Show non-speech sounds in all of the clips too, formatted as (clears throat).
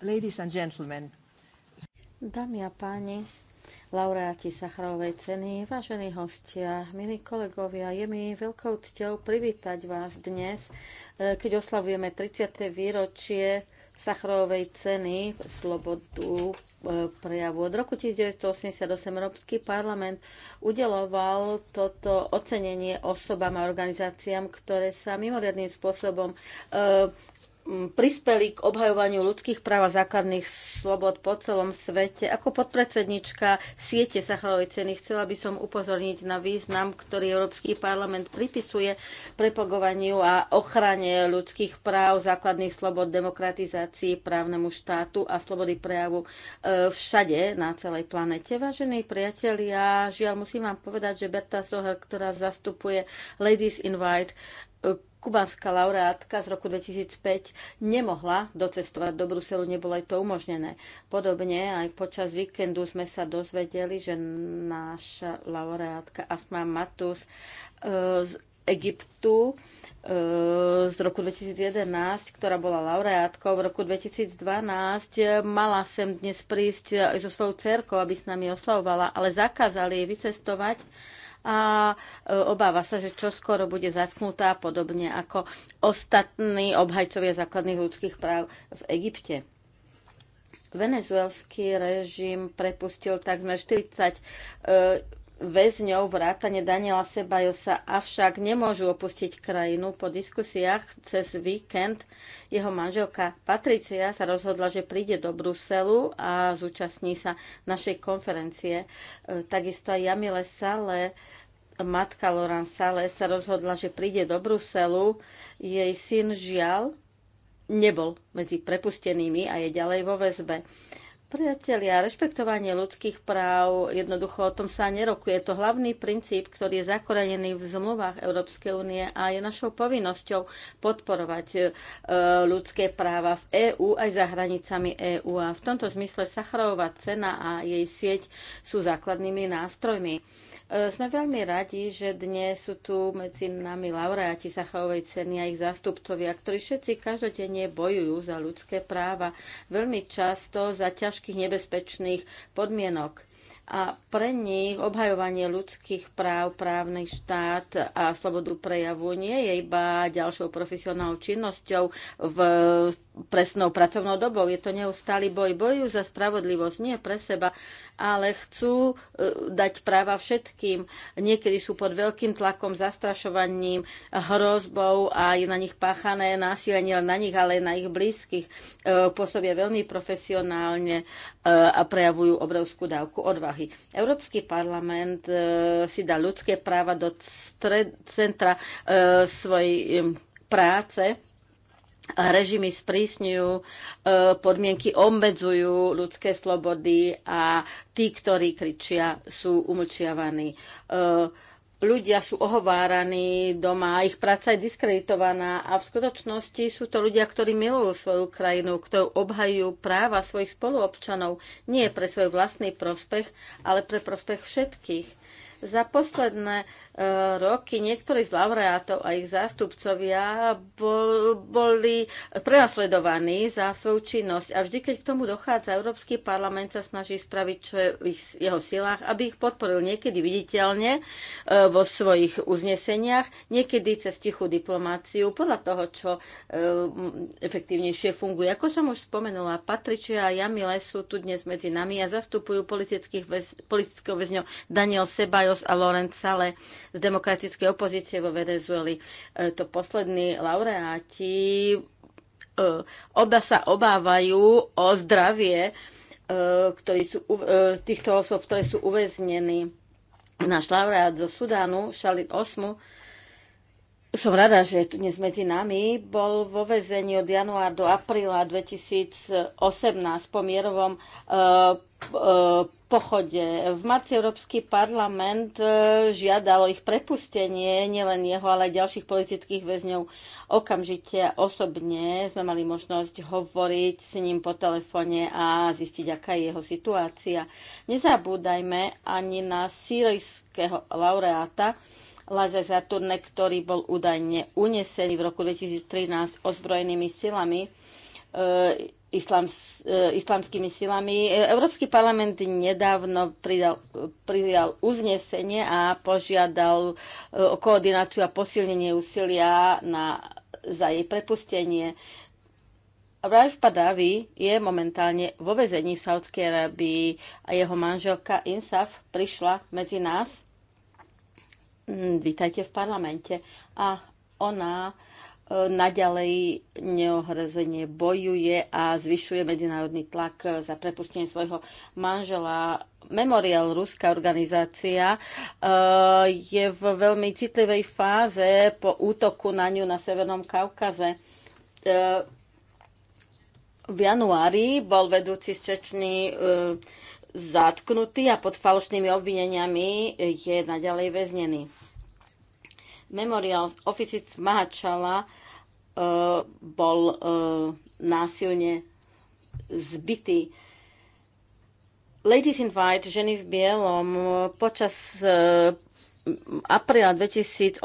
Ladies and gentlemen. Dámy a páni, laureáti Sacharovej ceny, vážení hostia, milí kolegovia, je mi veľkou cťou privítať vás dnes, e, keď oslavujeme 30. výročie Sacharovej ceny slobodu e, prejavu. Od roku 1988 Európsky parlament udeloval toto ocenenie osobám a organizáciám, ktoré sa mimoriadným spôsobom e, prispeli k obhajovaniu ľudských práv a základných slobod po celom svete. Ako podpredsednička siete Sacharovej ceny chcela by som upozorniť na význam, ktorý Európsky parlament pripisuje prepagovaniu a ochrane ľudských práv, základných slobod, demokratizácii, právnemu štátu a slobody prejavu e, všade na celej planete. Vážení priatelia, žiaľ musím vám povedať, že Berta Soher, ktorá zastupuje Ladies Invite, kubánska laureátka z roku 2005 nemohla docestovať do Bruselu, nebolo aj to umožnené. Podobne aj počas víkendu sme sa dozvedeli, že naša laureátka Asma Matus e, z Egyptu e, z roku 2011, ktorá bola laureátkou v roku 2012, mala sem dnes prísť aj so svojou cerkou, aby s nami oslavovala, ale zakázali jej vycestovať a e, obáva sa, že čoskoro bude zatknutá podobne ako ostatní obhajcovia základných ľudských práv v Egypte. Venezuelský režim prepustil takmer 40 väzňov vrátane Daniela Sebajosa, avšak nemôžu opustiť krajinu. Po diskusiách cez víkend jeho manželka Patricia sa rozhodla, že príde do Bruselu a zúčastní sa našej konferencie. E, takisto aj Jamile Sale, matka Loran Sale, sa rozhodla, že príde do Bruselu. Jej syn žiaľ nebol medzi prepustenými a je ďalej vo väzbe. Priatelia, rešpektovanie ľudských práv, jednoducho o tom sa nerokuje. Je to hlavný princíp, ktorý je zakorenený v zmluvách Európskej únie a je našou povinnosťou podporovať e, ľudské práva v EÚ aj za hranicami EÚ. A v tomto zmysle Sacharová cena a jej sieť sú základnými nástrojmi. E, sme veľmi radi, že dnes sú tu medzi nami laureáti Sacharovej ceny a ich zástupcovia, ktorí všetci každodenne bojujú za ľudské práva. Veľmi často za ťaž ťažkých nebezpečných podmienok. A pre nich obhajovanie ľudských práv, právny štát a slobodu prejavu nie je iba ďalšou profesionálnou činnosťou v presnou pracovnou dobou. Je to neustály boj. Bojujú za spravodlivosť, nie pre seba, ale chcú e, dať práva všetkým. Niekedy sú pod veľkým tlakom, zastrašovaním, hrozbou a je na nich páchané násilie, len na nich, ale aj na ich blízkych. E, pôsobia veľmi profesionálne e, a prejavujú obrovskú dávku odvahy. Európsky parlament si dá ľudské práva do stred, centra svojej práce režimy sprísňujú, e, podmienky obmedzujú ľudské slobody a tí, ktorí kričia, sú umlčiavaní. E, ľudia sú ohováraní doma, ich práca je diskreditovaná a v skutočnosti sú to ľudia, ktorí milujú svoju krajinu, ktorú obhajujú práva svojich spoluobčanov, nie pre svoj vlastný prospech, ale pre prospech všetkých za posledné e, roky niektorí z laureátov a ich zástupcovia bol, boli prenasledovaní za svoju činnosť a vždy, keď k tomu dochádza, Európsky parlament sa snaží spraviť, čo je v ich, jeho silách, aby ich podporil niekedy viditeľne e, vo svojich uzneseniach, niekedy cez tichú diplomáciu, podľa toho, čo e, efektívnejšie funguje. Ako som už spomenula, Patričia a Jamile sú tu dnes medzi nami a zastupujú politických väz, politického väzňa Daniel Sebajov. Ceballos a Sale z demokratickej opozície vo Venezueli. E, to poslední laureáti e, oba sa obávajú o zdravie e, ktorí sú, týchto osob, ktoré sú uväznení. Náš laureát zo Sudánu, Šalit Osmu, som rada, že je tu dnes medzi nami. Bol vo väzení od januára do apríla 2018 po mierovom uh, uh, pochode. V marci Európsky parlament e, žiadal ich prepustenie, nielen jeho, ale aj ďalších politických väzňov. Okamžite osobne sme mali možnosť hovoriť s ním po telefóne a zistiť, aká je jeho situácia. Nezabúdajme ani na sírijského laureáta, Laze Zaturne, ktorý bol údajne unesený v roku 2013 ozbrojenými silami. E islams, e, islamskými silami. E, Európsky parlament nedávno pridal, pridal uznesenie a požiadal e, o koordináciu a posilnenie úsilia na, za jej prepustenie. Raif Padavi je momentálne vo vezení v Saudskej Arabii a jeho manželka Insaf prišla medzi nás. Mm, vítajte v parlamente. A ona naďalej neohrazenie bojuje a zvyšuje medzinárodný tlak za prepustenie svojho manžela. Memorial, ruská organizácia, e, je v veľmi citlivej fáze po útoku na ňu na Severnom Kaukaze. E, v januári bol vedúci z Čečny e, zatknutý a pod falošnými obvineniami je naďalej väznený. Memorial v Mahačala e, bol e, násilne zbytý. Ladies in White, ženy v bielom, počas e, apríla 2018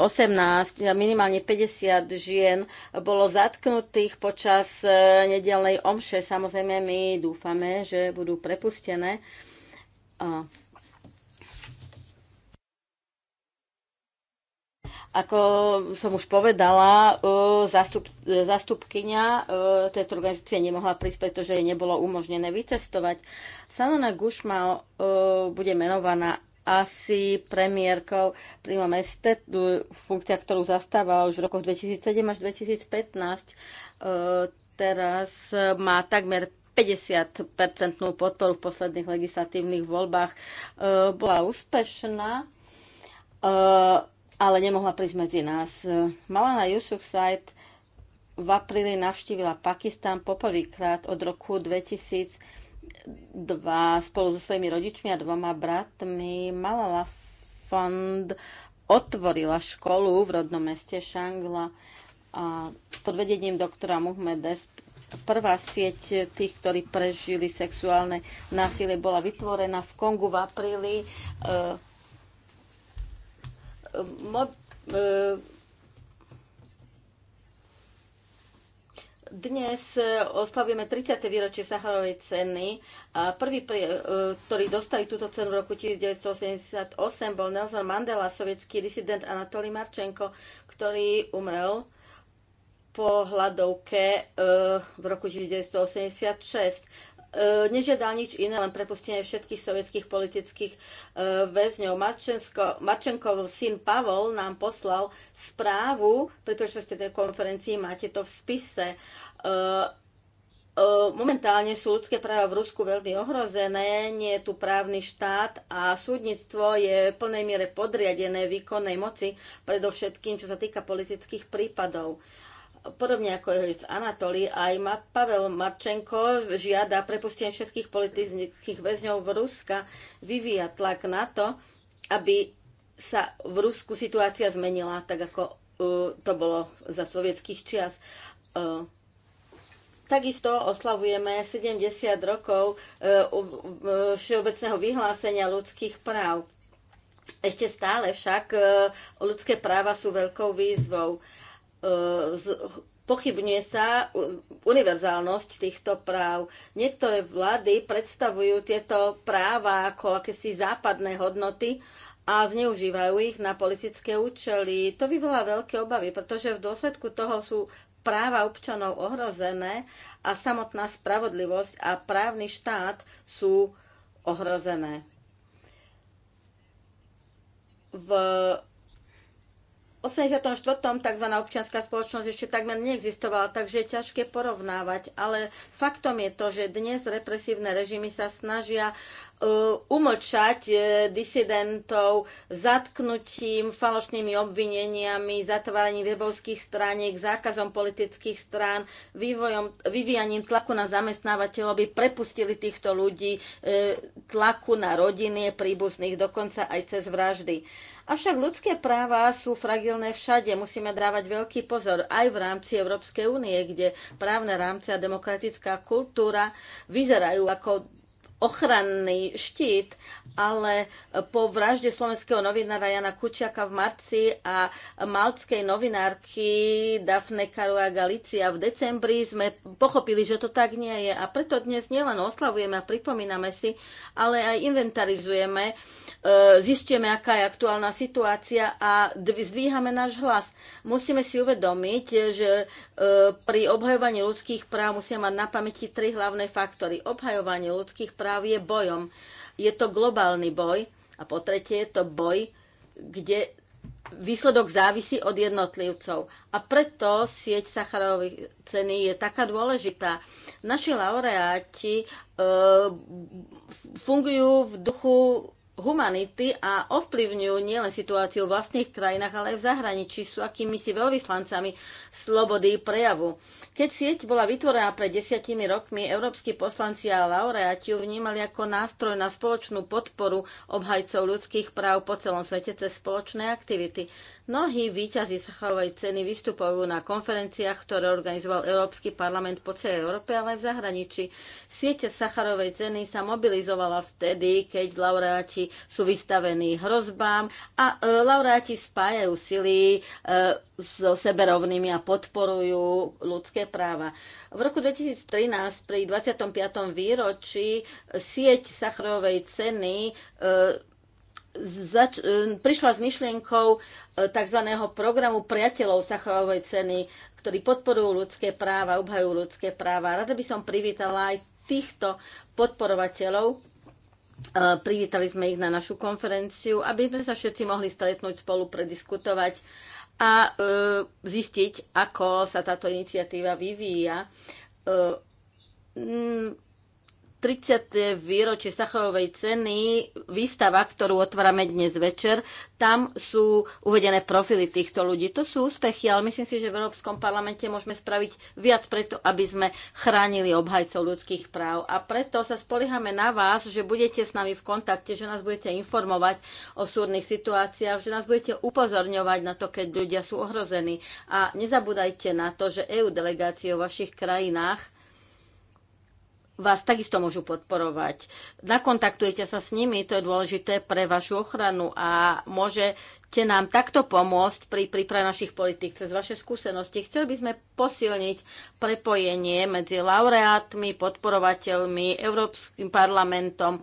minimálne 50 žien bolo zatknutých počas nedelnej omše. Samozrejme, my dúfame, že budú prepustené. Ako som už povedala, e, zastup, zastupkynia e, tejto organizácie nemohla prísť, pretože jej nebolo umožnené vycestovať. Sanona Gušma e, bude menovaná asi premiérkou Primo Meste, funkcia, ktorú zastávala už v rokoch 2007 až 2015. Teraz má takmer 50-percentnú podporu v posledných legislatívnych voľbách. Bola úspešná ale nemohla prísť medzi nás. Malana Said v apríli navštívila Pakistan poprvýkrát od roku 2002 spolu so svojimi rodičmi a dvoma bratmi. Malala Fund otvorila školu v rodnom meste Šangla a pod vedením doktora Muhmedes prvá sieť tých, ktorí prežili sexuálne násilie, bola vytvorená v Kongu v apríli. E, mo, e, dnes e, oslavujeme 30. výročie Sacharovej ceny. a Prvý, e, ktorý dostali túto cenu v roku 1988, bol Nelson Mandela, sovietský disident Anatolij Marčenko, ktorý umrel po hladovke v roku 1986. E, nežiadal nič iné, len prepustenie všetkých sovietských politických e, väzňov. Marčenkov syn Pavol nám poslal správu, pri ste tej konferencii máte to v spise. E, momentálne sú ľudské práva v Rusku veľmi ohrozené, nie je tu právny štát a súdnictvo je v plnej miere podriadené výkonnej moci, predovšetkým čo sa týka politických prípadov. Uh, podobne ako je z Anatolí, aj ma Pavel Marčenko žiada prepustenie všetkých politických väzňov v Ruska, vyvíja tlak na to, aby sa v Rusku situácia zmenila, tak ako uh, to bolo za sovietských čias. Uh, Takisto oslavujeme 70 rokov e, Všeobecného vyhlásenia ľudských práv. Ešte stále však ľudské práva sú veľkou výzvou E, pochybňuje sa univerzálnosť týchto práv. Niektoré vlády predstavujú tieto práva ako akési západné hodnoty a zneužívajú ich na politické účely. To vyvolá veľké obavy, pretože v dôsledku toho sú práva občanov ohrozené a samotná spravodlivosť a právny štát sú ohrozené. V 84. tzv. občianská spoločnosť ešte takmer neexistovala, takže je ťažké porovnávať. Ale faktom je to, že dnes represívne režimy sa snažia e, umlčať e, disidentov zatknutím, falošnými obvineniami, zatváraním webovských strániek, zákazom politických strán, vývojom, vyvíjaním tlaku na zamestnávateľov, aby prepustili týchto ľudí, e, tlaku na rodiny, príbuzných, dokonca aj cez vraždy. Avšak ľudské práva sú fragilné všade. Musíme dávať veľký pozor aj v rámci Európskej únie, kde právne rámce a demokratická kultúra vyzerajú ako ochranný štít, ale po vražde slovenského novinára Jana Kučiaka v marci a malckej novinárky Dafne Karua Galicia v decembri sme pochopili, že to tak nie je. A preto dnes nielen oslavujeme a pripomíname si, ale aj inventarizujeme, e, zistujeme, aká je aktuálna situácia a zdvíhame náš hlas. Musíme si uvedomiť, že e, pri obhajovaní ľudských práv musia mať na pamäti tri hlavné faktory. Obhajovanie ľudských práv práv je bojom. Je to globálny boj a po tretie je to boj, kde výsledok závisí od jednotlivcov. A preto sieť Sacharovej ceny je taká dôležitá. Naši laureáti e, fungujú v duchu humanity a ovplyvňujú nielen situáciu v vlastných krajinách, ale aj v zahraničí. Sú akými si veľvyslancami slobody prejavu. Keď sieť bola vytvorená pred desiatimi rokmi, európsky poslanci a laureáti ju vnímali ako nástroj na spoločnú podporu obhajcov ľudských práv po celom svete cez spoločné aktivity. Mnohí výťazí Sacharovej ceny vystupujú na konferenciách, ktoré organizoval Európsky parlament po celej Európe, ale aj v zahraničí. Sieť Sacharovej ceny sa mobilizovala vtedy, keď laureáti sú vystavení hrozbám a e, laureáti spájajú sily e, so seberovnými a podporujú ľudské práva. V roku 2013 pri 25. výročí sieť Sachrovej ceny e, zač- prišla s myšlienkou tzv. programu priateľov Sacharovej ceny, ktorí podporujú ľudské práva, obhajujú ľudské práva. Rada by som privítala aj týchto podporovateľov E, privítali sme ich na našu konferenciu, aby sme sa všetci mohli stretnúť spolu, prediskutovať a e, zistiť, ako sa táto iniciatíva vyvíja e, 30. výročie sachovej ceny, výstava, ktorú otvárame dnes večer, tam sú uvedené profily týchto ľudí. To sú úspechy, ale myslím si, že v Európskom parlamente môžeme spraviť viac preto, aby sme chránili obhajcov ľudských práv. A preto sa spoliehame na vás, že budete s nami v kontakte, že nás budete informovať o súrnych situáciách, že nás budete upozorňovať na to, keď ľudia sú ohrození. A nezabúdajte na to, že EU delegácie o vašich krajinách vás takisto môžu podporovať. Nakontaktujete sa s nimi, to je dôležité pre vašu ochranu a môžete nám takto pomôcť pri príprave našich politik cez vaše skúsenosti. Chceli by sme posilniť prepojenie medzi laureátmi, podporovateľmi, Európskym parlamentom, e,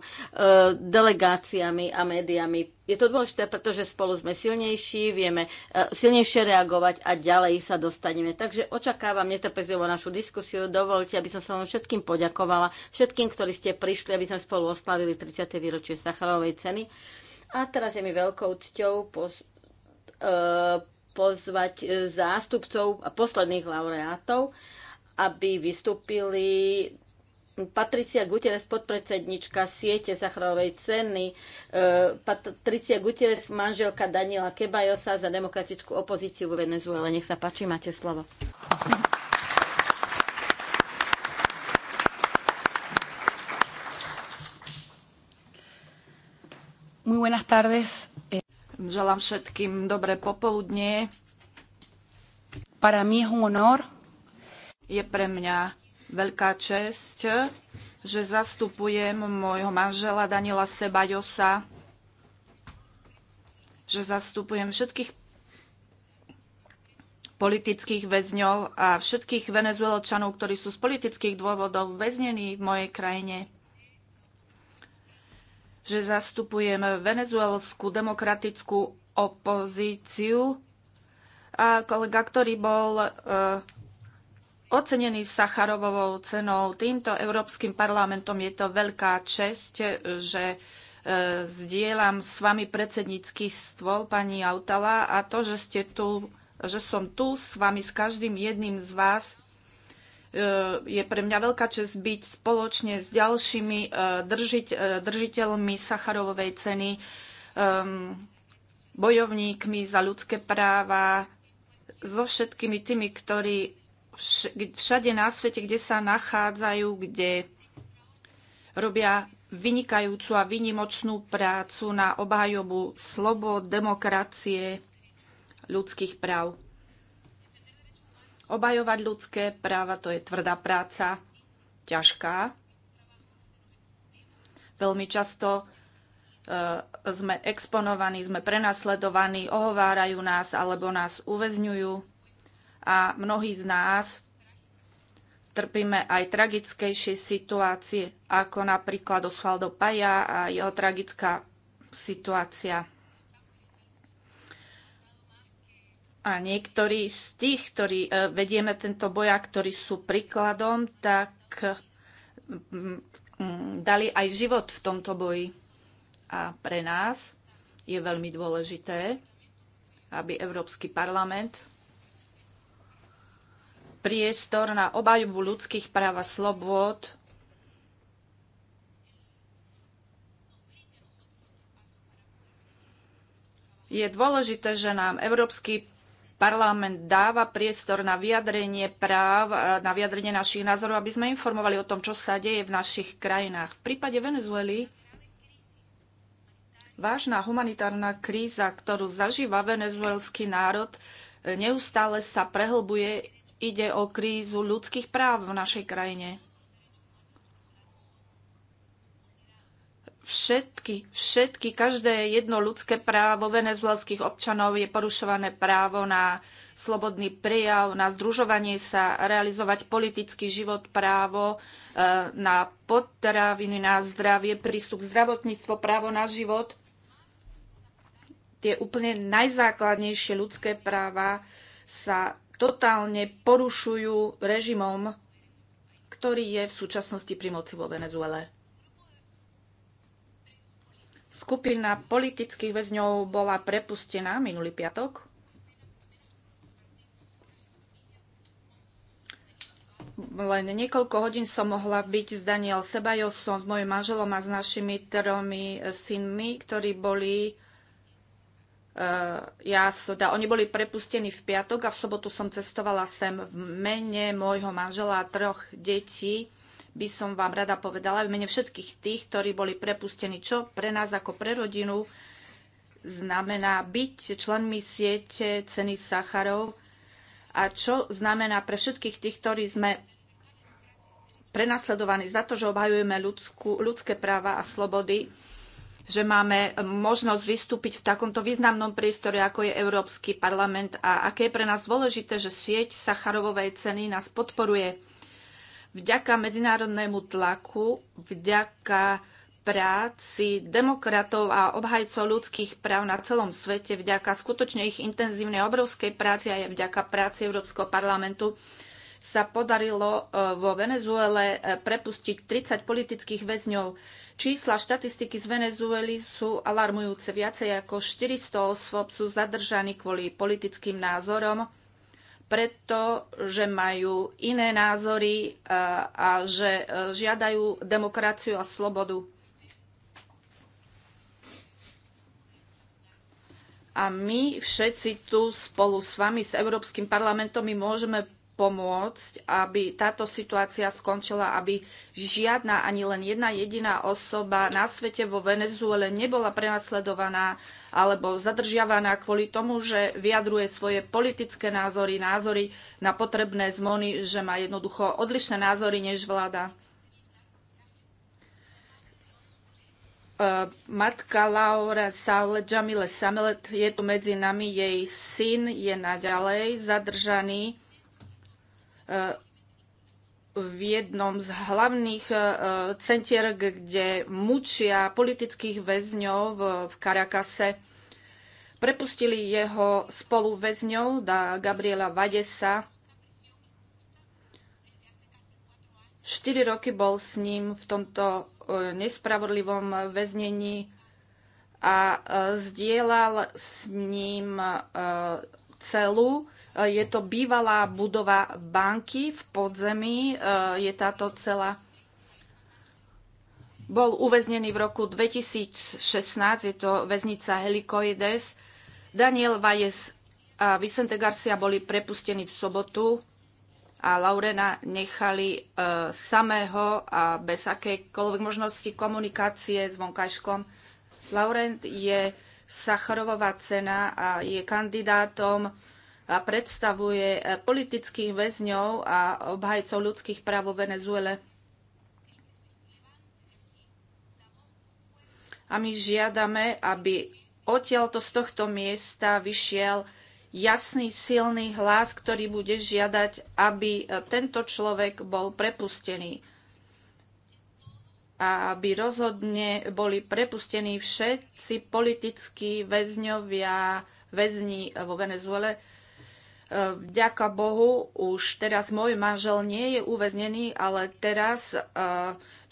delegáciami a médiami je to dôležité, pretože spolu sme silnejší, vieme e, silnejšie reagovať a ďalej sa dostaneme. Takže očakávam netrpezlivo našu diskusiu. Dovolte, aby som sa vám všetkým poďakovala, všetkým, ktorí ste prišli, aby sme spolu oslavili 30. výročie Sacharovej ceny. A teraz je mi veľkou cťou poz, e, pozvať e, zástupcov a posledných laureátov, aby vystúpili Patricia Gutierrez, podpredsednička siete Sacharovej ceny, e, Patricia Gutierrez, manželka Daniela Kebajosa za demokratickú opozíciu vo Venezuele. Nech sa páči, máte slovo. Muy buenas tardes. Eh, Želám všetkým dobré popoludnie. Para mí es un honor. Je pre mňa veľká česť, že zastupujem môjho manžela Danila Sebajosa, že zastupujem všetkých politických väzňov a všetkých venezuelčanov, ktorí sú z politických dôvodov väznení v mojej krajine že zastupujem venezuelskú demokratickú opozíciu a kolega, ktorý bol eh, ocenený Sacharovovou cenou. Týmto Európskym parlamentom je to veľká česť, že e, zdieľam s vami predsednícky stôl, pani Autala, a to, že ste tu, že som tu s vami, s každým jedným z vás, e, je pre mňa veľká čest byť spoločne s ďalšími e, držiť, držiteľmi Sacharovovej ceny, bojovníkmi za ľudské práva, so všetkými tými, ktorí všade na svete, kde sa nachádzajú, kde robia vynikajúcu a vynimočnú prácu na obhajobu slobod, demokracie, ľudských práv. Obhajovať ľudské práva to je tvrdá práca, ťažká. Veľmi často e, sme exponovaní, sme prenasledovaní, ohovárajú nás alebo nás uväzňujú a mnohí z nás trpíme aj tragickejšie situácie, ako napríklad Osvaldo Paja a jeho tragická situácia. A niektorí z tých, ktorí e, vedieme tento boja, ktorí sú príkladom, tak mm, mm, dali aj život v tomto boji. A pre nás je veľmi dôležité, aby Európsky parlament priestor na obajbu ľudských práv a slobôd. Je dôležité, že nám Európsky parlament dáva priestor na vyjadrenie práv, e, na vyjadrenie našich názorov, aby sme informovali o tom, čo sa deje v našich krajinách. V prípade Venezuely vážna humanitárna kríza, ktorú zažíva venezuelský národ, e, neustále sa prehlbuje Ide o krízu ľudských práv v našej krajine. Všetky, všetky, každé jedno ľudské právo venezuelských občanov je porušované právo na slobodný prijav, na združovanie sa, realizovať politický život, právo e, na potraviny, na zdravie, prístup k zdravotníctvo, právo na život. Tie úplne najzákladnejšie ľudské práva sa totálne porušujú režimom, ktorý je v súčasnosti pri moci vo Venezuele. Skupina politických väzňov bola prepustená minulý piatok. Len niekoľko hodín som mohla byť s Daniel Sebajosom, s mojim manželom a s našimi tromi synmi, ktorí boli Eh, ja Oni boli prepustení v piatok a v sobotu som cestovala sem v mene môjho manžela a troch detí. By som vám rada povedala, v mene všetkých tých, ktorí boli prepustení, čo pre nás ako pre rodinu znamená byť členmi siete ceny Sacharov a čo znamená pre všetkých tých, ktorí sme prenasledovaní za to, že obhajujeme ľudskú, ľudské práva a slobody že máme možnosť vystúpiť v takomto významnom priestore, ako je Európsky parlament a aké je pre nás dôležité, že sieť Sacharovovej ceny nás podporuje. Vďaka medzinárodnému tlaku, vďaka práci demokratov a obhajcov ľudských práv na celom svete, vďaka skutočne ich intenzívnej obrovskej práci a aj vďaka práci Európskeho parlamentu sa podarilo e, vo Venezuele e, prepustiť 30 politických väzňov. Čísla štatistiky z Venezuely sú alarmujúce. Viacej ako 400 osôb sú zadržaní kvôli politickým názorom, pretože majú iné názory e, a že žiadajú demokraciu a slobodu. A my všetci tu spolu s vami, s Európskym parlamentom, my môžeme pomôcť, aby táto situácia skončila, aby žiadna ani len jedna jediná osoba na svete vo Venezuele nebola prenasledovaná alebo zadržiavaná kvôli tomu, že vyjadruje svoje politické názory, názory na potrebné zmony, že má jednoducho odlišné názory než vláda. E, matka Laura Saule Jamile Samelet je tu medzi nami, jej syn je naďalej zadržaný v jednom z hlavných e, centier, kde mučia politických väzňov v Karakase. Prepustili jeho spoluväzňov, da Gabriela Vadesa. 4 roky bol s ním v tomto e, nespravodlivom väznení a e, zdieľal s ním celu je to bývalá budova banky v podzemí, je táto celá bol uväznený v roku 2016, je to väznica Helikoides. Daniel Vajes a Vicente Garcia boli prepustení v sobotu a Laurena nechali e, samého a bez akejkoľvek možnosti komunikácie s vonkajškom. Laurent je Sacharovová cena a je kandidátom a predstavuje eh, politických väzňov a obhajcov ľudských práv vo Venezuele. A my žiadame, aby odtiaľto z tohto miesta vyšiel jasný, silný hlas, ktorý bude žiadať, aby eh, tento človek bol prepustený a aby rozhodne boli prepustení všetci politickí väzňovia, väzni eh, vo Venezuele, Vďaka Bohu, už teraz môj manžel nie je uväznený, ale teraz e,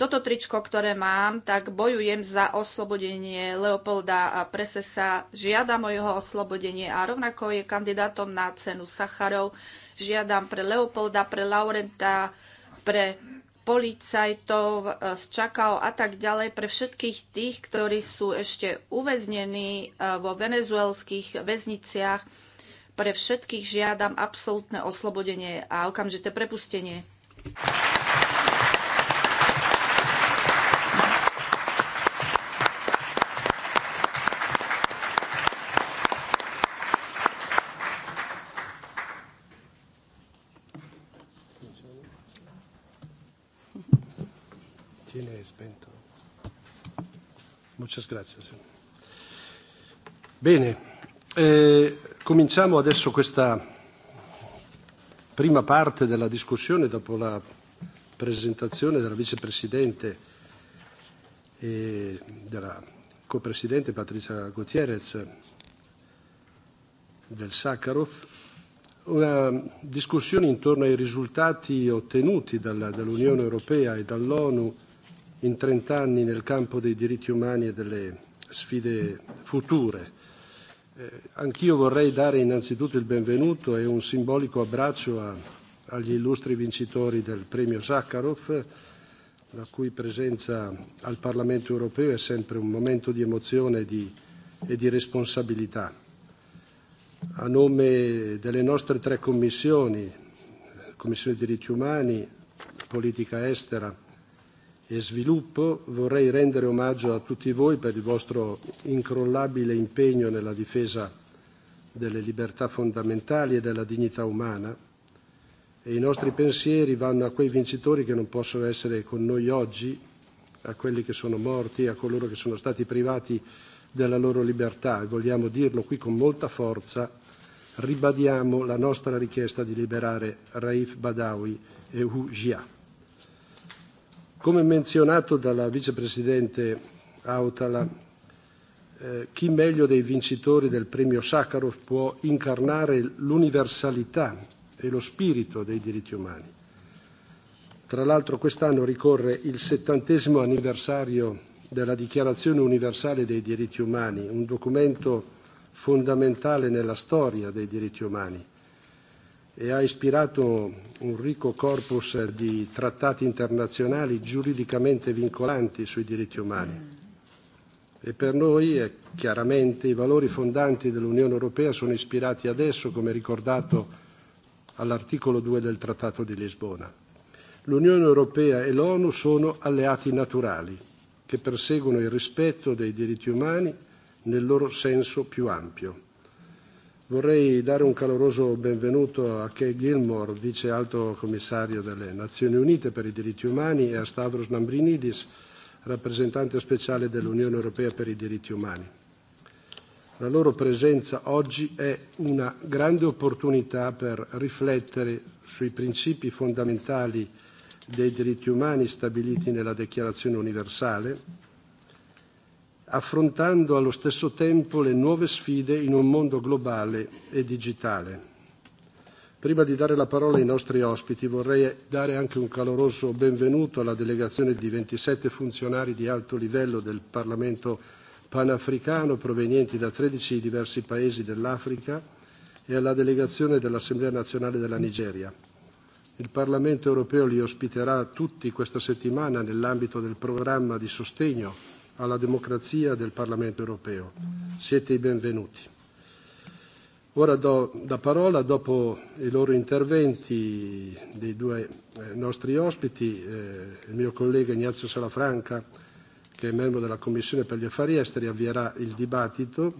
toto tričko, ktoré mám, tak bojujem za oslobodenie Leopolda a Presesa. Žiadam o jeho oslobodenie a rovnako je kandidátom na cenu Sacharov. Žiadam pre Leopolda, pre Laurenta, pre policajtov e, z Čakao a tak ďalej, pre všetkých tých, ktorí sú ešte uväznení e, vo venezuelských väzniciach pre všetkých žiadam absolútne oslobodenie a okamžité prepustenie. Muchas gracias. Eh. Bene. Eh, Cominciamo adesso questa prima parte della discussione dopo la presentazione della vicepresidente e della copresidente Patrizia Gutierrez del Sakharov, una discussione intorno ai risultati ottenuti dalla, dall'Unione Europea e dall'ONU in trent'anni nel campo dei diritti umani e delle sfide future Eh, anch'io vorrei dare innanzitutto il benvenuto e un simbolico abbraccio a, agli illustri vincitori del premio Sakharov, la cui presenza al Parlamento europeo è sempre un momento di emozione e di, e di responsabilità. A nome delle nostre tre commissioni, Commissione diritti umani, politica estera e sviluppo, vorrei rendere omaggio a tutti voi per il vostro incrollabile impegno nella difesa delle libertà fondamentali e della dignità umana e i nostri pensieri vanno a quei vincitori che non possono essere con noi oggi, a quelli che sono morti, a coloro che sono stati privati della loro libertà e vogliamo dirlo qui con molta forza, ribadiamo la nostra richiesta di liberare Raif Badawi e Hu Jia. Come menzionato dalla vicepresidente Autala, eh, chi meglio dei vincitori del premio Sakharov può incarnare l'universalità e lo spirito dei diritti umani? Tra l'altro quest'anno ricorre il settantesimo anniversario della Dichiarazione universale dei diritti umani, un documento fondamentale nella storia dei diritti umani e ha ispirato un ricco corpus di trattati internazionali giuridicamente vincolanti sui diritti umani. E per noi, chiaramente, i valori fondanti dell'Unione Europea sono ispirati adesso, come ricordato all'articolo 2 del Trattato di Lisbona. L'Unione Europea e l'ONU sono alleati naturali che perseguono il rispetto dei diritti umani nel loro senso più ampio. Vorrei dare un caloroso benvenuto a Kay Gilmore, vice alto commissario delle Nazioni Unite per i diritti umani, e a Stavros Lambrinidis, rappresentante speciale dell'Unione Europea per i diritti umani. La loro presenza oggi è una grande opportunità per riflettere sui principi fondamentali dei diritti umani stabiliti nella Dichiarazione universale affrontando allo stesso tempo le nuove sfide in un mondo globale e digitale. Prima di dare la parola ai nostri ospiti vorrei dare anche un caloroso benvenuto alla delegazione di 27 funzionari di alto livello del Parlamento panafricano provenienti da 13 diversi paesi dell'Africa e alla delegazione dell'Assemblea nazionale della Nigeria. Il Parlamento europeo li ospiterà tutti questa settimana nell'ambito del programma di sostegno alla democrazia del Parlamento europeo. Siete i benvenuti. Ora do la parola, dopo i loro interventi dei due eh, nostri ospiti, eh, il mio collega Ignazio Salafranca, che è membro della Commissione per gli affari esteri, avvierà il dibattito.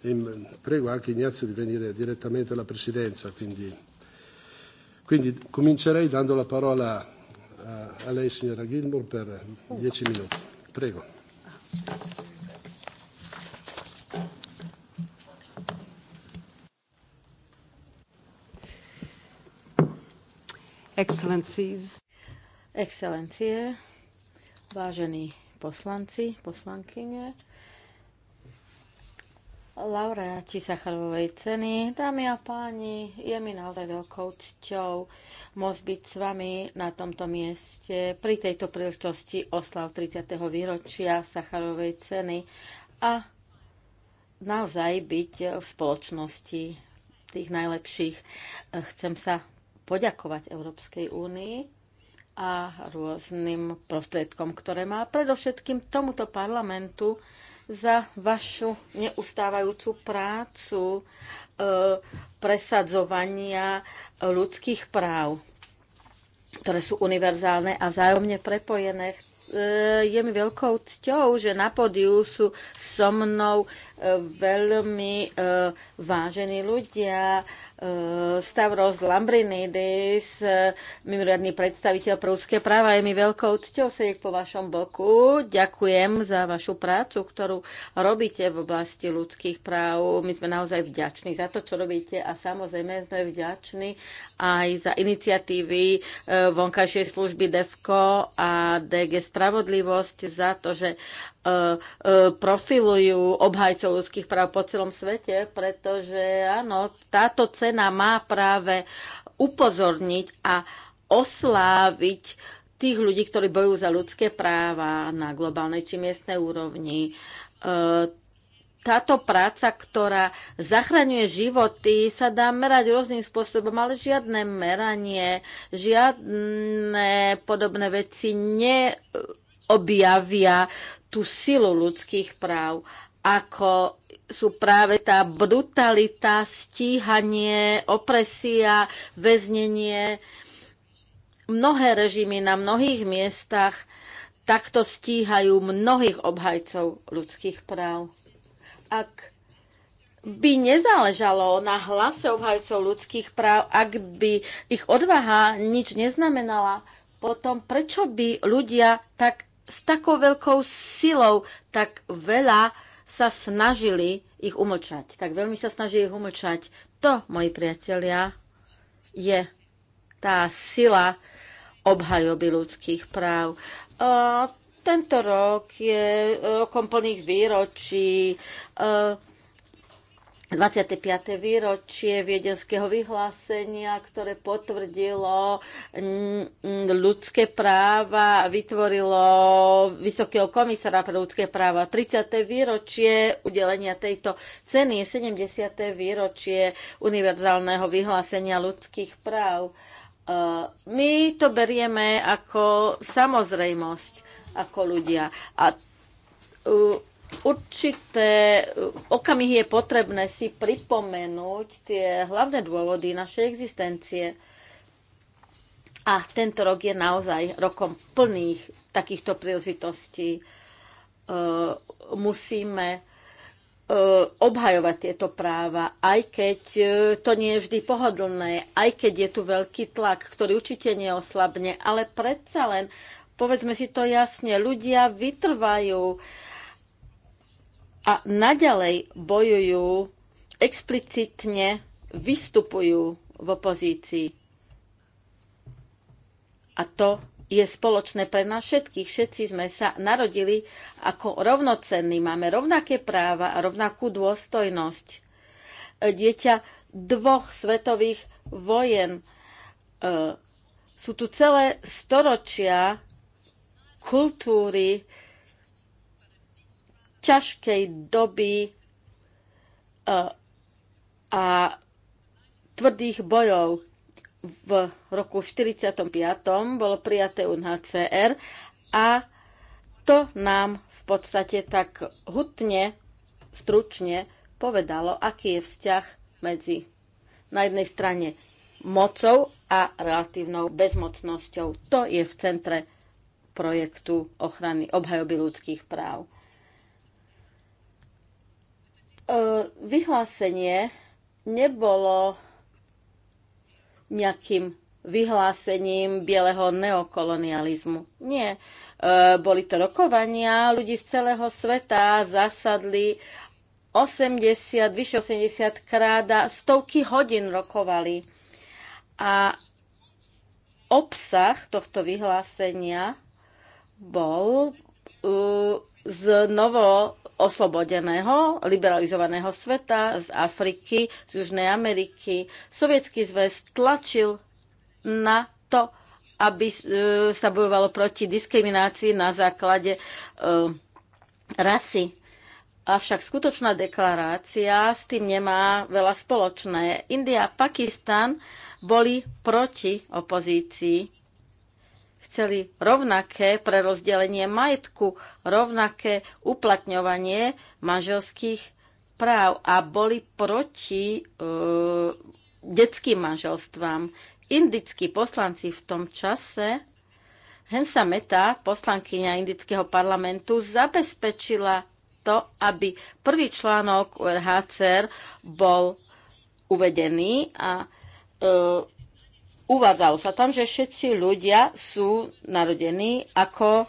E mm, prego anche Ignazio di venire direttamente alla Presidenza. Quindi, quindi comincerei dando la parola a, eh, a lei, signora Gilmour, per dieci minuti. Prego. Excellencies. Excelencie, vážení poslanci, poslankyne, laureáti Sacharovej ceny. Dámy a páni, je mi naozaj veľkou cťou môcť byť s vami na tomto mieste pri tejto príležitosti oslav 30. výročia Sacharovej ceny a naozaj byť v spoločnosti tých najlepších. Chcem sa poďakovať Európskej únii a rôznym prostriedkom, ktoré má predovšetkým tomuto parlamentu, za vašu neustávajúcu prácu eh, presadzovania eh, ľudských práv, ktoré sú univerzálne a vzájomne prepojené. Eh, je mi veľkou cťou, že na podiu sú so mnou veľmi e, vážení ľudia. E, Stavros Lambrinidis, e, mimoriadný predstaviteľ pre práva, je mi veľkou cťou sedieť po vašom boku. Ďakujem za vašu prácu, ktorú robíte v oblasti ľudských práv. My sme naozaj vďační za to, čo robíte a samozrejme sme vďační aj za iniciatívy vonkajšej služby DEFCO a DG Spravodlivosť za to, že E, e, profilujú obhajcov ľudských práv po celom svete, pretože áno, táto cena má práve upozorniť a osláviť tých ľudí, ktorí bojujú za ľudské práva na globálnej či miestnej úrovni. E, táto práca, ktorá zachraňuje životy, sa dá merať rôznym spôsobom, ale žiadne meranie, žiadne podobné veci ne objavia tú silu ľudských práv, ako sú práve tá brutalita, stíhanie, opresia, väznenie. Mnohé režimy na mnohých miestach takto stíhajú mnohých obhajcov ľudských práv. Ak by nezáležalo na hlase obhajcov ľudských práv, ak by ich odvaha nič neznamenala, potom prečo by ľudia tak s takou veľkou silou tak veľa sa snažili ich umlčať. Tak veľmi sa snažili ich umlčať. To, moji priatelia, je tá sila obhajoby ľudských práv. A tento rok je rokom plných výročí. A 25. výročie viedenského vyhlásenia, ktoré potvrdilo mm, ľudské práva a vytvorilo Vysokého komisára pre ľudské práva. 30. výročie udelenia tejto ceny, je 70. výročie univerzálneho vyhlásenia ľudských práv. E, my to berieme ako samozrejmosť, ako ľudia. A určité okamihy je potrebné si pripomenúť tie hlavné dôvody našej existencie. A tento rok je naozaj rokom plných takýchto príležitostí. E, musíme e, obhajovať tieto práva, aj keď e, to nie je vždy pohodlné, aj keď je tu veľký tlak, ktorý určite neoslabne, ale predsa len, povedzme si to jasne, ľudia vytrvajú, uh, a naďalej bojujú, explicitne vystupujú v opozícii. A to je spoločné pre nás všetkých. Všetci sme sa narodili ako rovnocenní, máme rovnaké práva a rovnakú dôstojnosť. Dieťa dvoch svetových vojen. E, sú tu celé storočia kultúry, ťažkej doby e, a tvrdých bojov v roku 1945 bolo prijaté UNHCR a to nám v podstate tak hutne, stručne povedalo, aký je vzťah medzi na jednej strane mocou a relatívnou bezmocnosťou. To je v centre projektu ochrany obhajoby ľudských práv. E, vyhlásenie nebolo nejakým vyhlásením bieleho neokolonializmu. Nie. E, boli to rokovania, ľudí z celého sveta zasadli 80, vyše 80 krát a stovky hodín rokovali. A obsah tohto vyhlásenia bol e, z novo oslobodeného, liberalizovaného sveta, z Afriky, z Južnej Ameriky. Sovietský zväz tlačil na to, aby e, sa bojovalo proti diskriminácii na základe uh, rasy. Avšak skutočná deklarácia s tým nemá veľa spoločné. India a Pakistan boli proti opozícii chceli rovnaké prerozdelenie majetku, rovnaké uplatňovanie manželských práv a boli proti e, detským manželstvám. Indickí poslanci v tom čase, Hensa Meta, poslankyňa indického parlamentu, zabezpečila to, aby prvý článok URHCR bol uvedený a e, uvádzalo sa tam, že všetci ľudia sú narodení ako e,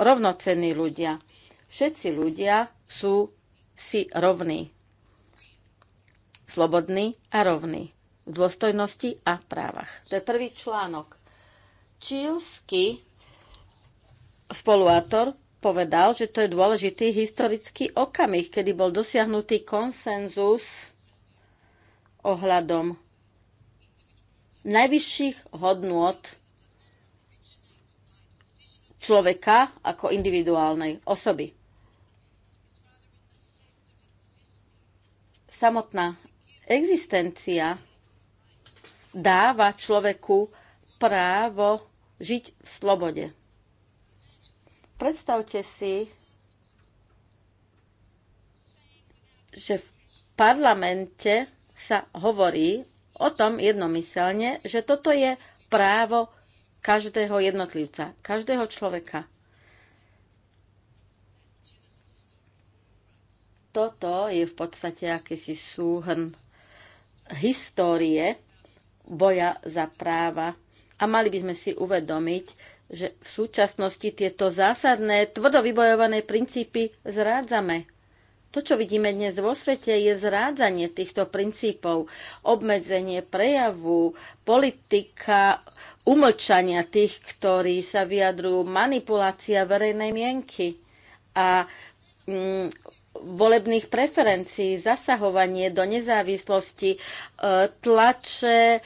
rovnocenní ľudia. Všetci ľudia sú si rovní. Slobodní a rovní. V dôstojnosti a právach. To je prvý článok. Čílsky spoluátor povedal, že to je dôležitý historický okamih, kedy bol dosiahnutý konsenzus ohľadom najvyšších hodnôt človeka ako individuálnej osoby. Samotná existencia dáva človeku právo žiť v slobode. Predstavte si, že v parlamente sa hovorí o tom jednomyselne, že toto je právo každého jednotlivca, každého človeka. Toto je v podstate akýsi súhrn histórie boja za práva a mali by sme si uvedomiť, že v súčasnosti tieto zásadné, tvrdo vybojované princípy zrádzame. To, čo vidíme dnes vo svete, je zrádzanie týchto princípov, obmedzenie prejavu, politika, umlčania tých, ktorí sa vyjadrujú, manipulácia verejnej mienky a mm, volebných preferencií, zasahovanie do nezávislosti, e, tlače,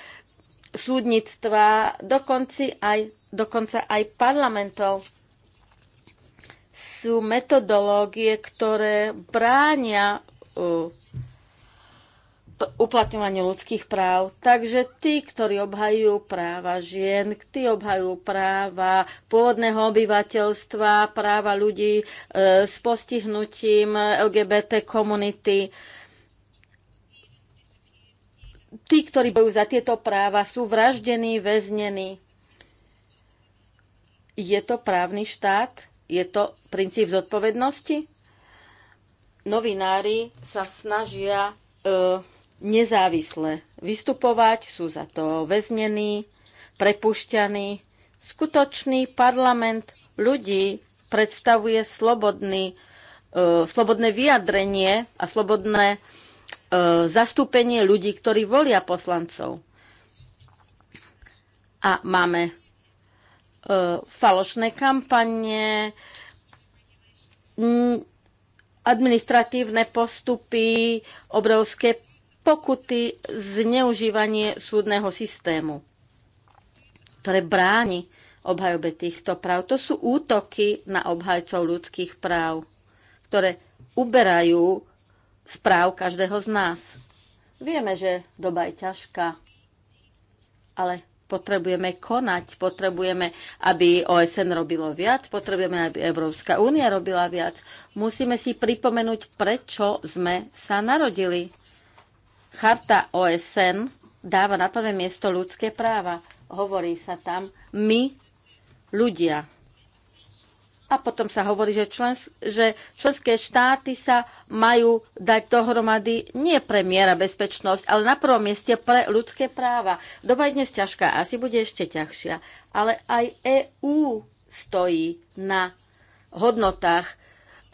súdnictva, dokonca aj, dokonca aj parlamentov sú metodológie, ktoré bránia uh, uplatňovaniu ľudských práv. Takže tí, ktorí obhajujú práva žien, tí obhajujú práva pôvodného obyvateľstva, práva ľudí uh, s postihnutím LGBT komunity, tí, ktorí bojujú za tieto práva, sú vraždení, väznení. Je to právny štát? Je to princíp zodpovednosti? Novinári sa snažia e, nezávisle vystupovať, sú za to väznení, prepušťaní. Skutočný parlament ľudí predstavuje slobodný, e, slobodné vyjadrenie a slobodné e, zastúpenie ľudí, ktorí volia poslancov. A máme falošné kampanie, administratívne postupy, obrovské pokuty, zneužívanie súdneho systému, ktoré bráni obhajobe týchto práv. To sú útoky na obhajcov ľudských práv, ktoré uberajú správ každého z nás. Vieme, že doba je ťažká, ale Potrebujeme konať, potrebujeme, aby OSN robilo viac, potrebujeme, aby Európska únia robila viac. Musíme si pripomenúť, prečo sme sa narodili. Charta OSN dáva na prvé miesto ľudské práva. Hovorí sa tam my, ľudia a potom sa hovorí, že, člens, že členské štáty sa majú dať dohromady nie pre miera bezpečnosť, ale na prvom mieste pre ľudské práva. Doba je dnes ťažká, asi bude ešte ťažšia, ale aj EÚ stojí na hodnotách,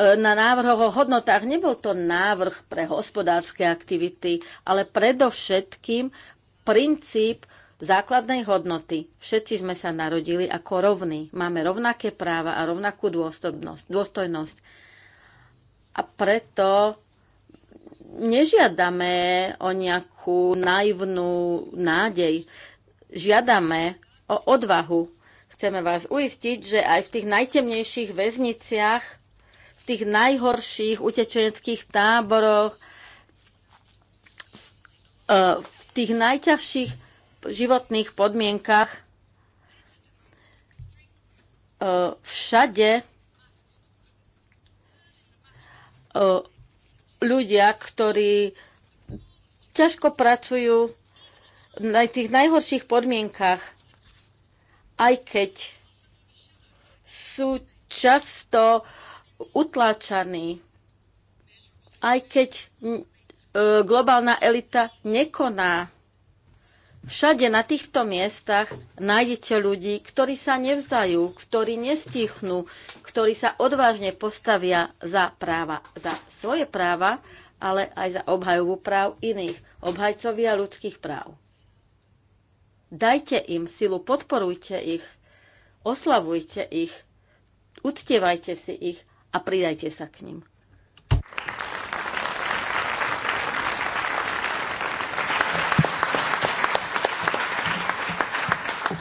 e, na návrhoch o hodnotách. Nebol to návrh pre hospodárske aktivity, ale predovšetkým princíp základnej hodnoty. Všetci sme sa narodili ako rovní. Máme rovnaké práva a rovnakú dôstojnosť. A preto nežiadame o nejakú naivnú nádej. Žiadame o odvahu. Chceme vás uistiť, že aj v tých najtemnejších väzniciach, v tých najhorších utečeneckých táboroch, v eh, tých najťažších životných podmienkach e, všade e, ľudia, ktorí ťažko pracujú na tých najhorších podmienkach, aj keď sú často utláčaní, aj keď e, globálna elita nekoná Všade na týchto miestach nájdete ľudí, ktorí sa nevzdajú, ktorí nestichnú, ktorí sa odvážne postavia za práva, za svoje práva, ale aj za obhajovu práv iných, obhajcovia ľudských práv. Dajte im silu, podporujte ich, oslavujte ich, uctievajte si ich a pridajte sa k ním.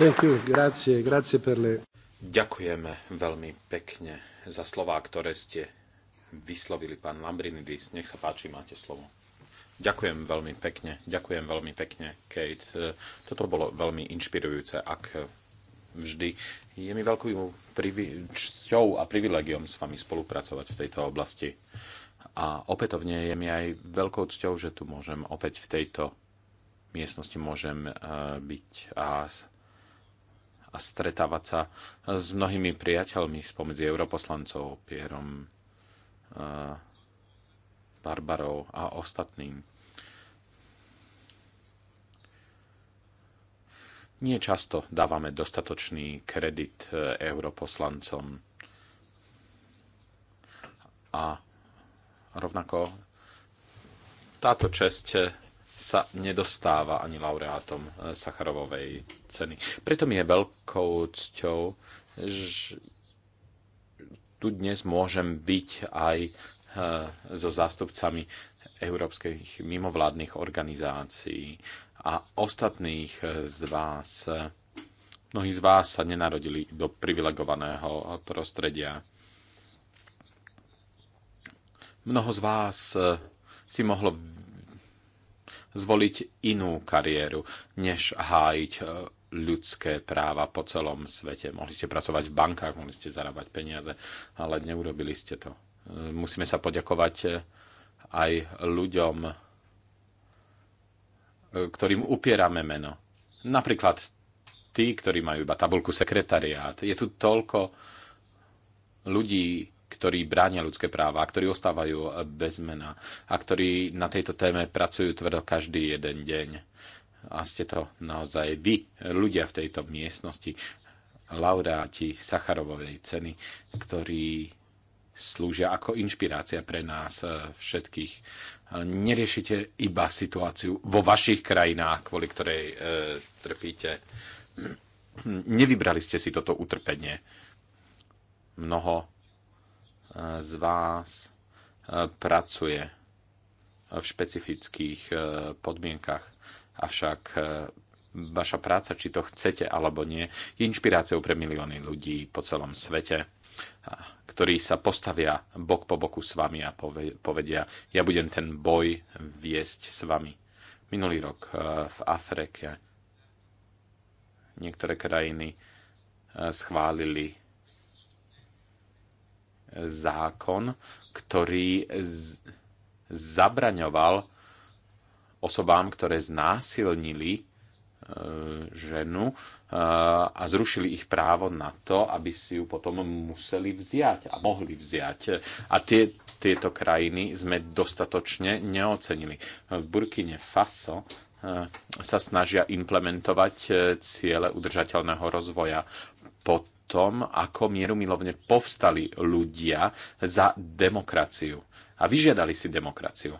Grazie, grazie le... Ďakujeme veľmi pekne za slová, ktoré ste vyslovili, pán Lambrinidis. Nech sa páči, máte slovo. Ďakujem veľmi pekne, ďakujem veľmi pekne, Kate. E, toto bolo veľmi inšpirujúce, ak vždy. Je mi veľkou privi- čťou a privilegiom s vami spolupracovať v tejto oblasti. A opätovne je mi aj veľkou cťou, že tu môžem opäť v tejto miestnosti môžem e, byť a a stretávať sa s mnohými priateľmi spomedzi europoslancov, Pierom, eh, Barbarou a ostatným. Nie často dávame dostatočný kredit eh, europoslancom a rovnako táto časť sa nedostáva ani laureátom e, Sacharovovej ceny. Preto mi je veľkou cťou, že tu dnes môžem byť aj e, so zástupcami európskych mimovládnych organizácií a ostatných e, z vás. Mnohí z vás sa nenarodili do privilegovaného prostredia. Mnoho z vás si mohlo zvoliť inú kariéru, než hájiť e, ľudské práva po celom svete. Mohli ste pracovať v bankách, mohli ste zarábať peniaze, ale neurobili ste to. E, musíme sa poďakovať e, aj ľuďom, ktorým upierame meno. Napríklad tí, ktorí majú iba tabulku sekretariát. Je tu toľko ľudí, ktorí bránia ľudské práva, ktorí ostávajú bez mena a ktorí na tejto téme pracujú tvrdo každý jeden deň. A ste to naozaj vy, ľudia v tejto miestnosti, laureáti Sacharovovej ceny, ktorí slúžia ako inšpirácia pre nás e, všetkých. Neriešite iba situáciu vo vašich krajinách, kvôli ktorej e, trpíte. Nevybrali ste si toto utrpenie. Mnoho z vás e, pracuje v špecifických e, podmienkach. Avšak e, vaša práca, či to chcete alebo nie, je inšpiráciou pre milióny ľudí po celom svete, ktorí sa postavia bok po boku s vami a povedia, ja budem ten boj viesť s vami. Minulý rok v Afrike niektoré krajiny schválili zákon, ktorý zabraňoval osobám, ktoré znásilnili e, ženu e, a zrušili ich právo na to, aby si ju potom museli vziať a mohli vziať. A tie, tieto krajiny sme dostatočne neocenili. V Burkine Faso e, sa snažia implementovať ciele udržateľného rozvoja. pod tom, ako mierumilovne povstali ľudia za demokraciu a vyžiadali si demokraciu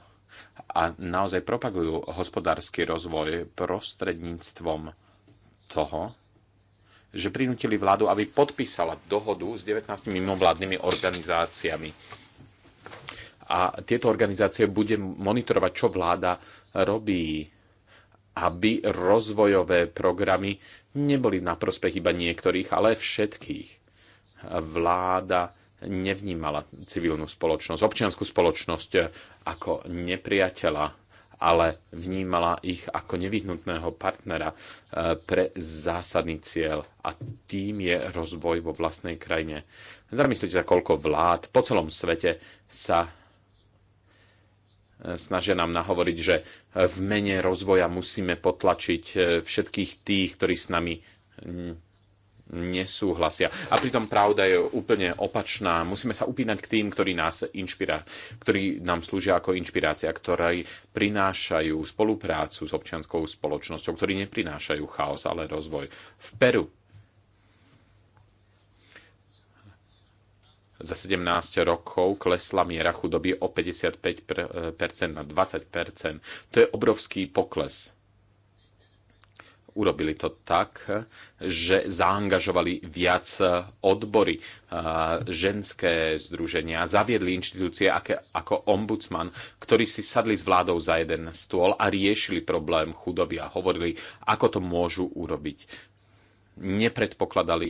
a naozaj propagujú hospodársky rozvoj prostredníctvom toho, že prinútili vládu, aby podpísala dohodu s 19 mimovládnymi organizáciami. A tieto organizácie bude monitorovať, čo vláda robí aby rozvojové programy neboli na prospech iba niektorých, ale všetkých. Vláda nevnímala civilnú spoločnosť, občianskú spoločnosť ako nepriateľa, ale vnímala ich ako nevyhnutného partnera eh, pre zásadný cieľ a tým je rozvoj vo vlastnej krajine. Zamyslite sa, koľko vlád po celom svete sa snažia nám nahovoriť, že v mene rozvoja musíme potlačiť e, všetkých tých, ktorí s nami nesúhlasia. A pritom pravda je úplne opačná. Musíme sa upínať k tým, ktorí, nás inšpira- ktorí nám slúžia ako inšpirácia, ktorí prinášajú spoluprácu s občianskou spoločnosťou, ktorí neprinášajú chaos, ale rozvoj. V Peru Za 17 rokov klesla miera chudoby o 55% e, na 20%. To je obrovský pokles. Urobili to tak, že zaangažovali viac odbory, e, ženské združenia, zaviedli inštitúcie ako ombudsman, ktorí si sadli s vládou za jeden stôl a riešili problém chudoby a hovorili, ako to môžu urobiť. Nepredpokladali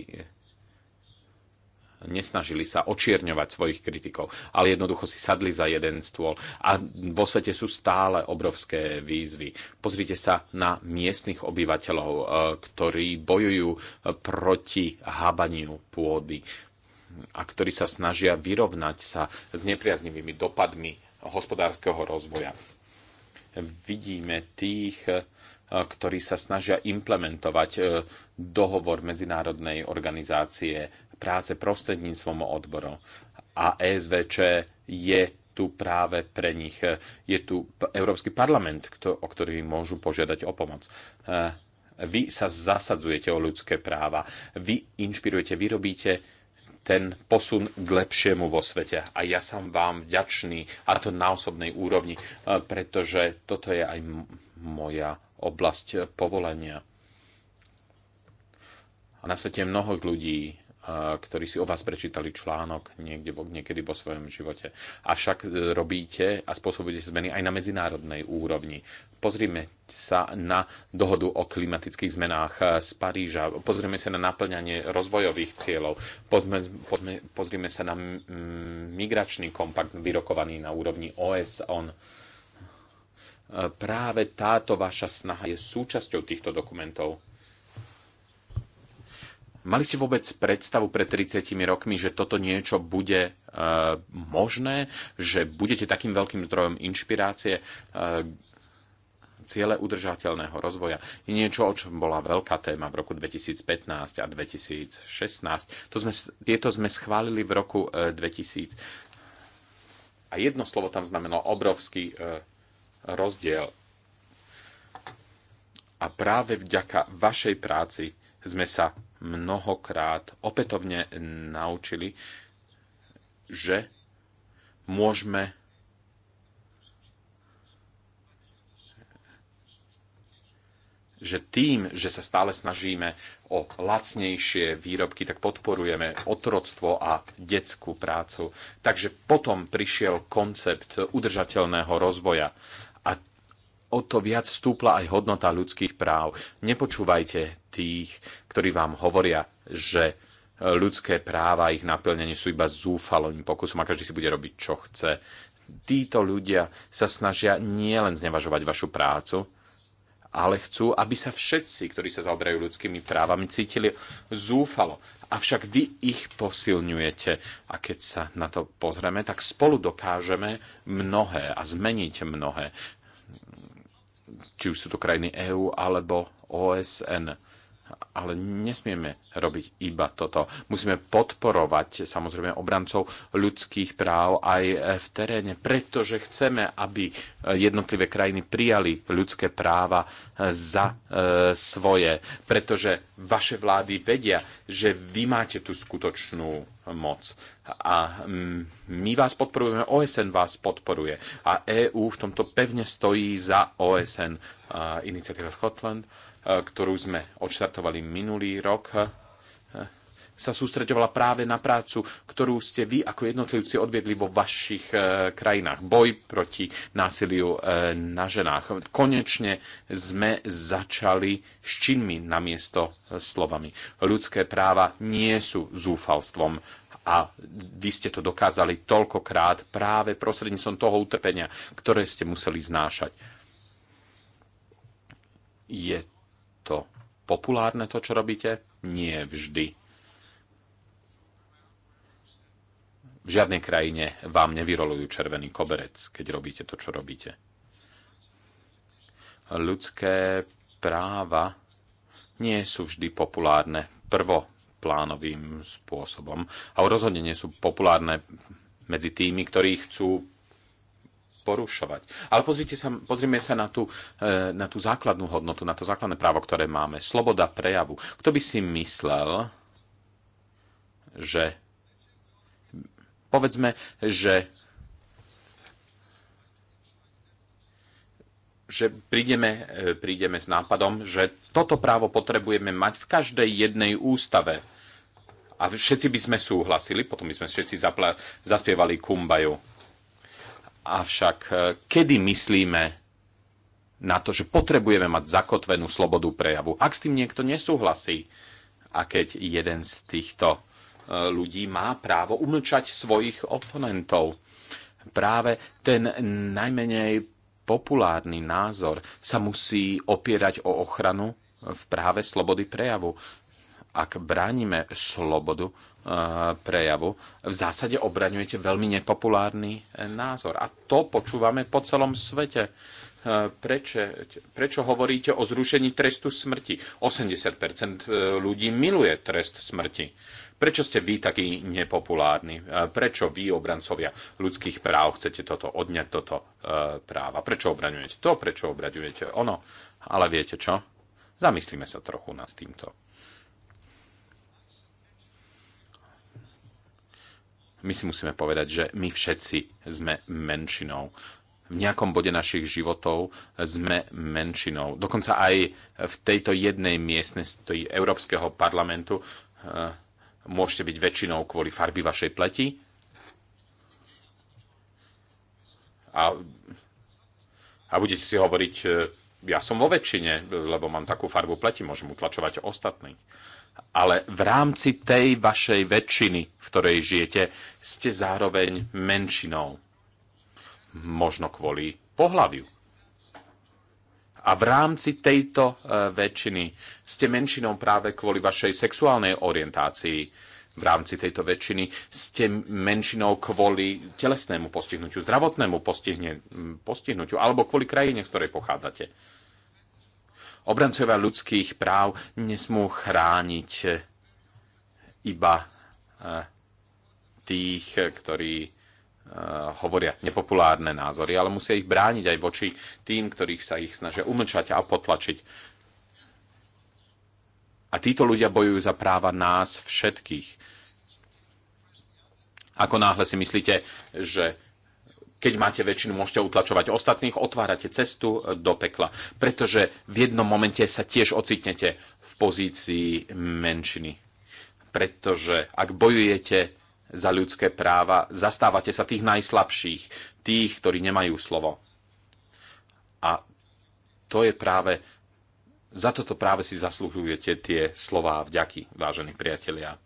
nesnažili sa očierňovať svojich kritikov, ale jednoducho si sadli za jeden stôl. A vo svete sú stále obrovské výzvy. Pozrite sa na miestnych obyvateľov, e, ktorí bojujú e, proti habaniu pôdy a ktorí sa snažia vyrovnať sa s nepriaznivými dopadmi hospodárskeho rozvoja. Vidíme tých, e, ktorí sa snažia implementovať dohovor Medzinárodnej organizácie práce prostredníctvom odborov. A ESVČ je tu práve pre nich. Je tu Európsky parlament, o ktorý môžu požiadať o pomoc. E, vy sa zasadzujete o ľudské práva. Vy inšpirujete, vy robíte ten posun k lepšiemu vo svete. A ja som vám vďačný, a to na osobnej úrovni, e, pretože toto je aj moja oblasť povolenia. A na svete je mnoho ľudí, ktorí si o vás prečítali článok niekde, niekedy vo svojom živote. Avšak e, robíte a spôsobujete zmeny aj na medzinárodnej úrovni. Pozrime sa na dohodu o klimatických zmenách e, z Paríža, pozrieme sa na naplňanie rozvojových cieľov, pozme, pozme, pozrime sa na migračný kompakt vyrokovaný na úrovni OSN e, práve táto vaša snaha je súčasťou týchto dokumentov. Mali ste vôbec predstavu pred 30 rokmi, že toto niečo bude uh, možné, že budete takým veľkým zdrojom inšpirácie uh, ciele udržateľného rozvoja? Je niečo, o čom bola veľká téma v roku 2015 a 2016. To sme, tieto sme schválili v roku uh, e, 2000. A jedno slovo tam znamenalo obrovský uh, rozdiel. A práve vďaka vašej práci sme sa mnohokrát opätovne naučili, že môžeme že tým, že sa stále snažíme o lacnejšie výrobky, tak podporujeme otroctvo a detskú prácu. Takže potom prišiel koncept udržateľného rozvoja o to viac stúpla aj hodnota ľudských práv. Nepočúvajte tých, ktorí vám hovoria, že e, ľudské práva a ich naplnenie sú iba zúfalým pokusom a každý si bude robiť, čo chce. Títo ľudia sa snažia nielen znevažovať vašu prácu, ale chcú, aby sa všetci, ktorí sa zaoberajú ľudskými právami, cítili zúfalo. Avšak vy ich posilňujete. A keď sa na to pozrieme, tak spolu dokážeme mnohé a zmeniť mnohé či už sú to krajiny EÚ alebo OSN ale nesmieme robiť iba toto. Musíme podporovať samozrejme obrancov ľudských práv aj v teréne, pretože chceme, aby jednotlivé krajiny prijali ľudské práva za e, svoje, pretože vaše vlády vedia, že vy máte tú skutočnú moc. A my vás podporujeme, OSN vás podporuje a EÚ v tomto pevne stojí za OSN. E, iniciatíva Scotland Eh, ktorú sme odštartovali minulý rok, eh, sa sústreďovala práve na prácu, ktorú ste vy ako jednotlivci odviedli vo vašich eh, krajinách. Boj proti násiliu na ženách. Konečne sme začali s činmi namiesto slovami. Ľudské práva nie sú zúfalstvom a vy ste to dokázali toľkokrát práve prostredníctvom toho utrpenia, ktoré ste museli znášať. Je to populárne, to, čo robíte? Nie vždy. V žiadnej krajine vám nevyrolujú červený koberec, keď robíte to, čo robíte. Ľudské práva nie sú vždy populárne prvoplánovým spôsobom. A rozhodne nie sú populárne medzi tými, ktorí chcú porušovať. Ale pozrite sa, pozrime sa na tú, e, na tú základnú hodnotu, na to základné právo, ktoré máme. Sloboda prejavu. Kto by si myslel, že povedzme, že že prídeme, e, prídeme s nápadom, že toto právo potrebujeme mať v každej jednej ústave. A všetci by sme súhlasili, potom by sme všetci zapla- zaspievali kumbaju Avšak e, kedy myslíme na to, že potrebujeme mať zakotvenú slobodu prejavu? Ak s tým niekto nesúhlasí a keď jeden z týchto e, ľudí má právo umlčať svojich oponentov, práve ten najmenej populárny názor sa musí opierať o ochranu v práve slobody prejavu ak bránime slobodu eh, prejavu, v zásade obraňujete veľmi nepopulárny eh, názor. A to počúvame po celom svete. Eh, prečo, prečo hovoríte o zrušení trestu smrti? 80% ľudí miluje trest smrti. Prečo ste vy takí nepopulárni? Prečo vy, obrancovia ľudských práv, chcete toto odňať, toto práva? Prečo obraňujete to? Prečo obraňujete ono? Ale viete čo? Zamyslíme sa trochu nad týmto. my si musíme povedať, že my všetci sme menšinou. V nejakom bode našich životov sme menšinou. Dokonca aj v tejto jednej miestnosti Európskeho parlamentu eh, môžete byť väčšinou kvôli farby vašej pleti. A, a budete si hovoriť, eh, ja som vo väčšine, lebo mám takú farbu pleti, môžem utlačovať ostatných ale v rámci tej vašej väčšiny, v ktorej žijete, ste zároveň menšinou. Možno kvôli pohľaviu. A v rámci tejto e, väčšiny ste menšinou práve kvôli vašej sexuálnej orientácii. V rámci tejto väčšiny ste menšinou kvôli telesnému postihnutiu, zdravotnému postihnutiu alebo kvôli krajine, z ktorej pochádzate obrancovia ľudských práv nesmú chrániť eh, iba eh, tých, ktorí eh, hovoria nepopulárne názory, ale musia ich brániť aj voči tým, ktorých sa ich snažia umlčať a potlačiť. A títo ľudia bojujú za práva nás všetkých. Ako náhle si myslíte, že keď máte väčšinu, môžete utlačovať ostatných, otvárate cestu e, do pekla. Pretože v jednom momente sa tiež ocitnete v pozícii menšiny. Pretože ak bojujete za ľudské práva, zastávate sa tých najslabších, tých, ktorí nemajú slovo. A to je práve za toto práve si zaslúžujete tie slova. vďaky, vážení priatelia.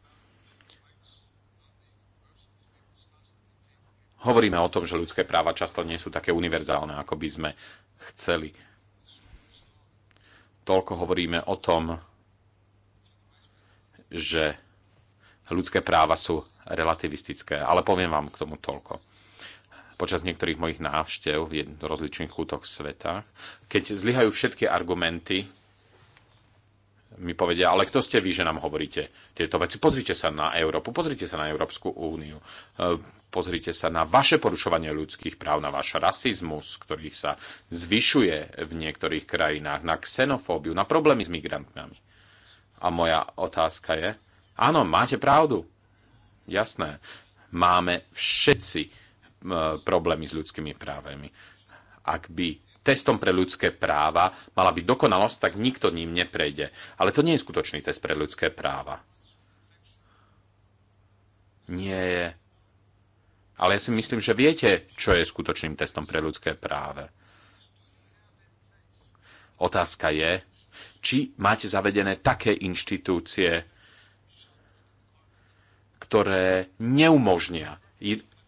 hovoríme o tom, že ľudské práva často nie sú také univerzálne, ako by sme chceli. Toľko hovoríme o tom, že ľudské práva sú relativistické, ale poviem vám k tomu toľko počas niektorých mojich návštev v rozličných kútoch sveta, keď zlyhajú všetky argumenty mi povedia, ale kto ste vy, že nám hovoríte tieto veci? Pozrite sa na Európu, pozrite sa na Európsku úniu, e, pozrite sa na vaše porušovanie ľudských práv, na váš rasizmus, ktorý sa zvyšuje v niektorých krajinách, na xenofóbiu, na problémy s migrantami. A moja otázka je, áno, máte pravdu. Jasné. Máme všetci e, problémy s ľudskými právami. Ak by testom pre ľudské práva mala byť dokonalosť, tak nikto ním neprejde. Ale to nie je skutočný test pre ľudské práva. Nie je. Ale ja si myslím, že viete, čo je skutočným testom pre ľudské práve. Otázka je, či máte zavedené také inštitúcie, ktoré neumožnia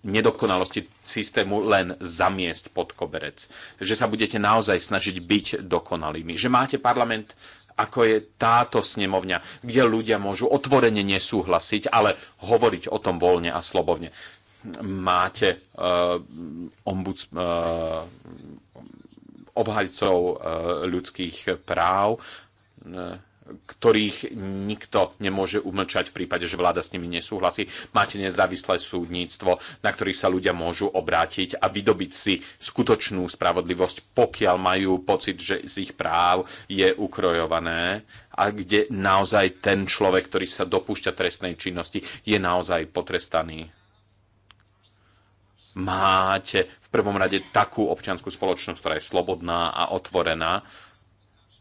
nedokonalosti systému len zamiesť pod koberec. Že sa budete naozaj snažiť byť dokonalými. Že máte parlament ako je táto snemovňa, kde ľudia môžu otvorene nesúhlasiť, ale hovoriť o tom voľne a slobovne. Máte uh, ombuds, uh, obhajcov uh, ľudských práv, uh, ktorých nikto nemôže umlčať v prípade, že vláda s nimi nesúhlasí. Máte nezávislé súdníctvo, na ktorých sa ľudia môžu obrátiť a vydobiť si skutočnú spravodlivosť, pokiaľ majú pocit, že z ich práv je ukrojované a kde naozaj ten človek, ktorý sa dopúšťa trestnej činnosti, je naozaj potrestaný. Máte v prvom rade takú občianskú spoločnosť, ktorá je slobodná a otvorená,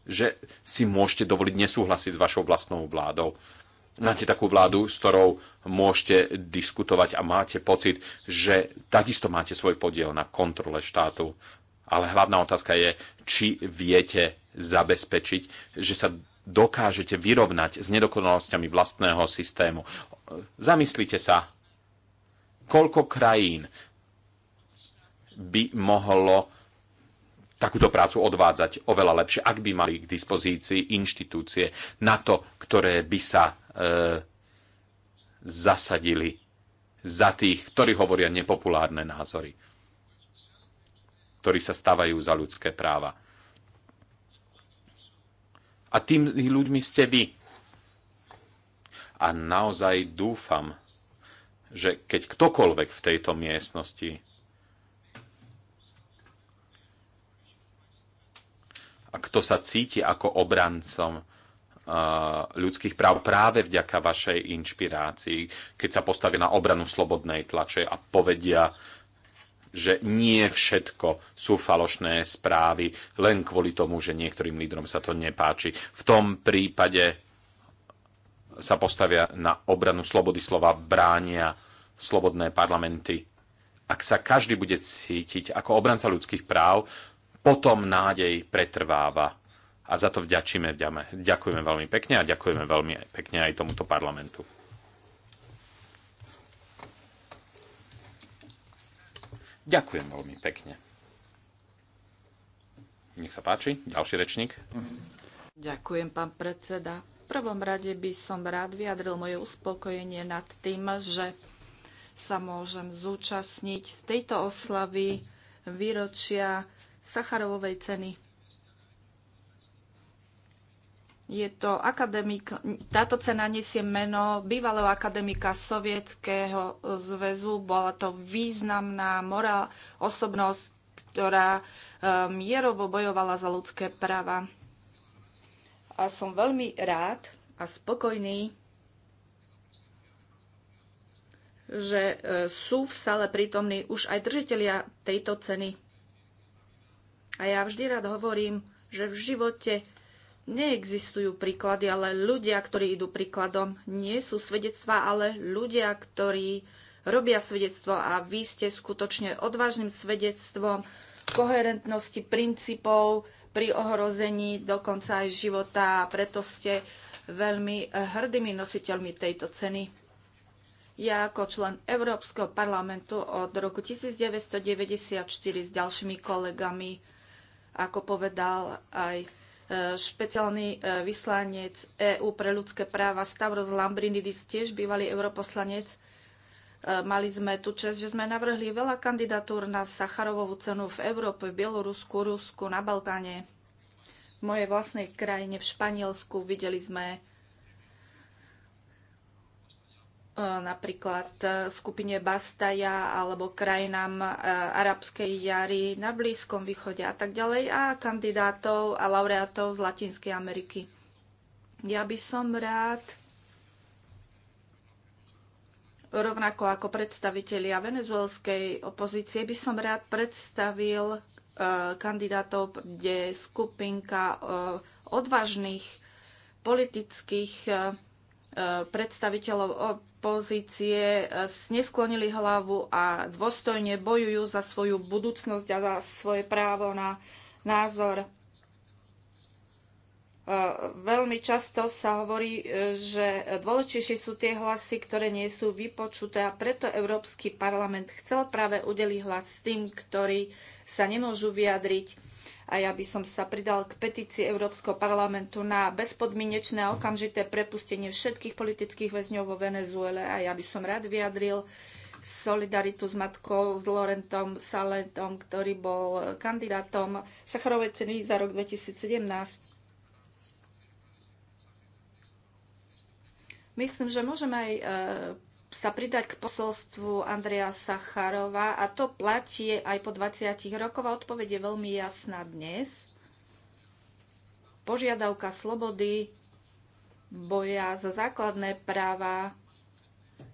že si môžete dovoliť nesúhlasiť s vašou vlastnou vládou. Máte takú vládu, s ktorou môžete diskutovať a máte pocit, že takisto máte svoj podiel na kontrole štátu. Ale hlavná otázka je, či viete zabezpečiť, že sa dokážete vyrovnať s nedokonalosťami vlastného systému. Zamyslite sa, koľko krajín by mohlo takúto prácu odvádzať oveľa lepšie, ak by mali k dispozícii inštitúcie na to, ktoré by sa e, zasadili za tých, ktorí hovoria nepopulárne názory, ktorí sa stavajú za ľudské práva. A tými ľuďmi ste vy. A naozaj dúfam, že keď ktokoľvek v tejto miestnosti kto sa cíti ako obrancom uh, ľudských práv práve vďaka vašej inšpirácii, keď sa postavia na obranu slobodnej tlače a povedia, že nie všetko sú falošné správy len kvôli tomu, že niektorým lídrom sa to nepáči. V tom prípade sa postavia na obranu slobody slova, bránia slobodné parlamenty. Ak sa každý bude cítiť ako obranca ľudských práv, potom nádej pretrváva. A za to vďačíme, vďame. ďakujeme veľmi pekne a ďakujeme veľmi pekne aj tomuto parlamentu. Ďakujem veľmi pekne. Nech sa páči, ďalší rečník. Ďakujem, pán predseda. V prvom rade by som rád vyjadril moje uspokojenie nad tým, že sa môžem zúčastniť tejto oslavy výročia Sacharovovej ceny. Je to akademik, táto cena nesie meno bývalého akademika Sovietskeho zväzu. Bola to významná morál, osobnosť, ktorá um, mierovo bojovala za ľudské práva. A som veľmi rád a spokojný, že e, sú v sale prítomní už aj držitelia tejto ceny. A ja vždy rád hovorím, že v živote neexistujú príklady, ale ľudia, ktorí idú príkladom, nie sú svedectvá, ale ľudia, ktorí robia svedectvo a vy ste skutočne odvážnym svedectvom koherentnosti princípov pri ohrození dokonca aj života a preto ste veľmi hrdými nositeľmi tejto ceny. Ja ako člen Európskeho parlamentu od roku 1994 s ďalšími kolegami ako povedal aj e, špeciálny e, vyslanec EÚ pre ľudské práva Stavros Lambrinidis, tiež bývalý europoslanec, e, Mali sme tu čest, že sme navrhli veľa kandidatúr na Sacharovovú cenu v Európe, v Bielorusku, Rusku, na Balkáne. V mojej vlastnej krajine, v Španielsku, videli sme E, napríklad e, skupine Bastaja alebo krajinám e, arabskej jary na Blízkom východe a tak ďalej a kandidátov a laureátov z Latinskej Ameriky. Ja by som rád, rovnako ako predstavitelia venezuelskej opozície, by som rád predstavil kandidátov, kde skupinka odvážnych politických predstaviteľov pozície e, nesklonili hlavu a dôstojne bojujú za svoju budúcnosť a za svoje právo na názor. E, veľmi často sa hovorí, e, že dôležitejšie sú tie hlasy, ktoré nie sú vypočuté a preto Európsky parlament chcel práve udeliť hlas tým, ktorí sa nemôžu vyjadriť. A ja by som sa pridal k petícii Európskeho parlamentu na bezpodmienečné a okamžité prepustenie všetkých politických väzňov vo Venezuele. A ja by som rád vyjadril solidaritu s matkou, s Lorentom Salentom, ktorý bol kandidátom Sacharovej ceny za rok 2017. Myslím, že môžeme aj e, sa pridať k posolstvu Andreja Sacharova a to platí aj po 20 rokoch a odpoveď je veľmi jasná dnes. Požiadavka slobody, boja za základné práva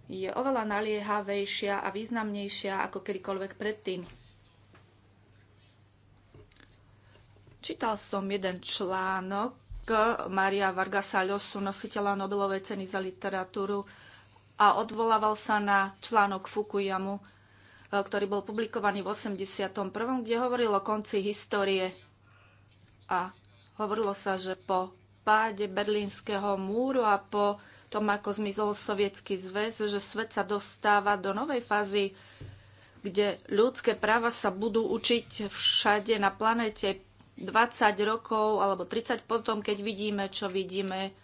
je oveľa naliehavejšia a významnejšia ako kedykoľvek predtým. Čítal som jeden článok Maria Vargasa Llosu, nositeľa Nobelovej ceny za literatúru, a odvolával sa na článok Fukuyamu, e, ktorý bol publikovaný v 81., kde hovoril o konci histórie a hovorilo sa, že po páde berlínskeho múru a po tom, ako zmizol sovietský zväz, že svet sa dostáva do novej fázy, kde ľudské práva sa budú učiť všade na planete 20 rokov alebo 30 potom, keď vidíme, čo vidíme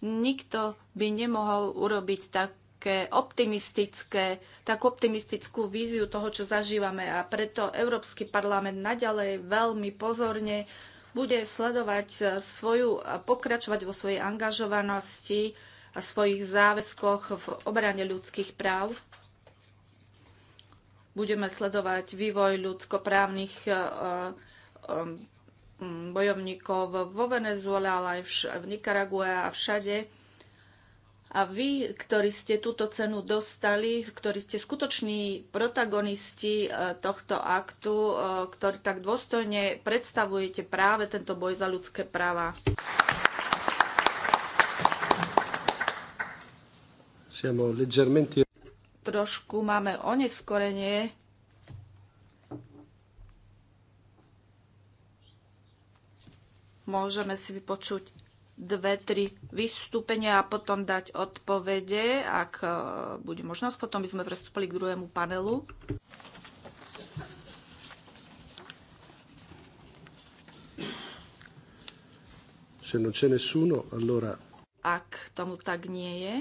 Nikto by nemohol urobiť také optimistické, takú optimistickú víziu toho, čo zažívame. A preto Európsky parlament naďalej veľmi pozorne bude sledovať e, svoju, pokračovať vo svojej angažovanosti a svojich záväzkoch v obrane ľudských práv. Budeme sledovať vývoj ľudskoprávnych e, e, Mm, bojovníkov vo Venezuele, ale aj v Nikarague a všade. A vy, ktorí ste túto cenu dostali, ktorí ste skutoční protagonisti e, tohto aktu, e, ktorí tak dôstojne predstavujete práve tento boj za ľudské práva. Trošku máme oneskorenie, môžeme si vypočuť dve, tri vystúpenia a potom dať odpovede, ak e, bude možnosť. Potom by sme prestúpili k druhému panelu. Se non c'è nessuno, allora... Ak tomu tak nie je,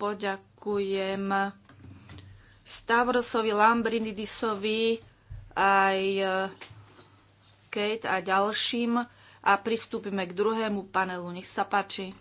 poďakujem Stavrosovi, Lambrinidisovi, aj e, Kate a ďalším a pristúpime k druhému panelu. Nech sa páči.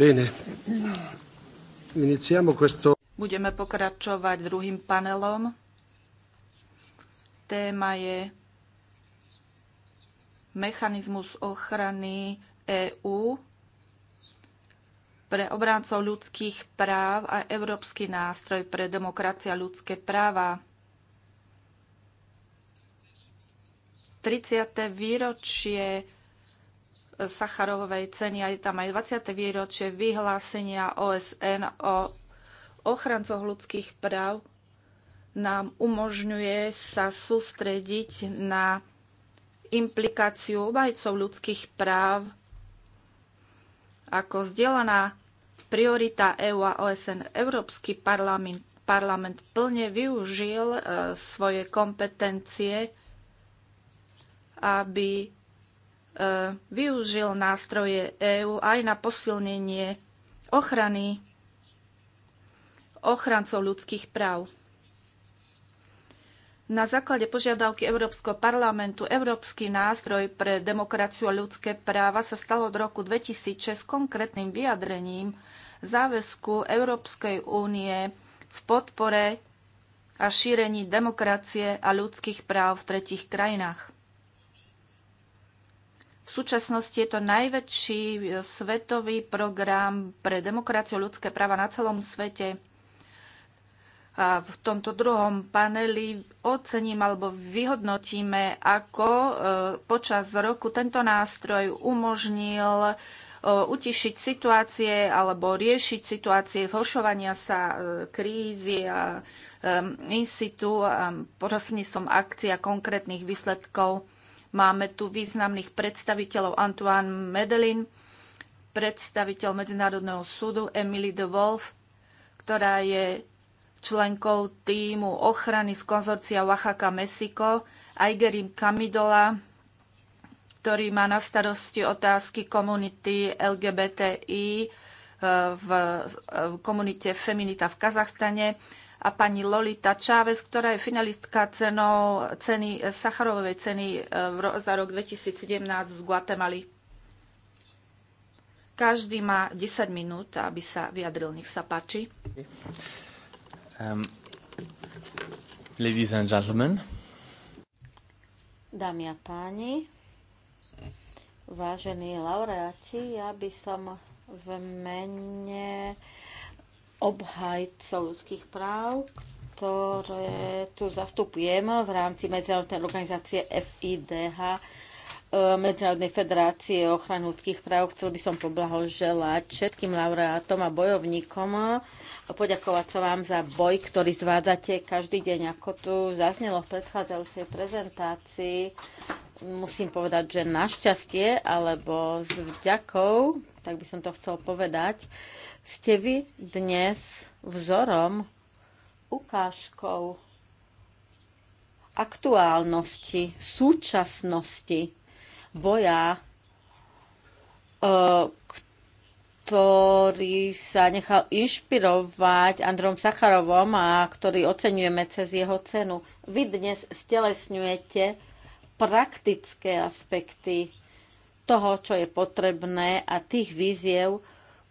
Bene. Iniziamo questo... Budeme pokračovať druhým panelom. Téma je mechanizmus ochrany EÚ pre obráncov ľudských práv a Európsky nástroj pre demokracia a ľudské práva. 30. výročie Sacharovovej ceny a je tam aj 20. výročie vyhlásenia OSN o ochrancoch ľudských práv nám umožňuje sa sústrediť na implikáciu obajcov ľudských práv ako zdieľaná priorita EÚ EU a OSN. Európsky parlament, parlament plne využil e, svoje kompetencie, aby E, využil nástroje EÚ aj na posilnenie ochrany ochrancov ľudských práv. Na základe požiadavky Európskeho parlamentu Európsky nástroj pre demokraciu a ľudské práva sa stalo od roku 2006 konkrétnym vyjadrením záväzku Európskej únie v podpore a šírení demokracie a ľudských práv v tretich krajinách. V súčasnosti je to najväčší e, svetový program pre demokraciu ľudské práva na celom svete. A v tomto druhom paneli ocením alebo vyhodnotíme, ako e, počas roku tento nástroj umožnil e, utišiť situácie alebo riešiť situácie zhoršovania sa krízy a in situ a prostredníctvom akcií a konkrétnych výsledkov. Máme tu významných predstaviteľov Antoine Medelin, predstaviteľ Medzinárodného súdu Emily de Wolf, ktorá je členkou týmu ochrany z konzorcia Oaxaca Mexico, Aigerim Kamidola, ktorý má na starosti otázky komunity LGBTI eh, eh, v komunite Feminita v Kazachstane a pani Lolita Čáves, ktorá je finalistka cenou, ceny, eh, Sacharovej ceny eh, za rok 2017 z Guatemaly. Každý má 10 minút, aby sa vyjadril. Nech sa páči. Um, ladies and gentlemen. Dámy a páni, vážení laureáti, ja by som v mene obhajcov ľudských práv, ktoré tu zastupujem v rámci medzinárodnej organizácie FIDH, e, Medzinárodnej federácie ochrany ľudských práv. Chcel by som poblahoželať všetkým laureátom a bojovníkom a poďakovať sa vám za boj, ktorý zvádzate každý deň, ako tu zaznelo v predchádzajúcej prezentácii. Musím povedať, že našťastie alebo s vďakou tak by som to chcel povedať, ste vy dnes vzorom, ukážkou aktuálnosti, súčasnosti boja, eh, ktorý sa nechal inšpirovať Androm Sacharovom a ktorý oceňujeme cez jeho cenu. Vy dnes stelesňujete praktické aspekty toho, čo je potrebné a tých víziev,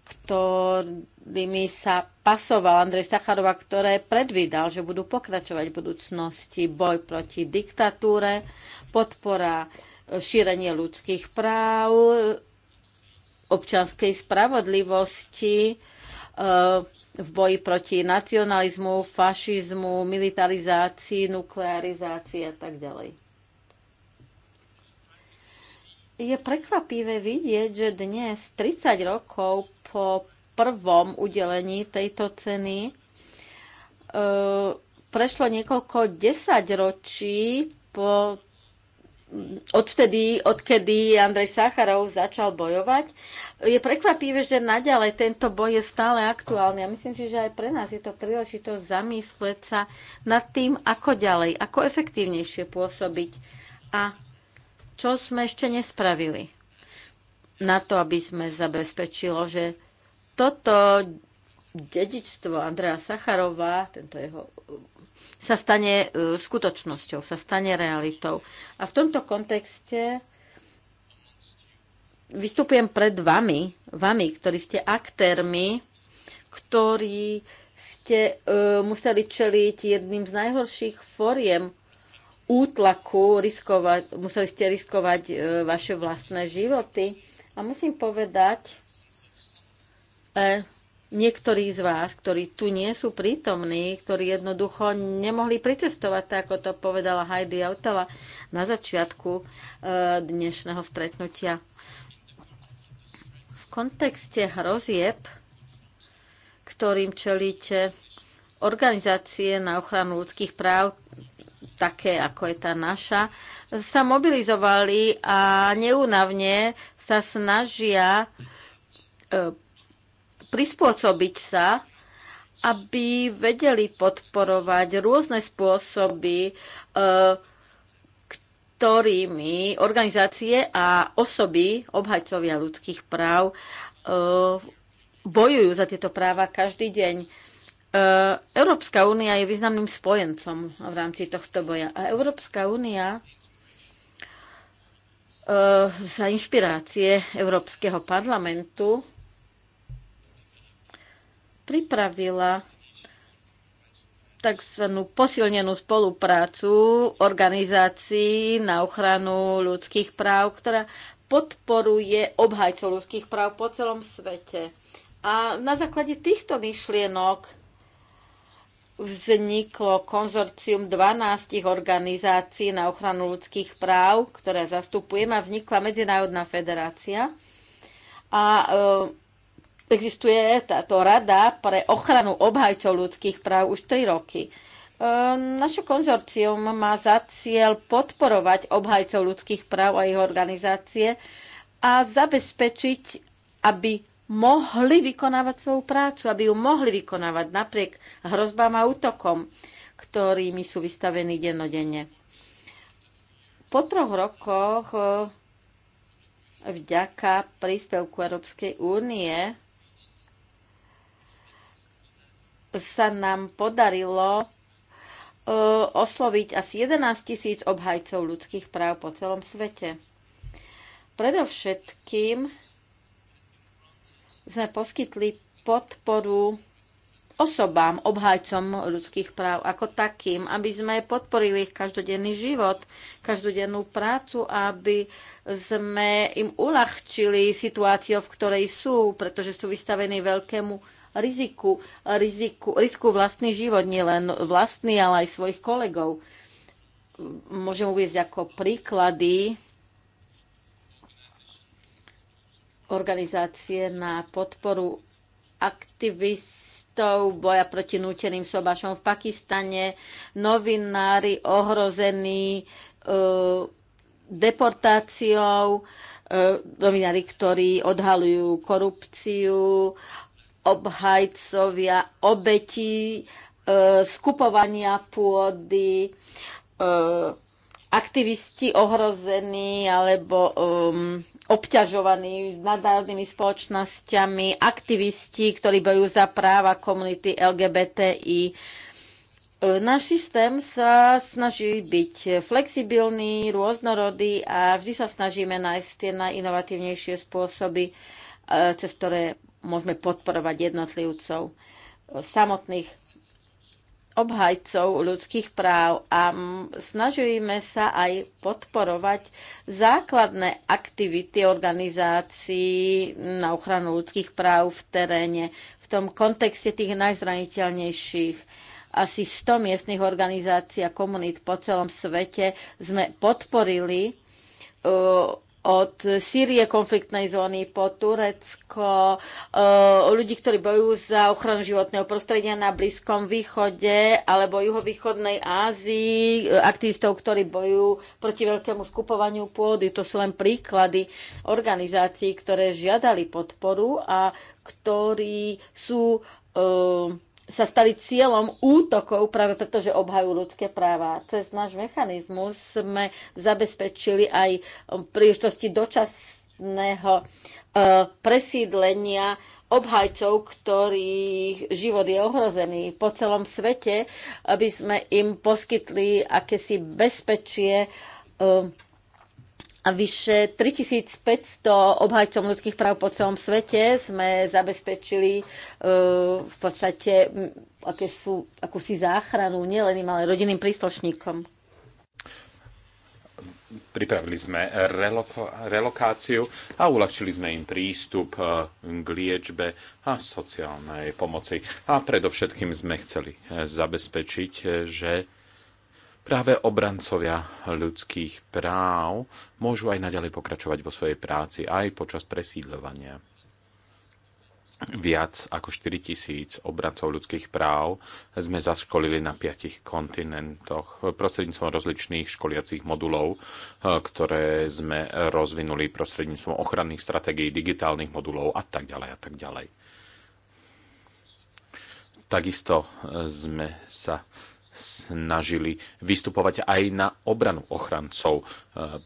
ktorými sa pasoval Andrej Sacharova, ktoré predvídal, že budú pokračovať v budúcnosti boj proti diktatúre, podpora e, šírenie ľudských práv, občanskej spravodlivosti, e, v boji proti nacionalizmu, fašizmu, militarizácii, nuklearizácii a tak ďalej je prekvapivé vidieť, že dnes, 30 rokov po prvom udelení tejto ceny, e, prešlo niekoľko desaťročí po odtedy, odkedy Andrej Sacharov začal bojovať. Je prekvapivé, že naďalej tento boj je stále aktuálny a myslím si, že aj pre nás je to príležitosť zamýšľať sa nad tým, ako ďalej, ako efektívnejšie pôsobiť a čo sme ešte nespravili na to, aby sme zabezpečilo, že toto dedičstvo Andrea Sacharova, tento jeho, sa stane e, skutočnosťou, sa stane realitou. A v tomto kontexte vystupujem pred vami, vami, ktorí ste aktérmi, ktorí ste uh, museli čeliť jedným z najhorších foriem útlaku riskovať, museli ste riskovať e, vaše vlastné životy. A musím povedať, e, niektorí z vás, ktorí tu nie sú prítomní, ktorí jednoducho nemohli pricestovať, tak ako to povedala Heidi Autala na začiatku e, dnešného stretnutia. V kontexte hrozieb, ktorým čelíte organizácie na ochranu ľudských práv také, ako je tá naša, sa mobilizovali a neúnavne sa snažia e, prispôsobiť sa, aby vedeli podporovať rôzne spôsoby, e, ktorými organizácie a osoby, obhajcovia ľudských práv, e, bojujú za tieto práva každý deň E, Európska únia je významným spojencom v rámci tohto boja. A Európska únia e, za inšpirácie Európskeho parlamentu pripravila tzv. posilnenú spoluprácu organizácií na ochranu ľudských práv, ktorá podporuje obhajcov ľudských práv po celom svete. A na základe týchto myšlienok vzniklo konzorcium 12 organizácií na ochranu ľudských práv, ktoré zastupujem a vznikla Medzinárodná federácia. A e, existuje táto rada pre ochranu obhajcov ľudských práv už 3 roky. E, naše konzorcium má za cieľ podporovať obhajcov ľudských práv a ich organizácie a zabezpečiť, aby mohli vykonávať svoju prácu, aby ju mohli vykonávať napriek hrozbám a útokom, ktorými sú vystavení dennodenne. Po troch rokoch eh, vďaka príspevku Európskej únie sa nám podarilo eh, osloviť asi 11 tisíc obhajcov ľudských práv po celom svete. Predovšetkým sme poskytli podporu osobám, obhajcom ľudských práv ako takým, aby sme podporili ich každodenný život, každodennú prácu, aby sme im uľahčili situáciu, v ktorej sú, pretože sú vystavení veľkému riziku, riziku, risku vlastný život, nielen vlastný, ale aj svojich kolegov. Môžem uvieť ako príklady organizácie na podporu aktivistov boja proti núteným sobášom v Pakistane, novinári ohrození e, deportáciou, e, novinári, ktorí odhalujú korupciu, obhajcovia obetí, e, skupovania pôdy, e, aktivisti ohrození alebo E, obťažovaní nadárnymi spoločnosťami, aktivisti, ktorí bojujú za práva komunity LGBTI. E, náš systém sa snaží byť flexibilný, rôznorodý a vždy sa snažíme nájsť tie najinovatívnejšie spôsoby, e, cez ktoré môžeme podporovať jednotlivcov e, samotných obhajcov ľudských práv a snažíme sa aj podporovať základné aktivity organizácií na ochranu ľudských práv v teréne, v tom kontexte tých najzraniteľnejších asi 100 miestnych organizácií a komunít po celom svete sme podporili uh, od Sýrie, konfliktnej zóny po Turecko, e, ľudí, ktorí bojujú za ochranu životného prostredia na Blízkom východe alebo juhovýchodnej Ázii, e, aktivistov, ktorí bojujú proti veľkému skupovaniu pôdy. To sú len príklady organizácií, ktoré žiadali podporu a ktorí sú uh, sa stali cieľom útokov práve preto, že obhajú ľudské práva. Cez náš mechanizmus sme zabezpečili aj um, príležitosti dočasného uh, presídlenia obhajcov, ktorých život je ohrozený po celom svete, aby sme im poskytli akési bezpečie um, a vyše 3500 obhajcom ľudských práv po celom svete sme zabezpečili e, v podstate aké sú, akúsi záchranu nielen im, ale rodinným príslušníkom. Pripravili sme reloko, relokáciu a uľahčili sme im prístup e, k liečbe a sociálnej pomoci. A predovšetkým sme chceli e, zabezpečiť, že Práve obrancovia ľudských práv môžu aj naďalej pokračovať vo svojej práci aj počas presídľovania. Viac ako 4000 obrancov ľudských práv sme zaškolili na piatich kontinentoch prostredníctvom rozličných školiacich modulov, ktoré sme rozvinuli prostredníctvom ochranných stratégií, digitálnych modulov a tak ďalej a tak ďalej. Takisto sme sa snažili vystupovať aj na obranu ochrancov eh,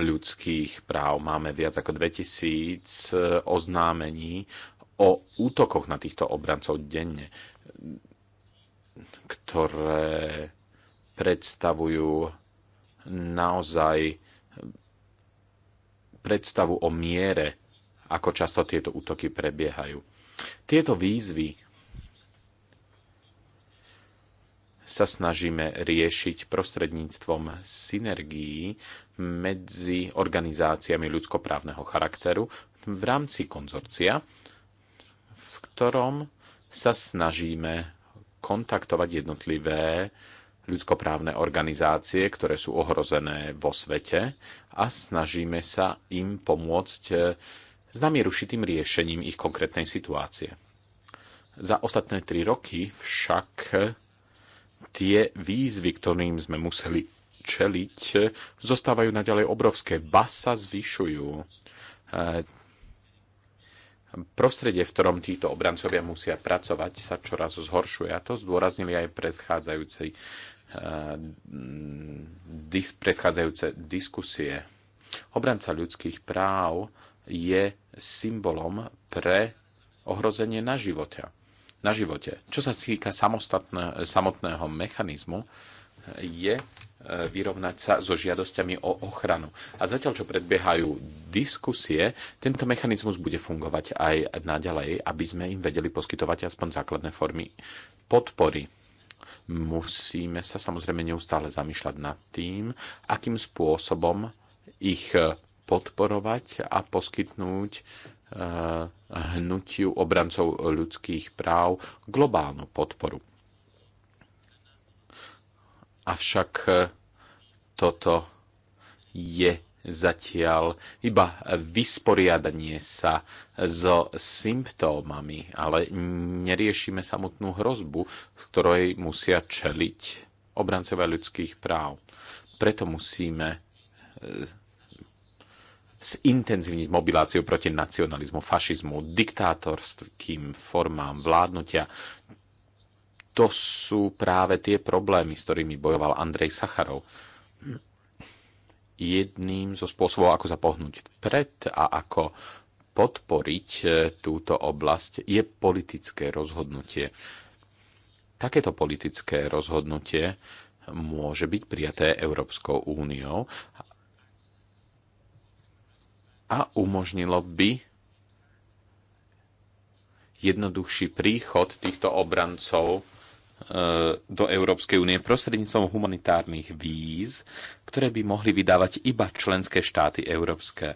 ľudských práv. Máme viac ako 2000 eh, oznámení o útokoch na týchto obrancov denne, ktoré predstavujú naozaj eh, predstavu o miere, ako často tieto útoky prebiehajú. Tieto výzvy sa snažíme riešiť prostredníctvom synergií medzi organizáciami ľudskoprávneho charakteru v rámci konzorcia, v ktorom sa snažíme kontaktovať jednotlivé ľudskoprávne organizácie, ktoré sú ohrozené vo svete a snažíme sa im pomôcť s e, nami rušitým riešením ich konkrétnej situácie. Za ostatné tri roky však tie výzvy, ktorým sme museli čeliť, zostávajú naďalej obrovské. Ba sa zvyšujú. E, prostredie, v ktorom títo obrancovia musia pracovať, sa čoraz zhoršuje. A to zdôraznili aj predchádzajúce, predchádzajúce diskusie. Obranca ľudských práv je symbolom pre ohrozenie na života na živote. Čo sa týka samotného mechanizmu, je e, vyrovnať sa so žiadosťami o ochranu. A zatiaľ, čo predbiehajú diskusie, tento mechanizmus bude fungovať aj naďalej, aby sme im vedeli poskytovať aspoň základné formy podpory. Musíme sa samozrejme neustále zamýšľať nad tým, akým spôsobom ich podporovať a poskytnúť Eh, hnutiu obrancov ľudských práv globálnu podporu. Avšak eh, toto je zatiaľ iba vysporiadanie sa so symptómami, ale neriešime samotnú hrozbu, z ktorej musia čeliť obrancovia ľudských práv. Preto musíme eh, zintenzívniť mobiláciu proti nacionalizmu, fašizmu, diktátorským formám vládnutia. To sú práve tie problémy, s ktorými bojoval Andrej Sacharov jedným zo spôsobov, ako sa pohnúť vpred a ako podporiť e, túto oblasť, je politické rozhodnutie. Takéto politické rozhodnutie môže byť prijaté Európskou úniou a umožnilo by jednoduchší príchod týchto obrancov e, do Európskej únie prostredníctvom humanitárnych víz, ktoré by mohli vydávať iba členské štáty Európske,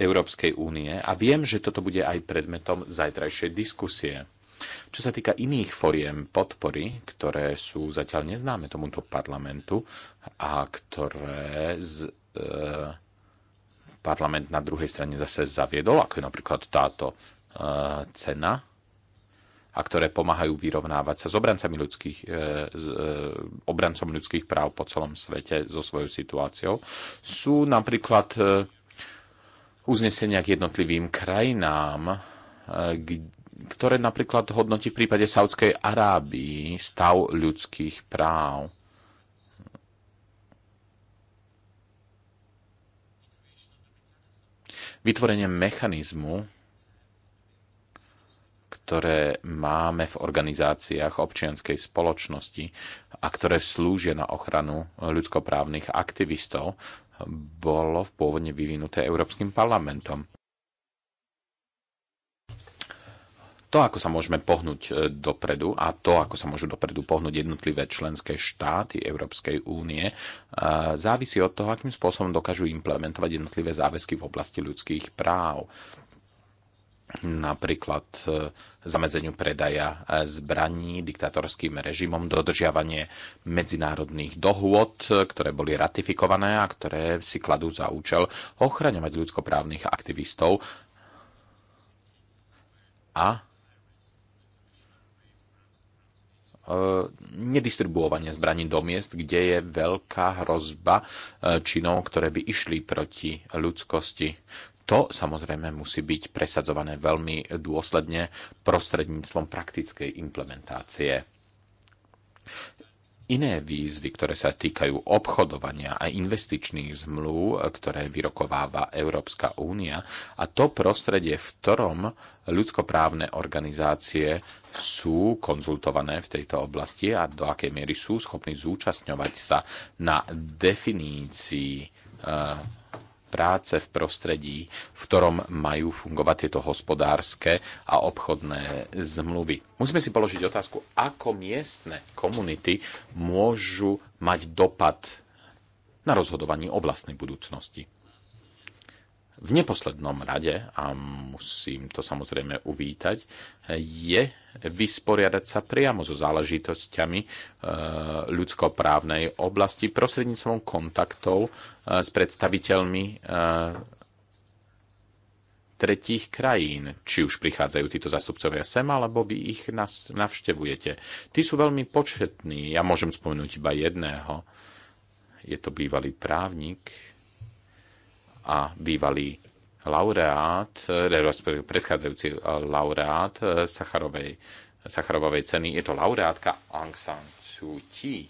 Európskej únie. A viem, že toto bude aj predmetom zajtrajšej diskusie. Čo sa týka iných foriem podpory, ktoré sú zatiaľ neznáme tomuto parlamentu a ktoré z, e, parlament na druhej strane zase zaviedol, ako je napríklad táto e, cena, a ktoré pomáhajú vyrovnávať sa s obrancami ľudských, s e, e, obrancom ľudských práv po celom svete so svojou situáciou, sú napríklad uznesenia k jednotlivým krajinám, ktoré napríklad hodnotí v prípade Saudskej Arábii stav ľudských práv vytvorenie mechanizmu, ktoré máme v organizáciách občianskej spoločnosti a ktoré slúžia na ochranu ľudskoprávnych aktivistov, bolo v pôvodne vyvinuté Európskym parlamentom. to, ako sa môžeme pohnúť e, dopredu a to, ako sa môžu dopredu pohnúť jednotlivé členské štáty Európskej únie, e, závisí od toho, akým spôsobom dokážu implementovať jednotlivé záväzky v oblasti ľudských práv napríklad e, zamedzeniu predaja zbraní diktatorským režimom, dodržiavanie medzinárodných dohôd, ktoré boli ratifikované a ktoré si kladú za účel ochraňovať ľudskoprávnych aktivistov a E, nedistribuovanie zbraní do miest, kde je veľká hrozba e, činov, ktoré by išli proti ľudskosti. To samozrejme musí byť presadzované veľmi dôsledne prostredníctvom praktickej implementácie iné výzvy, ktoré sa týkajú obchodovania a investičných zmluv, ktoré vyrokováva Európska únia a to prostredie, v ktorom ľudskoprávne organizácie sú konzultované v tejto oblasti a do akej miery sú schopní zúčastňovať sa na definícii eh, práce v prostredí, v ktorom majú fungovať tieto hospodárske a obchodné zmluvy. Musíme si položiť otázku, ako miestne komunity môžu mať dopad na rozhodovanie o vlastnej budúcnosti. V neposlednom rade, a musím to samozrejme uvítať, je vysporiadať sa priamo so záležitosťami e, ľudskoprávnej oblasti prostredníctvom kontaktov e, s predstaviteľmi e, tretích krajín, či už prichádzajú títo zastupcovia sem, alebo vy ich navštevujete. Tí sú veľmi početní, ja môžem spomenúť iba jedného. Je to bývalý právnik, a bývalý laureát, eh, predchádzajúci eh, laureát eh, Sacharovej, Sacharovej ceny. Je to laureátka Aung San Suu Kyi,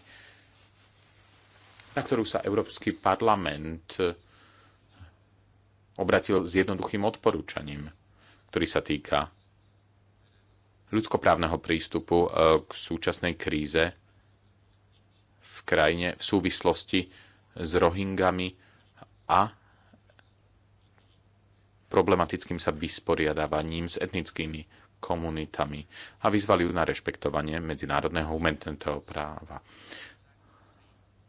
na ktorú sa Európsky parlament obratil s jednoduchým odporúčaním, ktorý sa týka ľudskoprávneho prístupu k súčasnej kríze v krajine v súvislosti s Rohingami a problematickým sa vysporiadávaním s etnickými komunitami a vyzvali ju na rešpektovanie medzinárodného humanitného práva.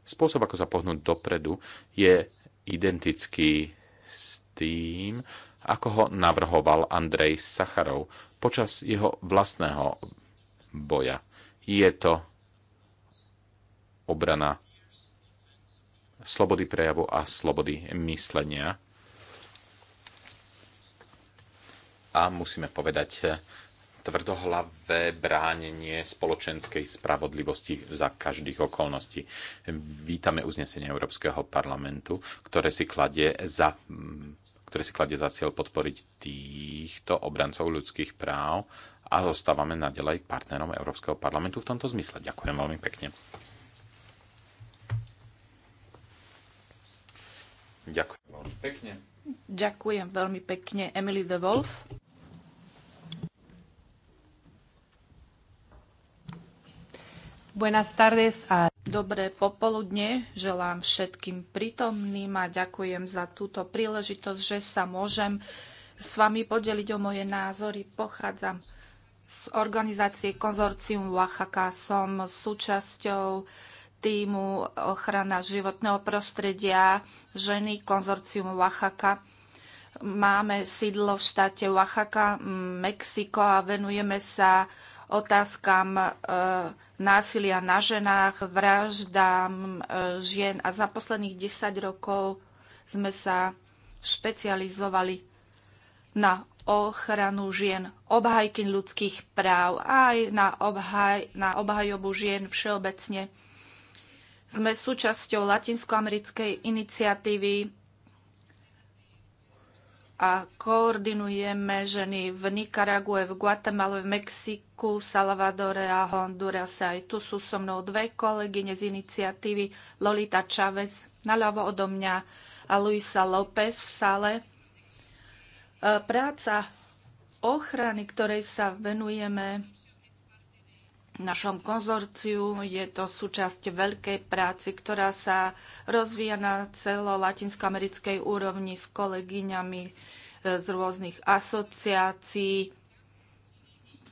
Spôsob, ako sa pohnúť dopredu, je identický s tým, ako ho navrhoval Andrej Sacharov počas jeho vlastného boja. Je to obrana slobody prejavu a slobody myslenia, a musíme povedať e, tvrdohlavé bránenie spoločenskej spravodlivosti za každých okolností. Vítame uznesenie Európskeho parlamentu, ktoré si kladie za mm, ktoré si kladie za cieľ podporiť týchto obrancov ľudských práv a zostávame naďalej partnerom Európskeho parlamentu v tomto zmysle. Ďakujem veľmi pekne. Ďakujem veľmi pekne. Ďakujem veľmi pekne, Emily de Wolf. Buenas tardes a... Dobré popoludne želám všetkým prítomným a ďakujem za túto príležitosť, že sa môžem s vami podeliť o moje názory. Pochádzam z organizácie Konzorcium Oaxaca, som súčasťou týmu ochrana životného prostredia ženy Konzorcium Oaxaca. Máme sídlo v štáte Oaxaca, Mexiko a venujeme sa otázkam e, násilia na ženách, vraždám e, žien a za posledných 10 rokov sme sa špecializovali na ochranu žien, obhajky ľudských práv a aj na, obhaj, na obhajobu žien všeobecne. Sme súčasťou Latinskoamerickej iniciatívy a koordinujeme ženy v Nikarague, v Guatemale, v Mexiku, Salvadore a Hondurase. Aj tu sú so mnou dve kolegyne z iniciatívy Lolita Chávez naľavo odo mňa a Luisa López v sale. E, práca ochrany, ktorej sa venujeme, našom konzorciu. Je to súčasť veľkej práci, ktorá sa rozvíja na celo latinskoamerickej úrovni s kolegyňami e, z rôznych asociácií,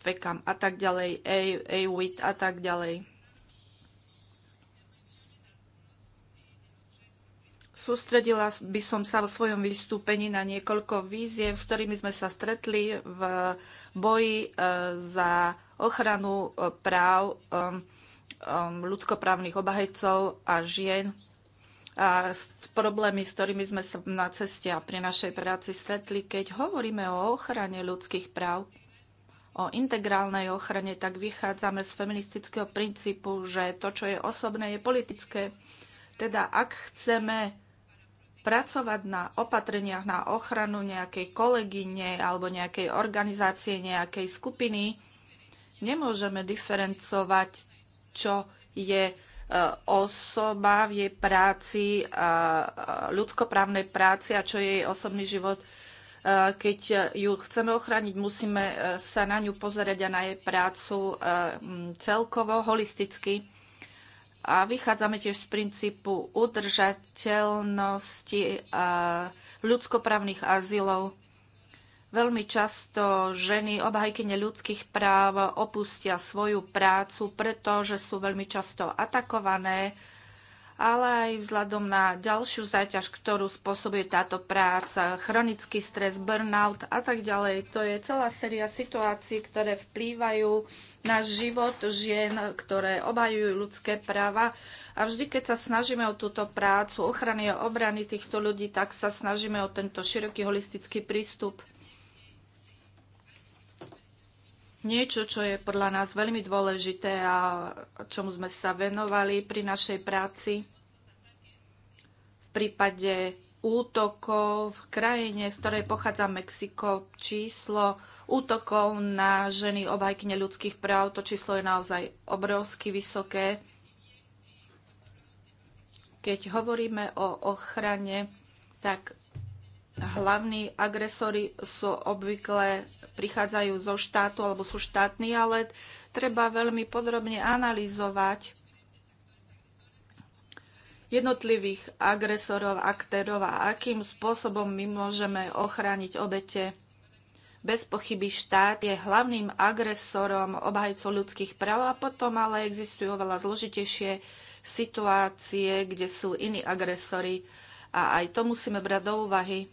FECAM a tak ďalej, AWIT a tak ďalej. Sústredila by som sa vo svojom vystúpení na niekoľko víziev, s ktorými sme sa stretli v boji e, za ochranu e, práv e, ľudskoprávnych obahajcov a žien a problémy, s ktorými sme sa na ceste a pri našej práci stretli. Keď hovoríme o ochrane ľudských práv, o integrálnej ochrane, tak vychádzame z feministického princípu, že to, čo je osobné, je politické. Teda ak chceme pracovať na opatreniach na ochranu nejakej kolegyne alebo nejakej organizácie, nejakej skupiny, nemôžeme diferencovať, čo je e, osoba v jej práci, e, e, ľudskoprávnej práci a čo je jej osobný život. Keď ju chceme ochrániť, musíme sa na ňu pozerať a na jej prácu celkovo, holisticky a vychádzame tiež z princípu udržateľnosti a e, ľudskoprávnych azylov. Veľmi často ženy, obhajkyne ľudských práv, opustia svoju prácu, pretože sú veľmi často atakované ale aj vzhľadom na ďalšiu záťaž, ktorú spôsobuje táto práca, chronický stres, burnout a tak ďalej. To je celá séria situácií, ktoré vplývajú na život žien, ktoré obhajujú ľudské práva. A vždy, keď sa snažíme o túto prácu ochrany a obrany týchto ľudí, tak sa snažíme o tento široký holistický prístup. Niečo, čo je podľa nás veľmi dôležité a čomu sme sa venovali pri našej práci v prípade útokov v krajine, z ktorej pochádza Mexiko, číslo útokov na ženy obhajkyne ľudských práv, to číslo je naozaj obrovsky vysoké. Keď hovoríme o ochrane, tak hlavní agresory sú obvykle prichádzajú zo štátu alebo sú štátni, ale treba veľmi podrobne analyzovať jednotlivých agresorov, aktérov a akým spôsobom my môžeme ochrániť obete. Bez pochyby štát je hlavným agresorom obhajcov ľudských práv a potom ale existujú oveľa zložitejšie situácie, kde sú iní agresory a aj to musíme brať do úvahy.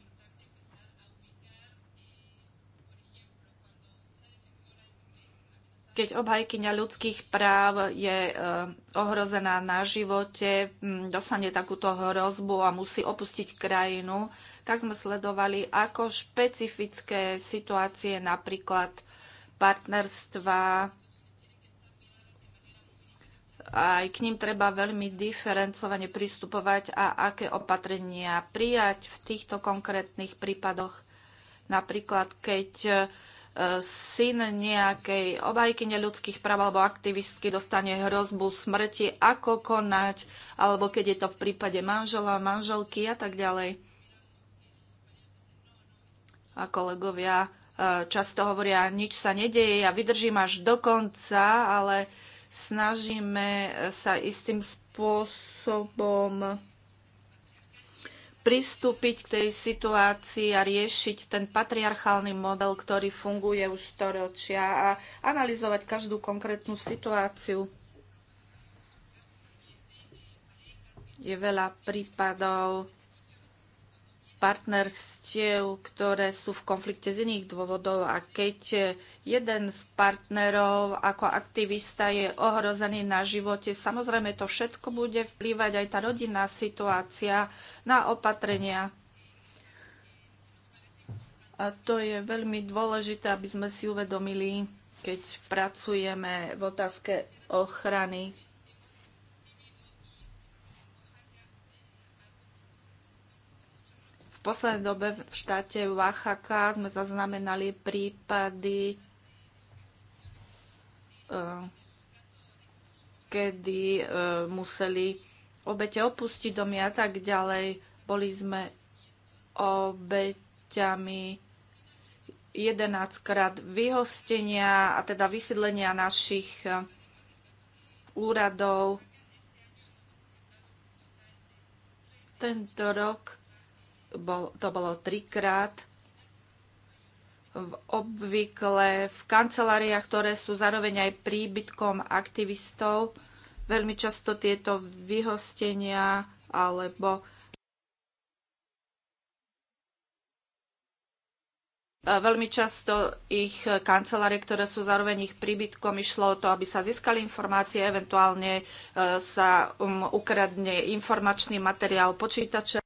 keď obhajkyňa ľudských práv je e, ohrozená na živote, dostane takúto hrozbu a musí opustiť krajinu, tak sme sledovali, ako špecifické situácie, napríklad partnerstva, aj k ním treba veľmi diferencovane pristupovať a aké opatrenia prijať v týchto konkrétnych prípadoch. Napríklad, keď syn nejakej obajkyne ľudských práv alebo aktivistky dostane hrozbu smrti, ako konať, alebo keď je to v prípade manžela, manželky a tak ďalej. A kolegovia e, často hovoria, nič sa nedeje, ja vydržím až do konca, ale snažíme sa istým spôsobom pristúpiť k tej situácii a riešiť ten patriarchálny model, ktorý funguje už storočia a analyzovať každú konkrétnu situáciu. Je veľa prípadov partnerstiev, ktoré sú v konflikte z iných dôvodov a keď jeden z partnerov ako aktivista je ohrozený na živote, samozrejme to všetko bude vplývať aj tá rodinná situácia na opatrenia. A to je veľmi dôležité, aby sme si uvedomili, keď pracujeme v otázke ochrany poslednej dobe v štáte Oaxaca sme zaznamenali prípady, eh, kedy eh, museli obete opustiť domy a tak ďalej. Boli sme obeťami 11 krát vyhostenia a teda vysídlenia našich eh, úradov. Tento rok bol, to bolo trikrát. V obvykle v kanceláriách, ktoré sú zároveň aj príbytkom aktivistov, veľmi často tieto vyhostenia alebo e, Veľmi často ich kancelárie, ktoré sú zároveň ich príbytkom, išlo o to, aby sa získali informácie, eventuálne e, sa um, ukradne informačný materiál počítača.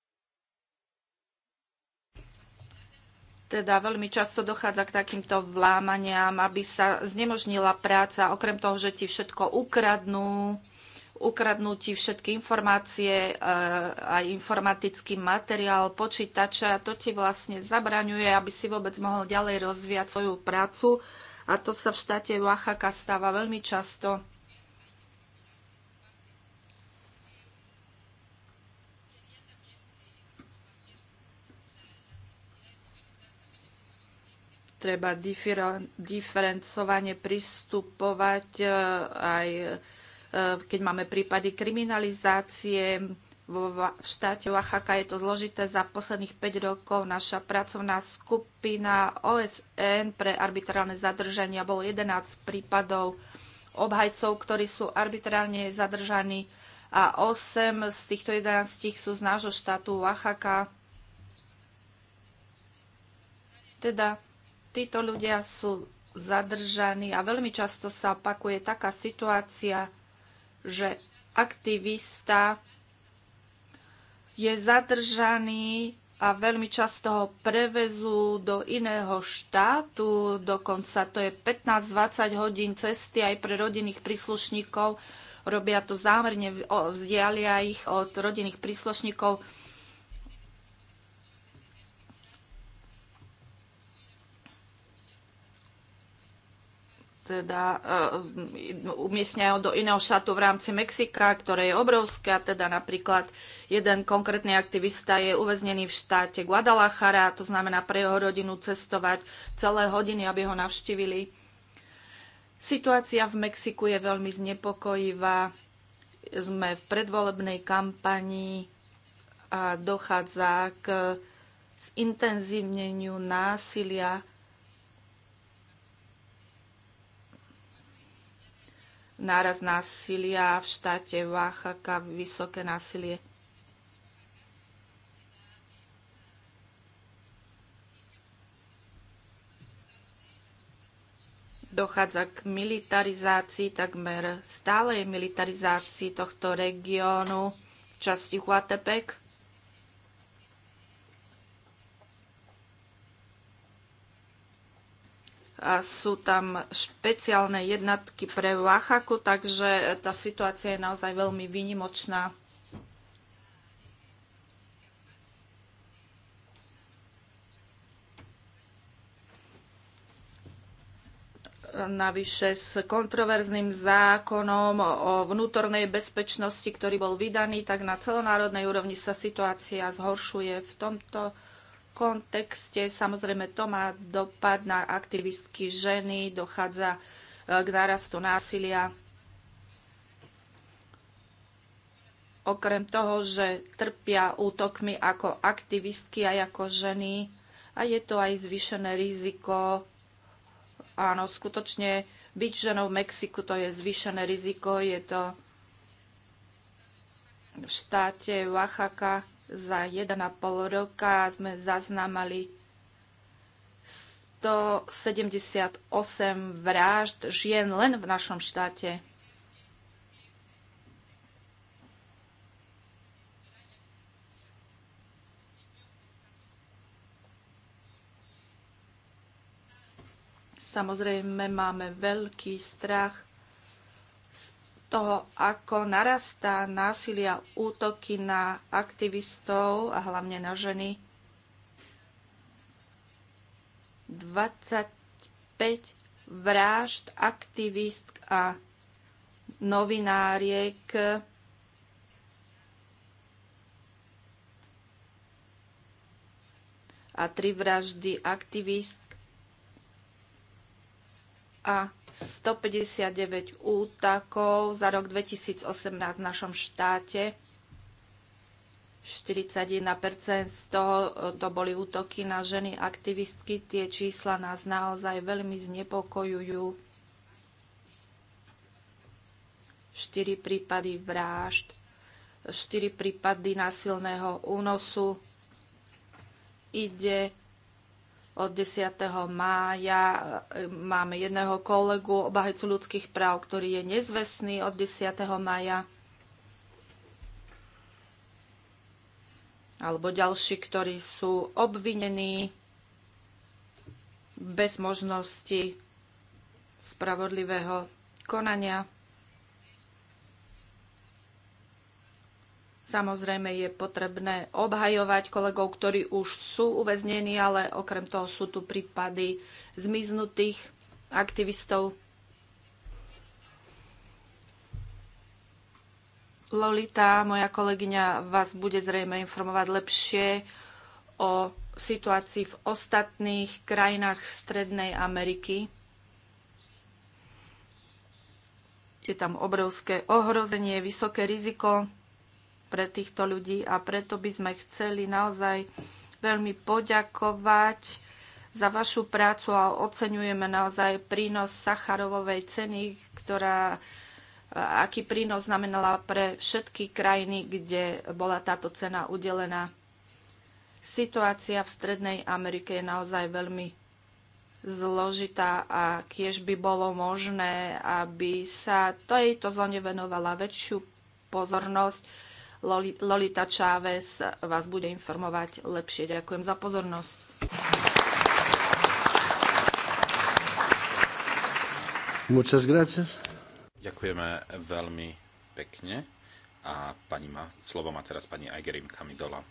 Teda veľmi často dochádza k takýmto vlámaniam, aby sa znemožnila práca, okrem toho, že ti všetko ukradnú, ukradnú ti všetky informácie, e, aj informatický materiál, počítače a to ti vlastne zabraňuje, aby si vôbec mohol ďalej rozvíjať svoju prácu. A to sa v štáte Oaxaca stáva veľmi často. treba diferencovane pristupovať e, aj e, keď máme prípady kriminalizácie. V štáte Oaxaca je to zložité. Za posledných 5 rokov naša pracovná skupina OSN pre arbitrálne zadržania bolo 11 prípadov obhajcov, ktorí sú arbitrálne zadržaní a 8 z týchto 11 sú z nášho štátu Oaxaca. Teda Títo ľudia sú zadržaní a veľmi často sa opakuje taká situácia, že aktivista je zadržaný a veľmi často ho prevezú do iného štátu, dokonca to je 15-20 hodín cesty aj pre rodinných príslušníkov. Robia to zámerne, vzdialia ich od rodinných príslušníkov teda uh, e, umiestňajú do iného štátu v rámci Mexika, ktoré je obrovské. A teda napríklad jeden konkrétny aktivista je uväznený v štáte Guadalajara, to znamená pre jeho rodinu cestovať celé hodiny, aby ho navštívili. Situácia v Mexiku je veľmi znepokojivá. Sme v predvolebnej kampanii a dochádza k zintenzívneniu násilia náraz násilia v štáte Oaxaca, vysoké násilie. Dochádza k militarizácii, takmer stálej militarizácii tohto regiónu v časti Huatepec. sú tam špeciálne jednotky pre Oaxaku, takže tá situácia je naozaj veľmi výnimočná. navyše s kontroverzným zákonom o vnútornej bezpečnosti, ktorý bol vydaný, tak na celonárodnej úrovni sa situácia zhoršuje v tomto kontexte samozrejme to má dopad na aktivistky ženy, dochádza e, k nárastu násilia. Okrem toho, že trpia útokmi ako aktivistky aj ako ženy a je to aj zvýšené riziko. Áno, skutočne byť ženou v Mexiku to je zvýšené riziko, je to v štáte Oaxaca za 1,5 roka sme zaznamali 178 vražd žien len v našom štáte. Samozrejme máme veľký strach toho, ako narastá násilia, útoky na aktivistov a hlavne na ženy. 25 vražd aktivistk a novináriek a tri vraždy aktivist a 159 útakov za rok 2018 v našom štáte. 41% z toho e, to boli útoky na ženy aktivistky. Tie čísla nás naozaj veľmi znepokojujú. 4 prípady vražd, 4 prípady násilného únosu. Ide od 10. mája e, máme jedného kolegu, obhajcu ľudských práv, ktorý je nezvestný od 10. mája. Alebo ďalší, ktorí sú obvinení bez možnosti spravodlivého konania. Samozrejme je potrebné obhajovať kolegov, ktorí už sú uväznení, ale okrem toho sú tu prípady zmiznutých aktivistov. Lolita, moja kolegyňa, vás bude zrejme informovať lepšie o situácii v ostatných krajinách Strednej Ameriky. Je tam obrovské ohrozenie, vysoké riziko pre týchto ľudí a preto by sme chceli naozaj veľmi poďakovať za vašu prácu a oceňujeme naozaj prínos Sacharovovej ceny, ktorá aký prínos znamenala pre všetky krajiny, kde bola táto cena udelená. Situácia v Strednej Amerike je naozaj veľmi zložitá a kiež by bolo možné, aby sa tejto zóne venovala väčšiu pozornosť Lolita Čávez vás bude informovať lepšie. Ďakujem za pozornosť. Muchas gracias. Ďakujeme veľmi pekne. A pani má, slovo má teraz pani Aigerim Kamidola.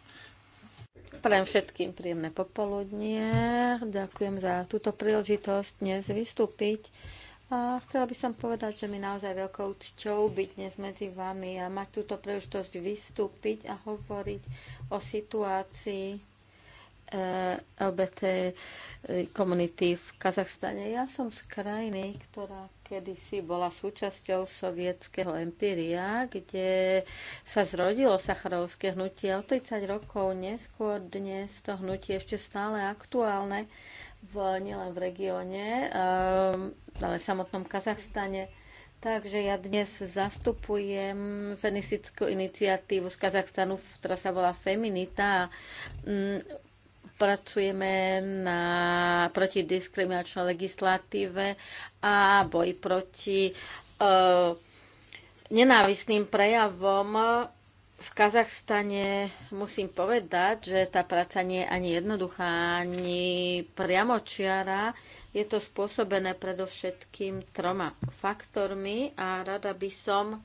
Prajem všetkým príjemné popoludnie. Ďakujem za túto príležitosť dnes vystúpiť a chcela by som povedať, že mi naozaj veľkou cťou byť dnes medzi vami a mať túto príležitosť vystúpiť a hovoriť o situácii LBT e, komunity v Kazachstane. Ja som z krajiny, ktorá kedysi bola súčasťou sovietského empíria, kde sa zrodilo sacharovské hnutie. O 30 rokov neskôr dnes to hnutie ešte stále aktuálne v, nielen v regióne, ehm, ale v samotnom Kazachstane. Takže ja dnes zastupujem fenistickú iniciatívu z Kazachstanu, ktorá sa volá Feminita. Mm, pracujeme na protidiskriminačnej legislatíve a boj proti uh, ehm, nenávisným prejavom v Kazachstane musím povedať, že tá práca nie je ani jednoduchá, ani priamočiara. Je to spôsobené predovšetkým troma faktormi a rada by som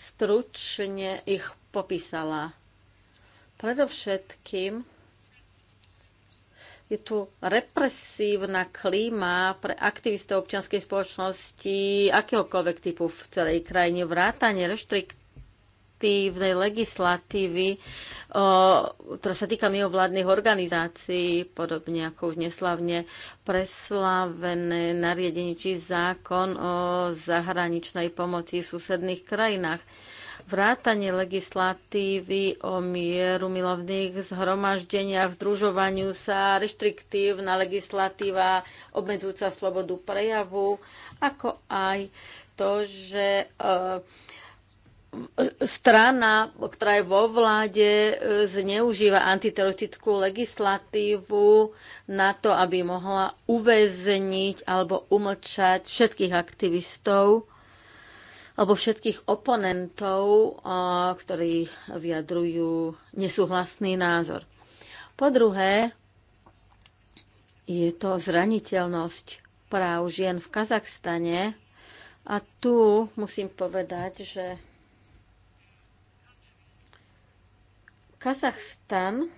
stručne ich popísala. Predovšetkým je tu represívna klíma pre aktivistov občianskej spoločnosti akéhokoľvek typu v celej krajine, vrátanie reštrikt legislatívnej legislatívy, o, ktorá sa týka mimovládnych organizácií, podobne ako už neslavne preslavené nariadenie či zákon o zahraničnej pomoci v susedných krajinách vrátanie legislatívy o mieru milovných zhromaždeniach, združovaniu sa, reštriktívna legislatíva obmedzujúca slobodu prejavu, ako aj to, že e, strana, ktorá je vo vláde, e, zneužíva antiteroristickú legislatívu na to, aby mohla uväzniť alebo umlčať všetkých aktivistov alebo všetkých oponentov, e, ktorí vyjadrujú nesúhlasný názor. Po druhé, je to zraniteľnosť práv žien v Kazachstane. A tu musím povedať, že Kazachstan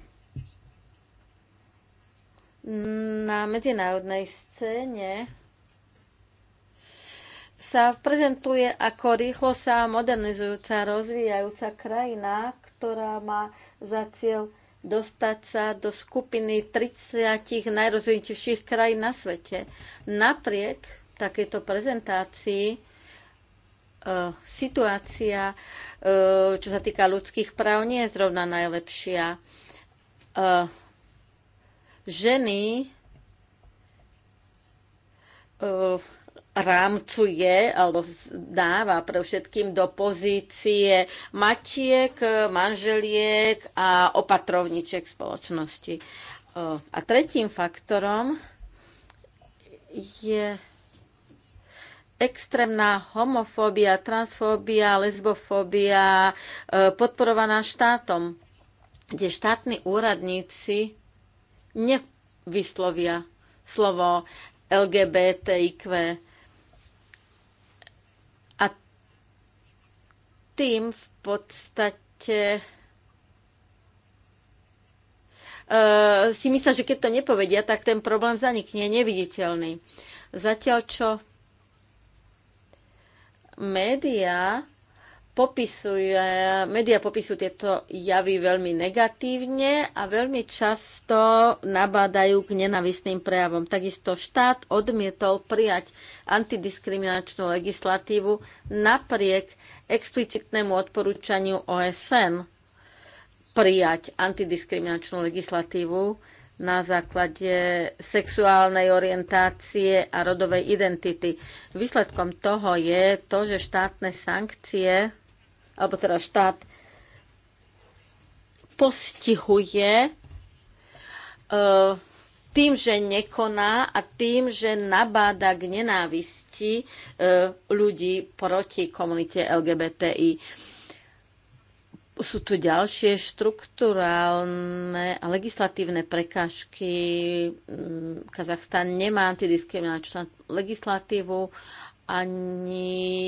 na medzinárodnej scéne sa prezentuje ako rýchlo sa modernizujúca, rozvíjajúca krajina, ktorá má za cieľ dostať sa do skupiny 30 najrozvinutejších krajín na svete. Napriek takejto prezentácii E, situácia, e, čo sa týka ľudských práv, nie je zrovna najlepšia. E, ženy rámcuje alebo dáva pre všetkým do pozície matiek, manželiek a opatrovniček spoločnosti. A tretím faktorom je extrémna homofóbia, transfóbia, lesbofóbia e, podporovaná štátom, kde štátni úradníci nevyslovia slovo LGBTIQ. A tým v podstate e, si myslia, že keď to nepovedia, tak ten problém zanikne, neviditeľný. Zatiaľ čo médiá popisuje, média popisujú tieto javy veľmi negatívne a veľmi často nabádajú k nenavistným prejavom. Takisto štát odmietol prijať antidiskriminačnú legislatívu napriek explicitnému odporúčaniu OSN prijať antidiskriminačnú legislatívu na základe sexuálnej orientácie a rodovej identity. Výsledkom toho je to, že štátne sankcie, alebo teda štát postihuje e, tým, že nekoná a tým, že nabáda k nenávisti e, ľudí proti komunite LGBTI sú tu ďalšie štruktúrálne a legislatívne prekážky. Mm, Kazachstan nemá antidiskriminačnú legislatívu ani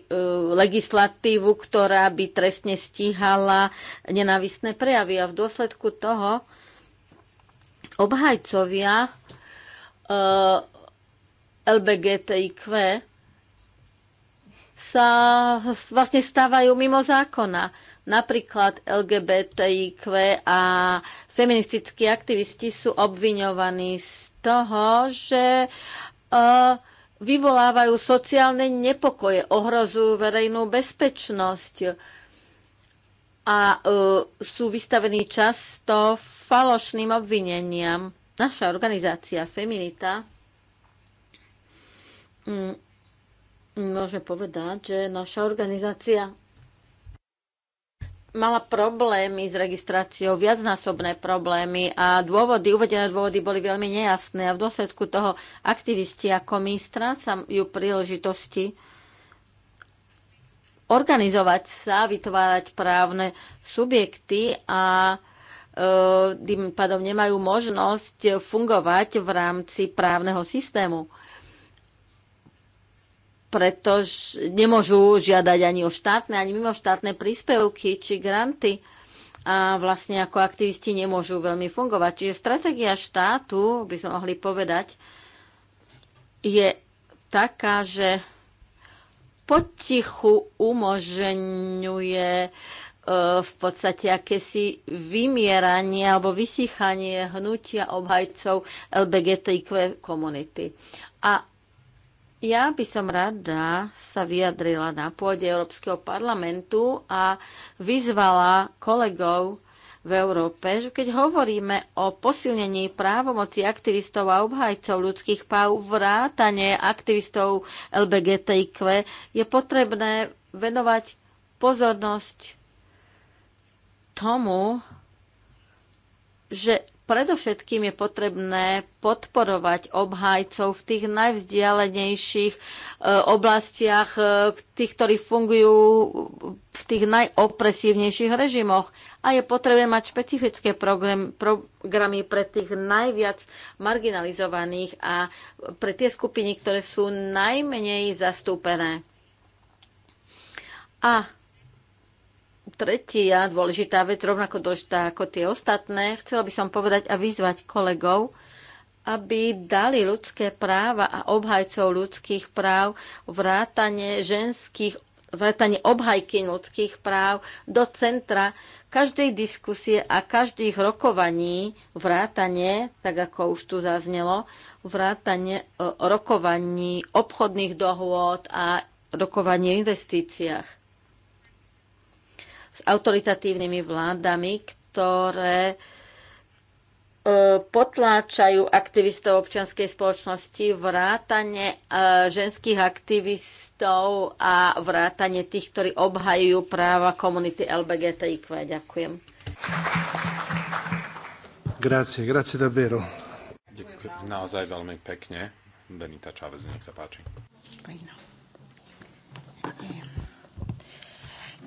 e, legislatívu, ktorá by trestne stíhala nenávistné prejavy. A v dôsledku toho obhajcovia e, LBGTIQ sa vlastne stávajú mimo zákona. Napríklad LGBTIQ a feministickí aktivisti sú obviňovaní z toho, že uh, vyvolávajú sociálne nepokoje, ohrozujú verejnú bezpečnosť a uh, sú vystavení často falošným obvineniam. Naša organizácia Feminita mm, môžeme povedať, že naša organizácia mala problémy s registráciou, viacnásobné problémy a dôvody, uvedené dôvody boli veľmi nejasné a v dôsledku toho aktivisti ako my strácajú príležitosti organizovať sa, vytvárať právne subjekty a e, tým pádom nemajú možnosť fungovať v rámci právneho systému pretože nemôžu žiadať ani o štátne, ani mimoštátne príspevky či granty a vlastne ako aktivisti nemôžu veľmi fungovať. Čiže stratégia štátu, by sme mohli povedať, je taká, že potichu umožňuje e, v podstate akési vymieranie alebo vysychanie hnutia obhajcov LBGTQ komunity. A ja by som rada sa vyjadrila na pôde Európskeho parlamentu a vyzvala kolegov v Európe, že keď hovoríme o posilnení právomoci aktivistov a obhajcov ľudských práv, vrátane aktivistov LBGTIQ, je potrebné venovať pozornosť tomu, že Predovšetkým je potrebné podporovať obhajcov v tých najvzdialenejších e, oblastiach, e, tých, ktorí fungujú v tých najopresívnejších režimoch. A je potrebné mať špecifické program, programy pre tých najviac marginalizovaných a pre tie skupiny, ktoré sú najmenej zastúpené. A tretia dôležitá vec, rovnako dôležitá ako tie ostatné, chcela by som povedať a vyzvať kolegov, aby dali ľudské práva a obhajcov ľudských práv vrátane ženských vrátane obhajky ľudských práv do centra každej diskusie a každých rokovaní vrátane, tak ako už tu zaznelo, vrátane e, rokovaní obchodných dohôd a rokovanie o investíciách s autoritatívnymi vládami, ktoré e, potláčajú aktivistov občianskej spoločnosti, vrátane e, ženských aktivistov a vrátane tých, ktorí obhajujú práva komunity LBGTIQ. Ďakujem. Grazie, grazie davvero. Ďakujem naozaj veľmi pekne. Benita Čávez, nech sa páči. Spajno.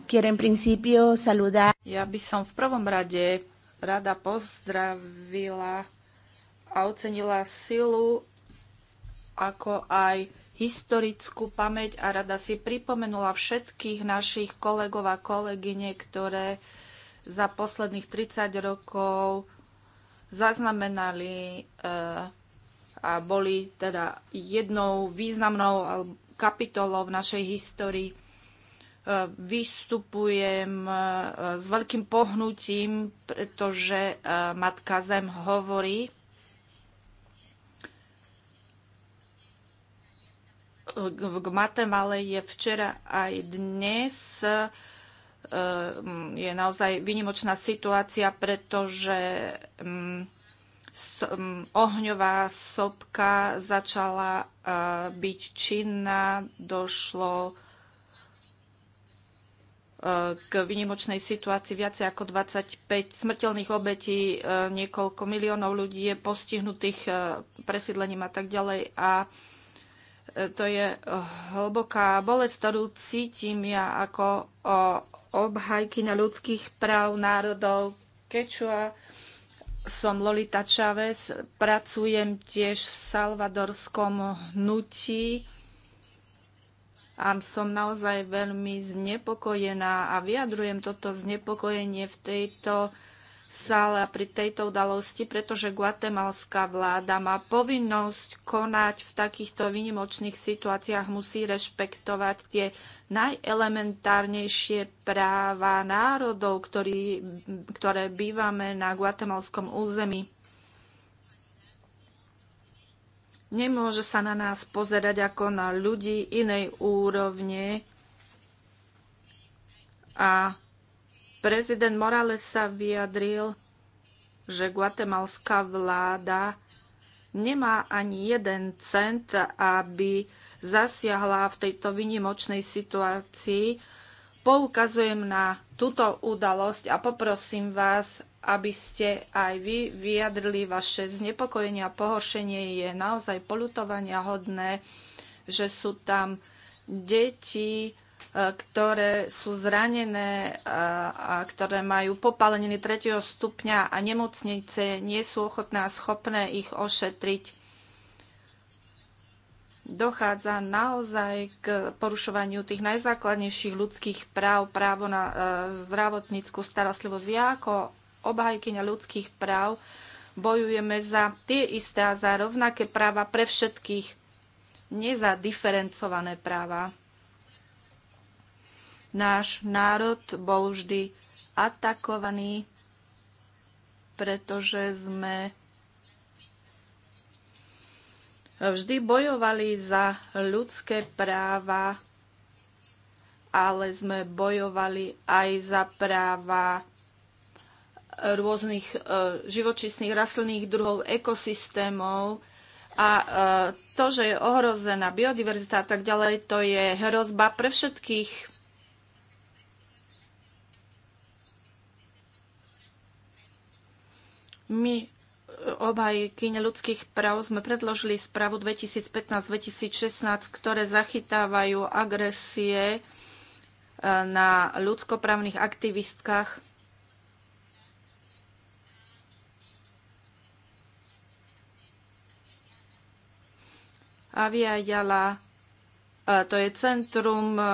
Quiero en principio saludar. Ja by som v prvom rade rada pozdravila a ocenila silu, ako aj historickú pamäť a rada si pripomenula všetkých našich kolegov a kolegyne, ktoré za posledných 30 rokov zaznamenali e, a boli teda jednou významnou eh, kapitolou v našej histórii vystupujem e, s veľkým pohnutím, pretože e, Matka Zem hovorí, v Guatemala je včera aj dnes e, je naozaj vynimočná situácia, pretože ohňová sopka začala byť činná, došlo k vynimočnej situácii viacej ako 25 smrteľných obetí, e, niekoľko miliónov ľudí je postihnutých e, presídlením a tak ďalej. A e, to je hlboká bolest, ktorú cítim ja ako obhajky na ľudských práv národov Kečua. Som Lolita Chavez, pracujem tiež v salvadorskom hnutí a som naozaj veľmi znepokojená a vyjadrujem toto znepokojenie v tejto sále a pri tejto udalosti, pretože guatemalská vláda má povinnosť konať v takýchto výnimočných situáciách, musí rešpektovať tie najelementárnejšie práva národov, ktorý, ktoré bývame na guatemalskom území. Nemôže sa na nás pozerať ako na ľudí inej úrovne. A prezident Morales sa vyjadril, že guatemalská vláda nemá ani jeden cent, aby zasiahla v tejto vynimočnej situácii. Poukazujem na túto udalosť a poprosím vás, aby ste aj vy vyjadrili vaše znepokojenie a pohoršenie. Je naozaj polutovania hodné, že sú tam deti, e, ktoré sú zranené e, a, ktoré majú popáleniny 3. stupňa a nemocnice nie sú ochotné a schopné ich ošetriť. Dochádza naozaj k porušovaniu tých najzákladnejších ľudských práv, právo na e, zdravotníckú starostlivosť. Ja ako obhajkyňa ľudských práv, bojujeme za tie isté a za rovnaké práva pre všetkých, nie za diferencované práva. Náš národ bol vždy atakovaný, pretože sme vždy bojovali za ľudské práva, ale sme bojovali aj za práva rôznych e, živočíšnych rastlinných druhov, ekosystémov. A e, to, že je ohrozená biodiverzita a tak ďalej, to je hrozba pre všetkých. My e, obhajkyne ľudských práv sme predložili správu 2015-2016, ktoré zachytávajú agresie na ľudskoprávnych aktivistkách Avia Jala, e, to je centrum e,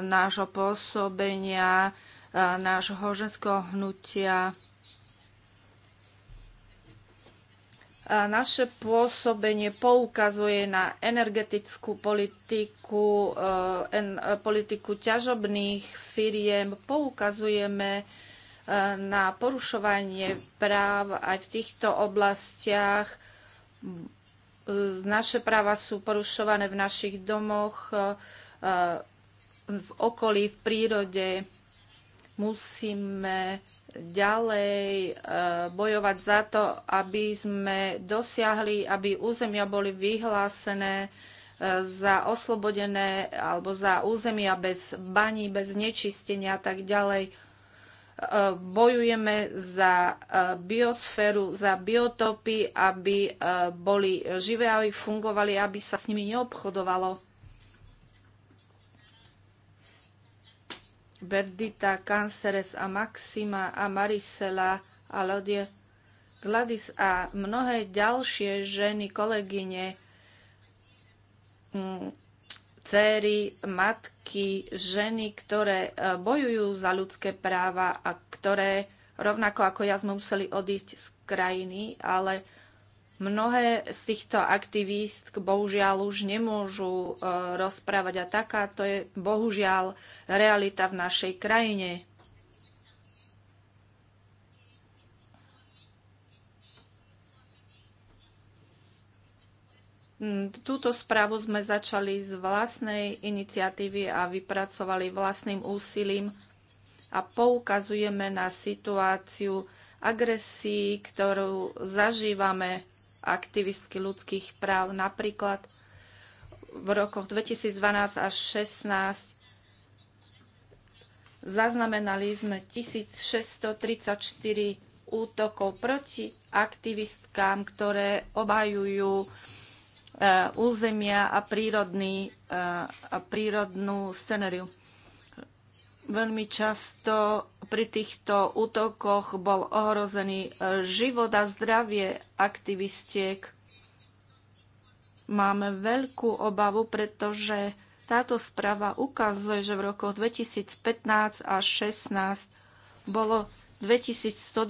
nášho pôsobenia, e, nášho ženského hnutia. Naše pôsobenie poukazuje na energetickú politiku, politiku ťažobných firiem. Poukazujeme na porušovanie práv aj v týchto oblastiach naše práva sú porušované v našich domoch, e, e, v okolí, v prírode. Musíme ďalej e, bojovať za to, aby sme dosiahli, aby územia boli vyhlásené za oslobodené alebo za územia bez baní, bez nečistenia a tak ďalej bojujeme za e, biosféru, za biotopy, aby e, boli živé, aby fungovali, aby sa s nimi neobchodovalo. Berdita, Canceres a Maxima a Marisela a Lodie, Gladys a mnohé ďalšie ženy, kolegyne, mm, céry, matky, ženy, ktoré e, bojujú za ľudské práva a ktoré rovnako ako ja sme museli odísť z krajiny, ale mnohé z týchto aktivist bohužiaľ už nemôžu e, rozprávať a taká to je bohužiaľ realita v našej krajine. Hm, túto správu sme začali z vlastnej iniciatívy a vypracovali vlastným úsilím a poukazujeme na situáciu agresí, ktorú zažívame aktivistky ľudských práv. Napríklad v rokoch 2012 až 2016 zaznamenali sme 1634 útokov proti aktivistkám, ktoré obhajujú Eh, územia a, prírodný, eh, a prírodnú scenériu. Veľmi často pri týchto útokoch bol ohrozený eh, život a zdravie aktivistiek. Máme veľkú obavu, pretože táto správa ukazuje, že v rokoch 2015 a 2016 bolo 2129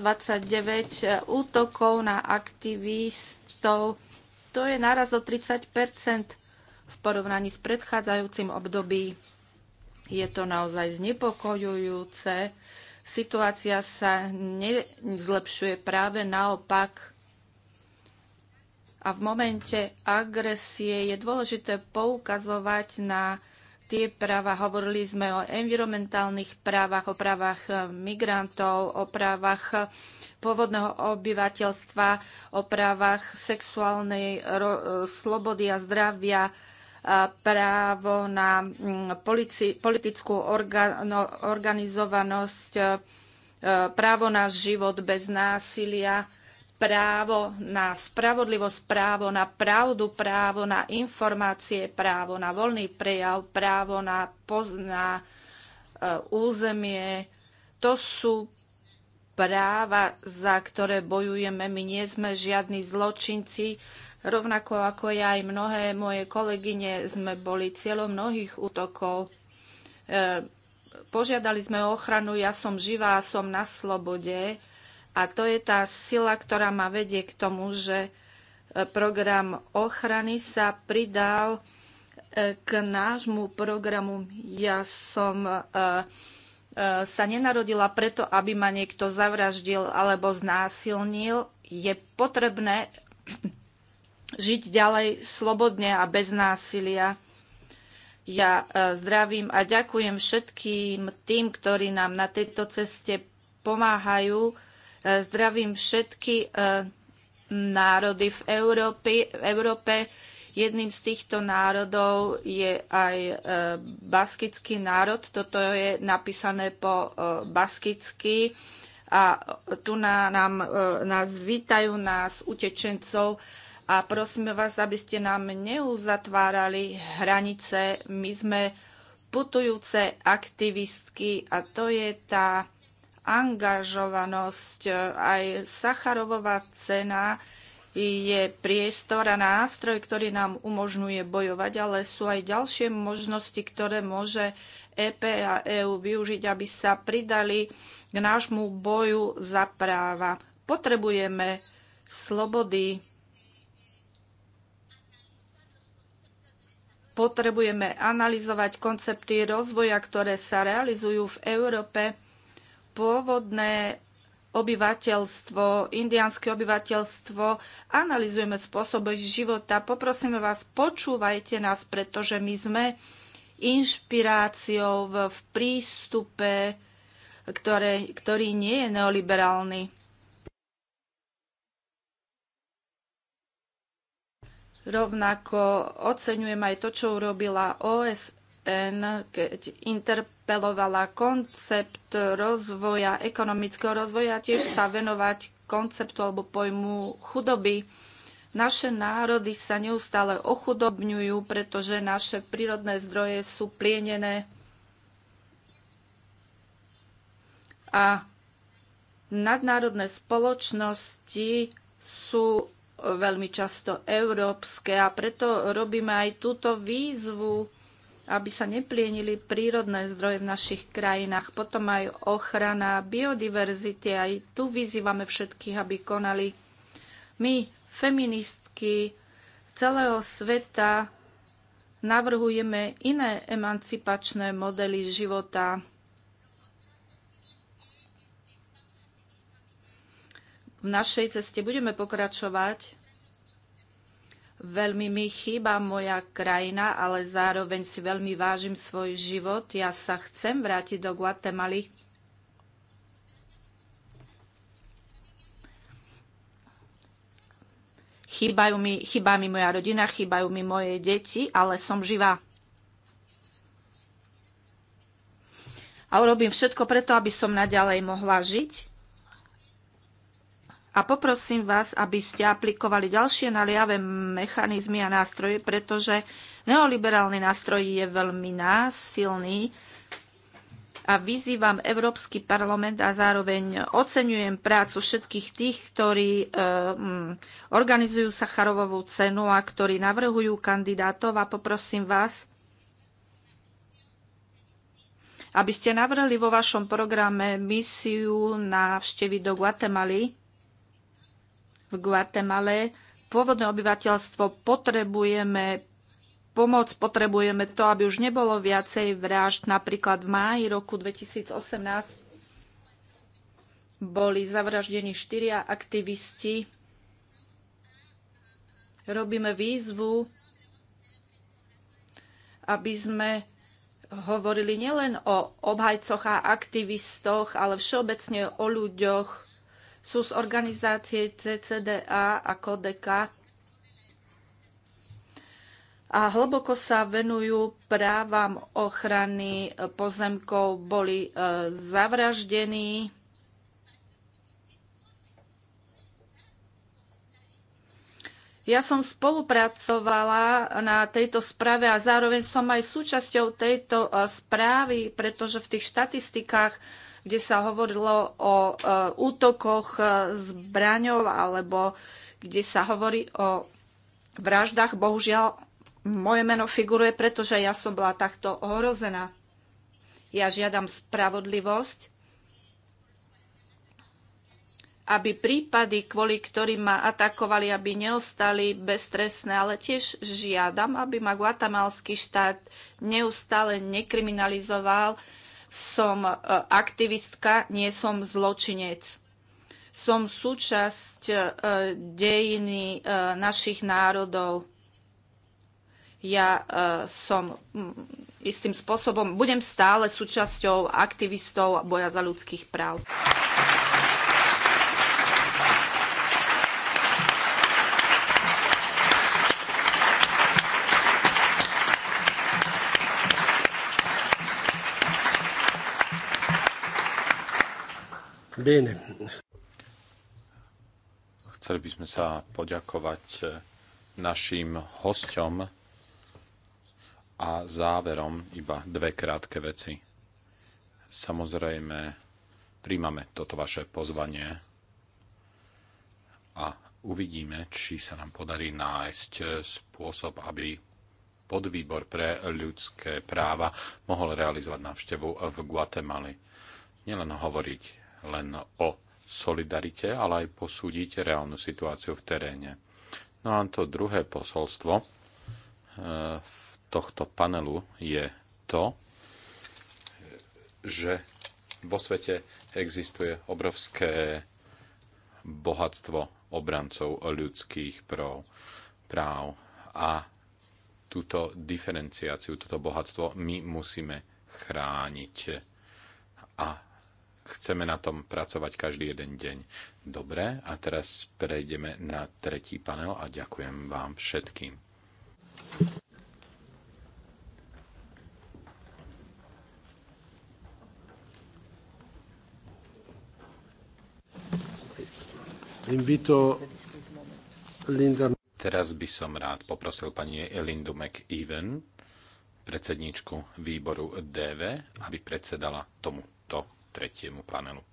útokov na aktivistov to je naraz o 30 v porovnaní s predchádzajúcim období. Je to naozaj znepokojujúce. Situácia sa nezlepšuje práve naopak. A v momente agresie je dôležité poukazovať na tie práva. Hovorili sme o environmentálnych právach, o právach migrantov, o právach pôvodného obyvateľstva o právach sexuálnej e, slobody a zdravia, právo na mm, politickú orga- organizovanosť, e, e, právo na život bez násilia, právo na spravodlivosť, právo na pravdu, právo na informácie, právo na voľný prejav, právo na pozná územie. To sú práva, za ktoré bojujeme. My nie sme žiadni zločinci, rovnako ako ja aj mnohé moje kolegyne sme boli cieľom mnohých útokov. E, požiadali sme o ochranu, ja som živá, som na slobode a to je tá sila, ktorá ma vedie k tomu, že e, program ochrany sa pridal e, k nášmu programu. Ja som e, E, sa nenarodila preto, aby ma niekto zavraždil alebo znásilnil. Je potrebné (clears throat) žiť ďalej slobodne a bez násilia. Ja e, zdravím a ďakujem všetkým tým, ktorí nám na tejto ceste pomáhajú. E, zdravím všetky národy v Európe, v Európe Jedným z týchto národov je aj e, baskický národ. Toto je napísané po e, baskicky a tu na, nám, e, nás vítajú nás utečencov a prosíme vás, aby ste nám neuzatvárali hranice. My sme putujúce aktivistky a to je tá angažovanosť, aj Sacharovová cena je priestor a nástroj, ktorý nám umožňuje bojovať, ale sú aj ďalšie možnosti, ktoré môže EP a EU využiť, aby sa pridali k nášmu boju za práva. Potrebujeme slobody, potrebujeme analyzovať koncepty rozvoja, ktoré sa realizujú v Európe. Pôvodné obyvateľstvo, indiánske obyvateľstvo, analizujeme spôsoby života. Poprosíme vás, počúvajte nás, pretože my sme inšpiráciou v, v prístupe, ktoré, ktorý nie je neoliberálny. Rovnako oceňujem aj to, čo urobila OSN OSN, keď interpelovala koncept rozvoja, ekonomického rozvoja, tiež sa venovať konceptu alebo pojmu chudoby. Naše národy sa neustále ochudobňujú, pretože naše prírodné zdroje sú plienené a nadnárodné spoločnosti sú veľmi často európske a preto robíme aj túto výzvu aby sa neplienili prírodné zdroje v našich krajinách. Potom aj ochrana biodiverzity. Aj tu vyzývame všetkých, aby konali. My, feministky celého sveta, navrhujeme iné emancipačné modely života. V našej ceste budeme pokračovať Veľmi mi chýba moja krajina, ale zároveň si veľmi vážim svoj život. Ja sa chcem vrátiť do Guatemaly. Chýbajú mi, chýba mi moja rodina, chýbajú mi moje deti, ale som živá. A urobím všetko preto, aby som naďalej mohla žiť a poprosím vás, aby ste aplikovali ďalšie naliavé mechanizmy a nástroje, pretože neoliberálny nástroj je veľmi násilný a vyzývam Európsky parlament a zároveň oceňujem prácu všetkých tých, ktorí e, mm, organizujú Sacharovovú cenu a ktorí navrhujú kandidátov a poprosím vás, aby ste navrhli vo vašom programe misiu návštevy do Guatemaly Guatemale. Pôvodné obyvateľstvo potrebujeme pomoc, potrebujeme to, aby už nebolo viacej vražd. Napríklad v máji roku 2018 boli zavraždení štyria aktivisti. Robíme výzvu, aby sme hovorili nielen o obhajcoch a aktivistoch, ale všeobecne o ľuďoch, sú z organizácie CCDA a Kodeka a hlboko sa venujú právam ochrany pozemkov, boli e, zavraždení. Ja som spolupracovala na tejto správe a zároveň som aj súčasťou tejto e, správy, pretože v tých štatistikách kde sa hovorilo o e, útokoch e, zbraňov alebo kde sa hovorí o vraždách. Bohužiaľ, moje meno figuruje, pretože ja som bola takto ohrozená. Ja žiadam spravodlivosť, aby prípady, kvôli ktorým ma atakovali, aby neostali beztrestné, ale tiež žiadam, aby ma guatemalský štát neustále nekriminalizoval, som e, aktivistka, nie som zločinec. Som súčasť e, dejiny e, našich národov. Ja som istým spôsobom, budem stále súčasťou aktivistov boja za ľudských práv. Bene. Chceli by sme sa poďakovať eh, našim hosťom a záverom iba dve krátke veci. Samozrejme, príjmame toto vaše pozvanie a uvidíme, či sa nám podarí nájsť eh, spôsob, aby podvýbor pre ľudské práva mohol realizovať návštevu v Guatemali. Nielen hovoriť len o solidarite, ale aj posúdiť reálnu situáciu v teréne. No a to druhé posolstvo eh, v tohto panelu je to, že vo svete existuje obrovské bohatstvo obrancov ľudských práv, práv a túto diferenciáciu, toto bohatstvo my musíme chrániť a chceme na tom pracovať každý jeden deň. Dobre, a teraz prejdeme na tretí panel a ďakujem vám všetkým. Invito Linda. Teraz by som rád poprosil pani Lindu McEwen, predsedničku výboru DV, aby predsedala tomuto tretiemu panelu.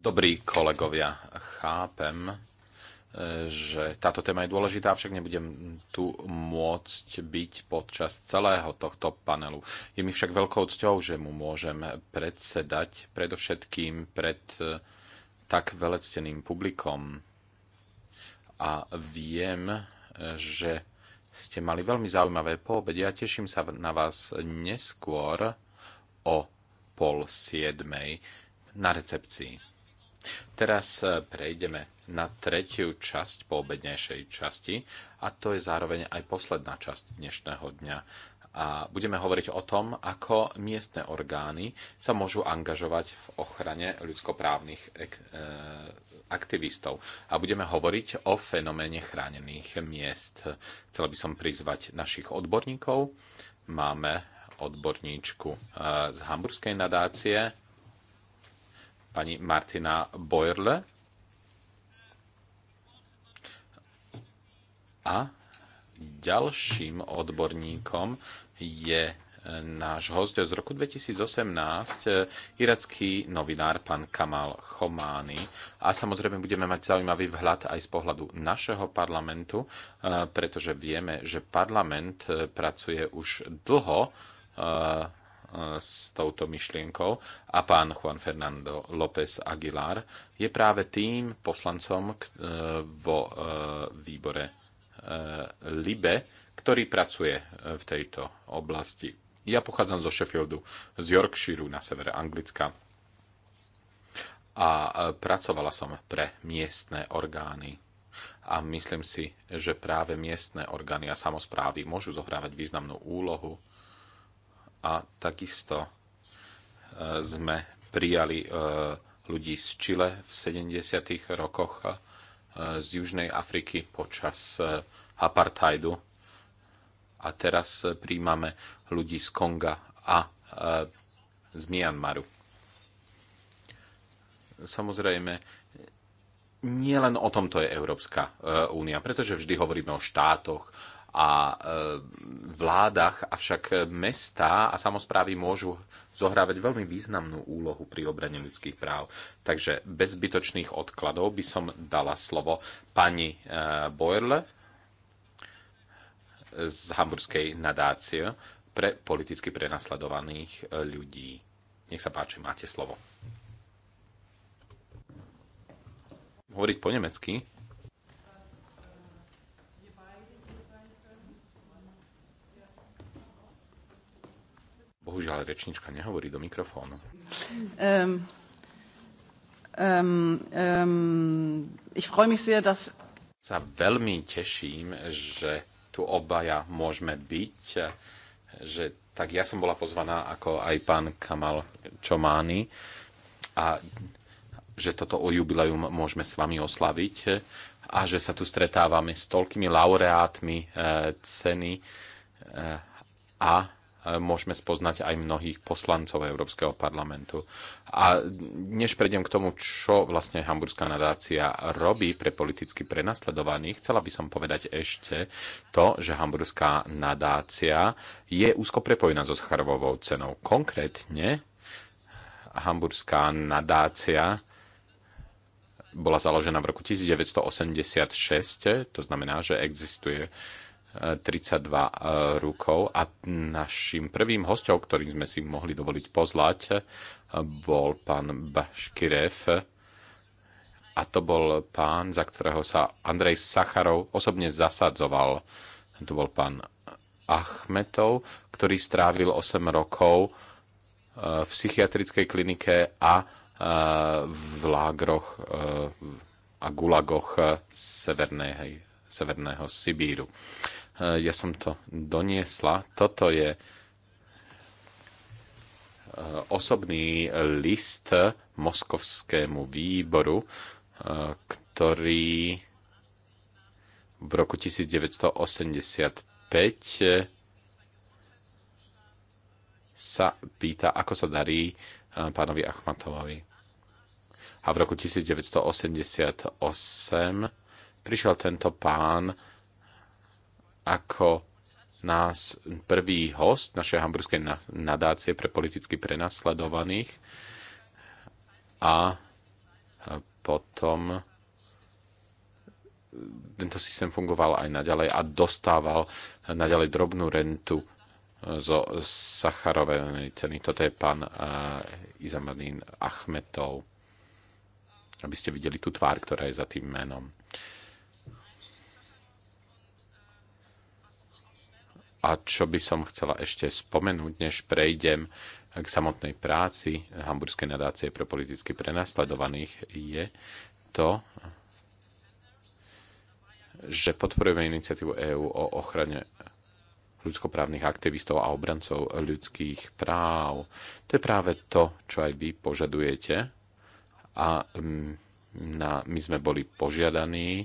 Dobrí kolegovia, chápem, e, že táto téma je dôležitá, avšak nebudem tu môcť byť počas celého tohto panelu. Je mi však veľkou cťou, že mu môžem predsedať predovšetkým pred e, tak velecteným publikom. A viem, e, že ste mali veľmi zaujímavé poobede. Ja teším sa na vás neskôr o pol siedmej na recepcii. Teraz eh, prejdeme na tretiu časť po obednejšej časti a to je zároveň aj posledná časť dnešného dňa. A budeme hovoriť o tom, ako miestne orgány sa môžu angažovať v ochrane ľudskoprávnych eh, aktivistov. A budeme hovoriť o fenoméne chránených miest. Chcela by som prizvať našich odborníkov. Máme odborníčku eh, z Hamburskej nadácie, pani Martina Boerle. A ďalším odborníkom je eh, náš host z roku 2018, eh, iracký novinár pán Kamal Chomány. A samozrejme budeme mať zaujímavý vhľad aj z pohľadu našeho parlamentu, pretože vieme, že parlament pracuje už dlho s touto myšlienkou a pán Juan Fernando López Aguilar je práve tým poslancom e, vo e, výbore e, Libe, ktorý pracuje v tejto oblasti. Ja pochádzam zo Sheffieldu, z Yorkshireu na severe Anglicka a pracovala som pre miestne orgány. A myslím si, že práve miestne orgány a samozprávy môžu zohrávať významnú úlohu a takisto e, sme prijali e, ľudí z Čile v 70. rokoch e, z Južnej Afriky počas apartheidu a teraz príjmame ľudí z Konga a z Myanmaru. Samozrejme, len o tomto je Európska únia, pretože vždy hovoríme o štátoch a e, vládach, avšak mestá a samozprávy môžu zohrávať veľmi významnú úlohu pri obrane ľudských práv. Takže bez zbytočných odkladov by som dala slovo pani e, Boerle z Hamburskej nadácie pre politicky prenasledovaných e, ľudí. Nech sa páči, máte slovo. Hovoriť po nemecky? Bohužiaľ, rečnička nehovorí do mikrofónu. Um, um, um, ich freu mich sehr, dass... Sa veľmi teším, že tu obaja môžeme byť, že tak ja som bola pozvaná ako aj pán Kamal Čomány a že toto o jubileum môžeme s vami oslaviť a že sa tu stretávame s toľkými laureátmi e, ceny e, a môžeme spoznať aj mnohých poslancov Európskeho parlamentu. A než prejdem k tomu, čo vlastne Hamburská nadácia robí pre politicky prenasledovaných, chcela by som povedať ešte to, že Hamburská nadácia je úzko prepojená so Scharovovou cenou. Konkrétne Hamburská nadácia bola založená v roku 1986, to znamená, že existuje 32 eh, rukov a našim prvým hosťom, ktorým sme si mohli dovoliť pozlať, eh, bol pán Baškirev a to bol pán, za ktorého sa Andrej Sacharov osobne zasadzoval. To bol pán Achmetov, ktorý strávil 8 rokov eh, v psychiatrickej klinike a v lágroch a gulagoch Severnej Severného Sibíru. E, ja som to doniesla. Toto je e, osobný list Moskovskému výboru, e, ktorý v roku 1985 sa pýta, ako sa darí pánovi Achmatovovi. A v roku 1988 prišiel tento pán ako nás prvý host našej hamburskej nadácie pre politicky prenasledovaných a potom tento systém fungoval aj naďalej a dostával naďalej drobnú rentu zo Sacharovej ceny. Toto je pán eh, Izamadín Achmetov. Aby ste videli tú tvár, ktorá je za tým menom. A čo by som chcela ešte spomenúť, než prejdem k samotnej práci Hamburskej nadácie pre politicky prenasledovaných, je to, že podporujeme iniciatívu EÚ o ochrane ľudskoprávnych aktivistov a obrancov ľudských práv. To je práve to, čo aj vy požadujete. A mm, na, my sme boli požiadaní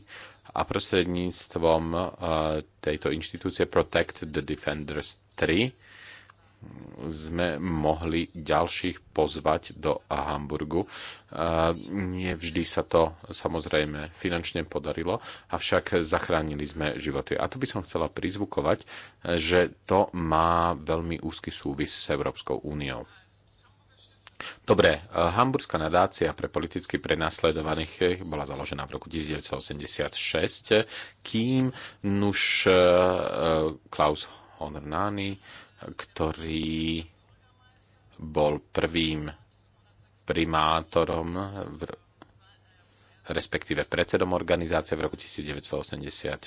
a prostredníctvom e, tejto inštitúcie Protect the Defenders 3 sme mohli ďalších pozvať do Hamburgu. E, nie vždy sa to samozrejme finančne podarilo, avšak zachránili sme životy. A tu by som chcela prizvukovať, e, že to má veľmi úzky súvis s Európskou úniou. Dobre, e, Hamburská nadácia pre politicky prenasledovaných e, bola založená v roku 1986, kým nuž e, Klaus Honornány, ktorý bol prvým primátorom v respektíve predsedom organizácie v roku 1986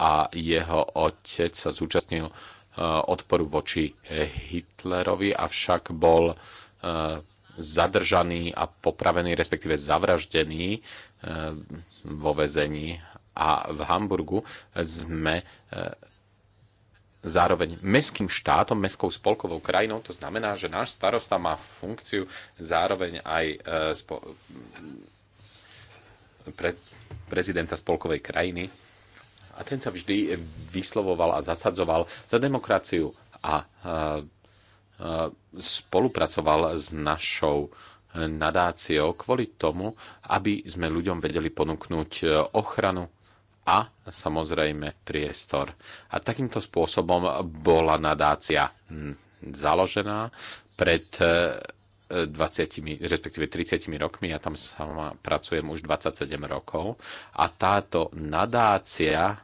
a jeho otec sa zúčastnil Eh, odporu voči Hitlerovi, avšak bol eh, zadržaný a popravený, respektíve zavraždený eh, vo vezení a v Hamburgu sme zároveň mestským štátom, mestskou spolkovou krajinou. To znamená, že náš starosta má funkciu zároveň aj pre prezidenta spolkovej krajiny a ten sa vždy vyslovoval a zasadzoval za demokraciu a spolupracoval s našou nadáciou kvôli tomu, aby sme ľuďom vedeli ponúknuť ochranu a samozrejme priestor. A takýmto spôsobom bola nadácia založená pred 20, respektíve 30 rokmi, ja tam sama pracujem už 27 rokov a táto nadácia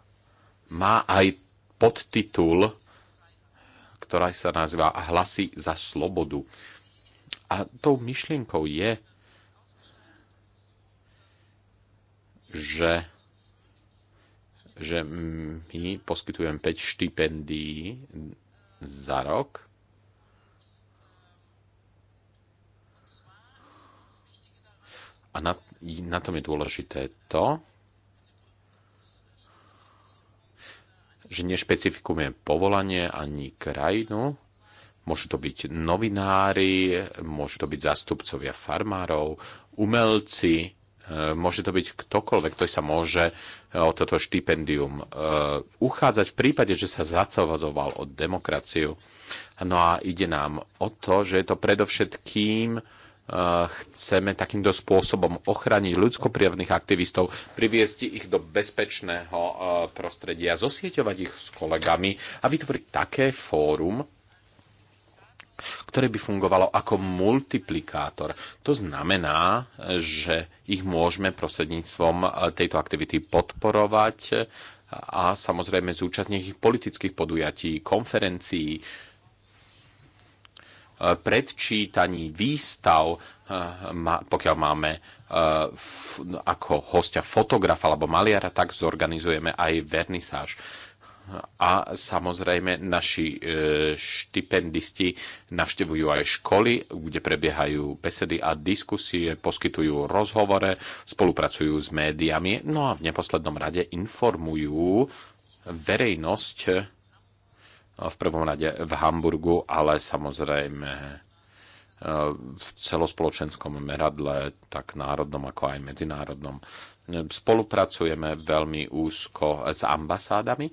má aj podtitul, ktorá sa nazýva Hlasy za slobodu. A tou myšlienkou je, že, že my poskytujem 5 štipendií za rok A na, na tom je dôležité to, že nešpecifikujeme povolanie ani krajinu. Môžu to byť novinári, môžu to byť zástupcovia farmárov, umelci, e, môže to byť ktokoľvek, kto sa môže e, o toto štipendium e, uchádzať v prípade, že sa zacovazoval o demokraciu. No a ide nám o to, že je to predovšetkým chceme takýmto spôsobom ochraniť ľudskoprávnych aktivistov, priviesť ich do bezpečného e, prostredia, zosieťovať ich s kolegami a vytvoriť také fórum, ktoré by fungovalo ako multiplikátor. To znamená, že ich môžeme prostredníctvom e, tejto aktivity podporovať a samozrejme zúčastniť ich politických podujatí, konferencií, predčítaní výstav, eh, pokiaľ máme eh, ako hostia fotografa alebo maliara, tak zorganizujeme aj vernisáž a samozrejme naši eh, štipendisti navštevujú aj školy, kde prebiehajú besedy a diskusie, poskytujú rozhovore, spolupracujú s médiami, no a v neposlednom rade informujú verejnosť v prvom rade v Hamburgu, ale samozrejme e, v celospoločenskom meradle, tak národnom ako aj medzinárodnom. E, spolupracujeme veľmi úzko s ambasádami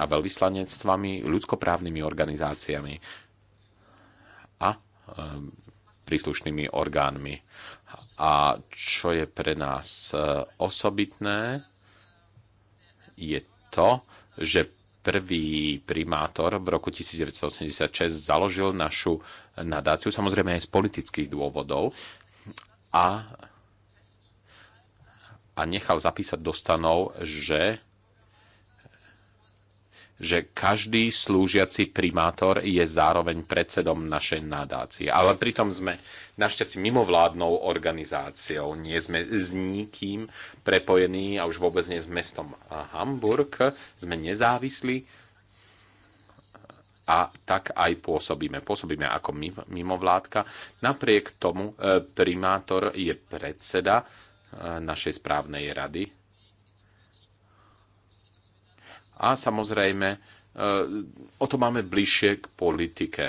a veľvyslanectvami, ľudskoprávnymi organizáciami a e, príslušnými orgánmi. A čo je pre nás osobitné, je to, že prvý primátor v roku 1986 založil našu nadáciu, samozrejme aj z politických dôvodov, a, a nechal zapísať do stanov, že že každý slúžiaci primátor je zároveň predsedom našej nadácie. Ale pritom sme našťastie mimovládnou organizáciou. Nie sme s nikým prepojení a už vôbec nie s mestom Hamburg. Sme nezávislí a tak aj pôsobíme. Pôsobíme ako mimovládka. Napriek tomu eh, primátor je predseda eh, našej správnej rady a samozrejme e, o to máme bližšie k politike.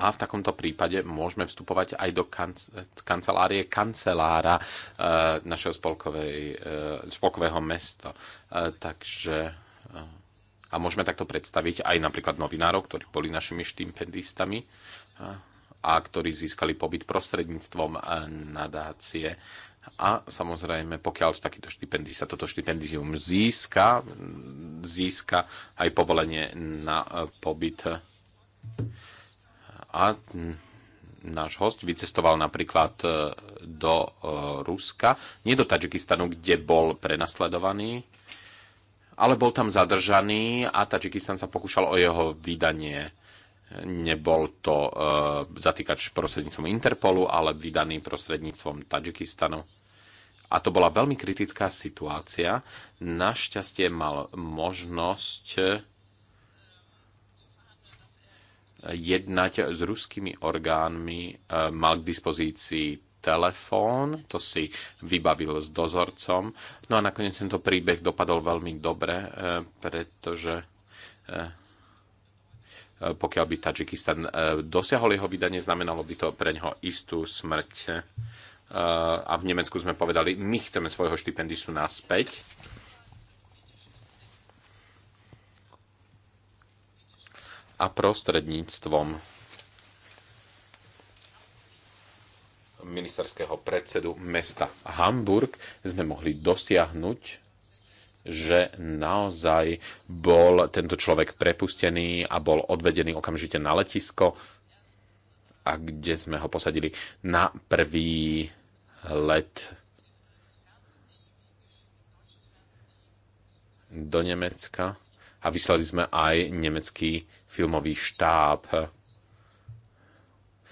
A v takomto prípade môžeme vstupovať aj do kanc- kancelárie kancelára e, našeho spolkovej, e, spolkového mesta. E, takže e, a môžeme takto predstaviť aj napríklad novinárov, ktorí boli našimi štipendistami. E, a ktorí získali pobyt prostredníctvom eh, nadácie. A samozrejme, pokiaľ takýto štipendí sa toto štipendium získa, získa aj povolenie na eh, pobyt. A náš host vycestoval napríklad eh, do Ruska, nie do Tadžikistanu, kde bol prenasledovaný, ale bol tam zadržaný a Tadžikistan sa pokúšal o jeho vydanie Nebol to eh, zatýkač prostredníctvom Interpolu, ale vydaný prostredníctvom Tadžikistanu. A to bola veľmi kritická situácia. Našťastie mal možnosť eh, jednať s ruskými orgánmi, eh, mal k dispozícii telefón, to si vybavil s dozorcom. No a nakoniec tento príbeh dopadol veľmi dobre, pretože pokiaľ by Tadžikistan e, dosiahol jeho vydanie, znamenalo by to pre neho istú smrť. E, a v Nemecku sme povedali, my chceme svojho štipendistu naspäť. A prostredníctvom ministerského predsedu mesta Hamburg sme mohli dosiahnuť že naozaj bol tento človek prepustený a bol odvedený okamžite na letisko, a kde sme ho posadili na prvý let do Nemecka a vyslali sme aj nemecký filmový štáb.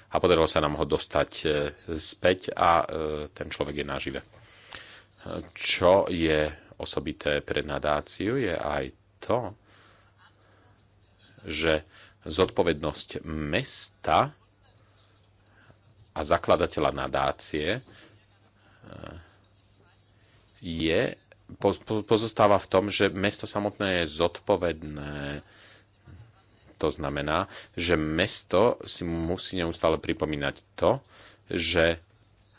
A podarilo sa nám ho dostať e, späť a e, ten človek je nažive. E, čo je osobité pre nadáciu je aj to, že zodpovednosť mesta a zakladateľa nadácie e, je, pozostáva v tom, že mesto samotné je zodpovedné. To znamená, že mesto si musí neustále pripomínať to, že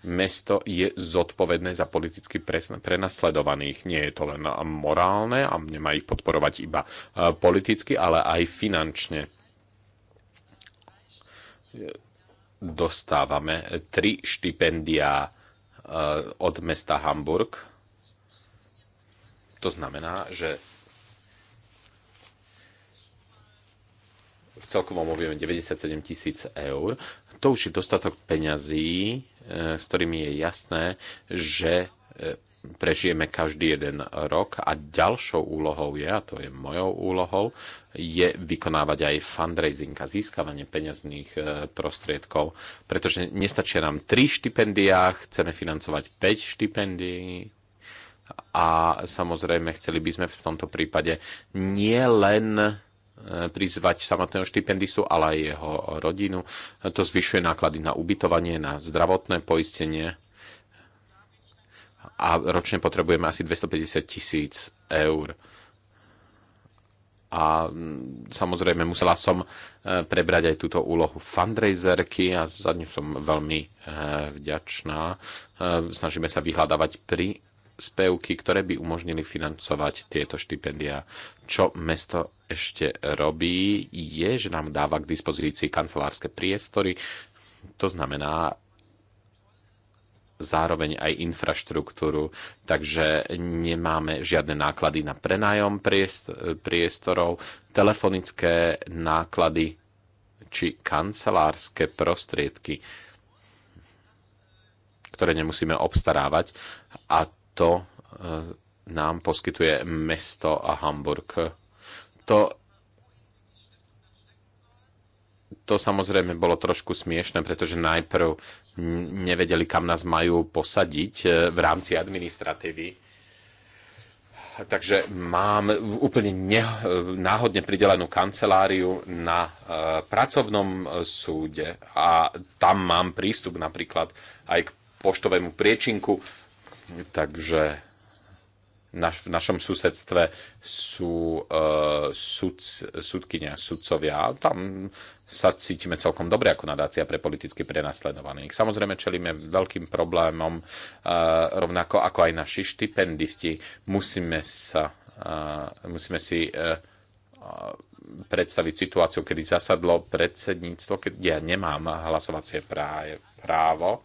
mesto je zodpovedné za politicky prenasledovaných. Nie je to len morálne a nemá ich podporovať iba e, politicky, ale aj finančne. Dostávame tri štipendia e, od mesta Hamburg. To znamená, že v celkovom objeme 97 tisíc eur to už je dostatok peňazí, eh, s ktorými je jasné, že eh, prežijeme každý jeden rok a ďalšou úlohou je, a to je mojou úlohou, je vykonávať aj fundraising a získavanie peňazných eh, prostriedkov, pretože nestačia nám tri štipendiá, chceme financovať 5 štipendií a samozrejme chceli by sme v tomto prípade nie len E, prizvať samotného štipendistu, ale aj jeho rodinu. To zvyšuje náklady na ubytovanie, na zdravotné poistenie a ročne potrebujeme asi 250 tisíc eur. A mm, samozrejme musela som e, prebrať aj túto úlohu fundraiserky a za ňu som veľmi e, vďačná. Snažíme sa vyhľadávať pri príspevky, ktoré by umožnili financovať tieto štipendia. Čo mesto ešte robí, je, že nám dáva k dispozícii kancelárske priestory, to znamená zároveň aj infraštruktúru, takže nemáme žiadne náklady na prenájom priestorov, telefonické náklady či kancelárske prostriedky ktoré nemusíme obstarávať. A to e, nám poskytuje mesto a Hamburg. To, to samozrejme bolo trošku smiešne, pretože najprv nevedeli, kam nás majú posadiť e, v rámci administratívy takže mám úplne ne, náhodne pridelenú kanceláriu na e, pracovnom súde a tam mám prístup napríklad aj k poštovému priečinku, Takže naš, v našom susedstve sú uh, e, sud, sudkynia, sudcovia. Tam sa cítime celkom dobre ako nadácia pre politicky prenasledovaných. Samozrejme čelíme veľkým problémom, uh, rovnako ako aj naši štipendisti. Musíme, sa, uh, musíme si uh, predstaviť situáciu, kedy zasadlo predsedníctvo, keď ja nemám hlasovacie práje, právo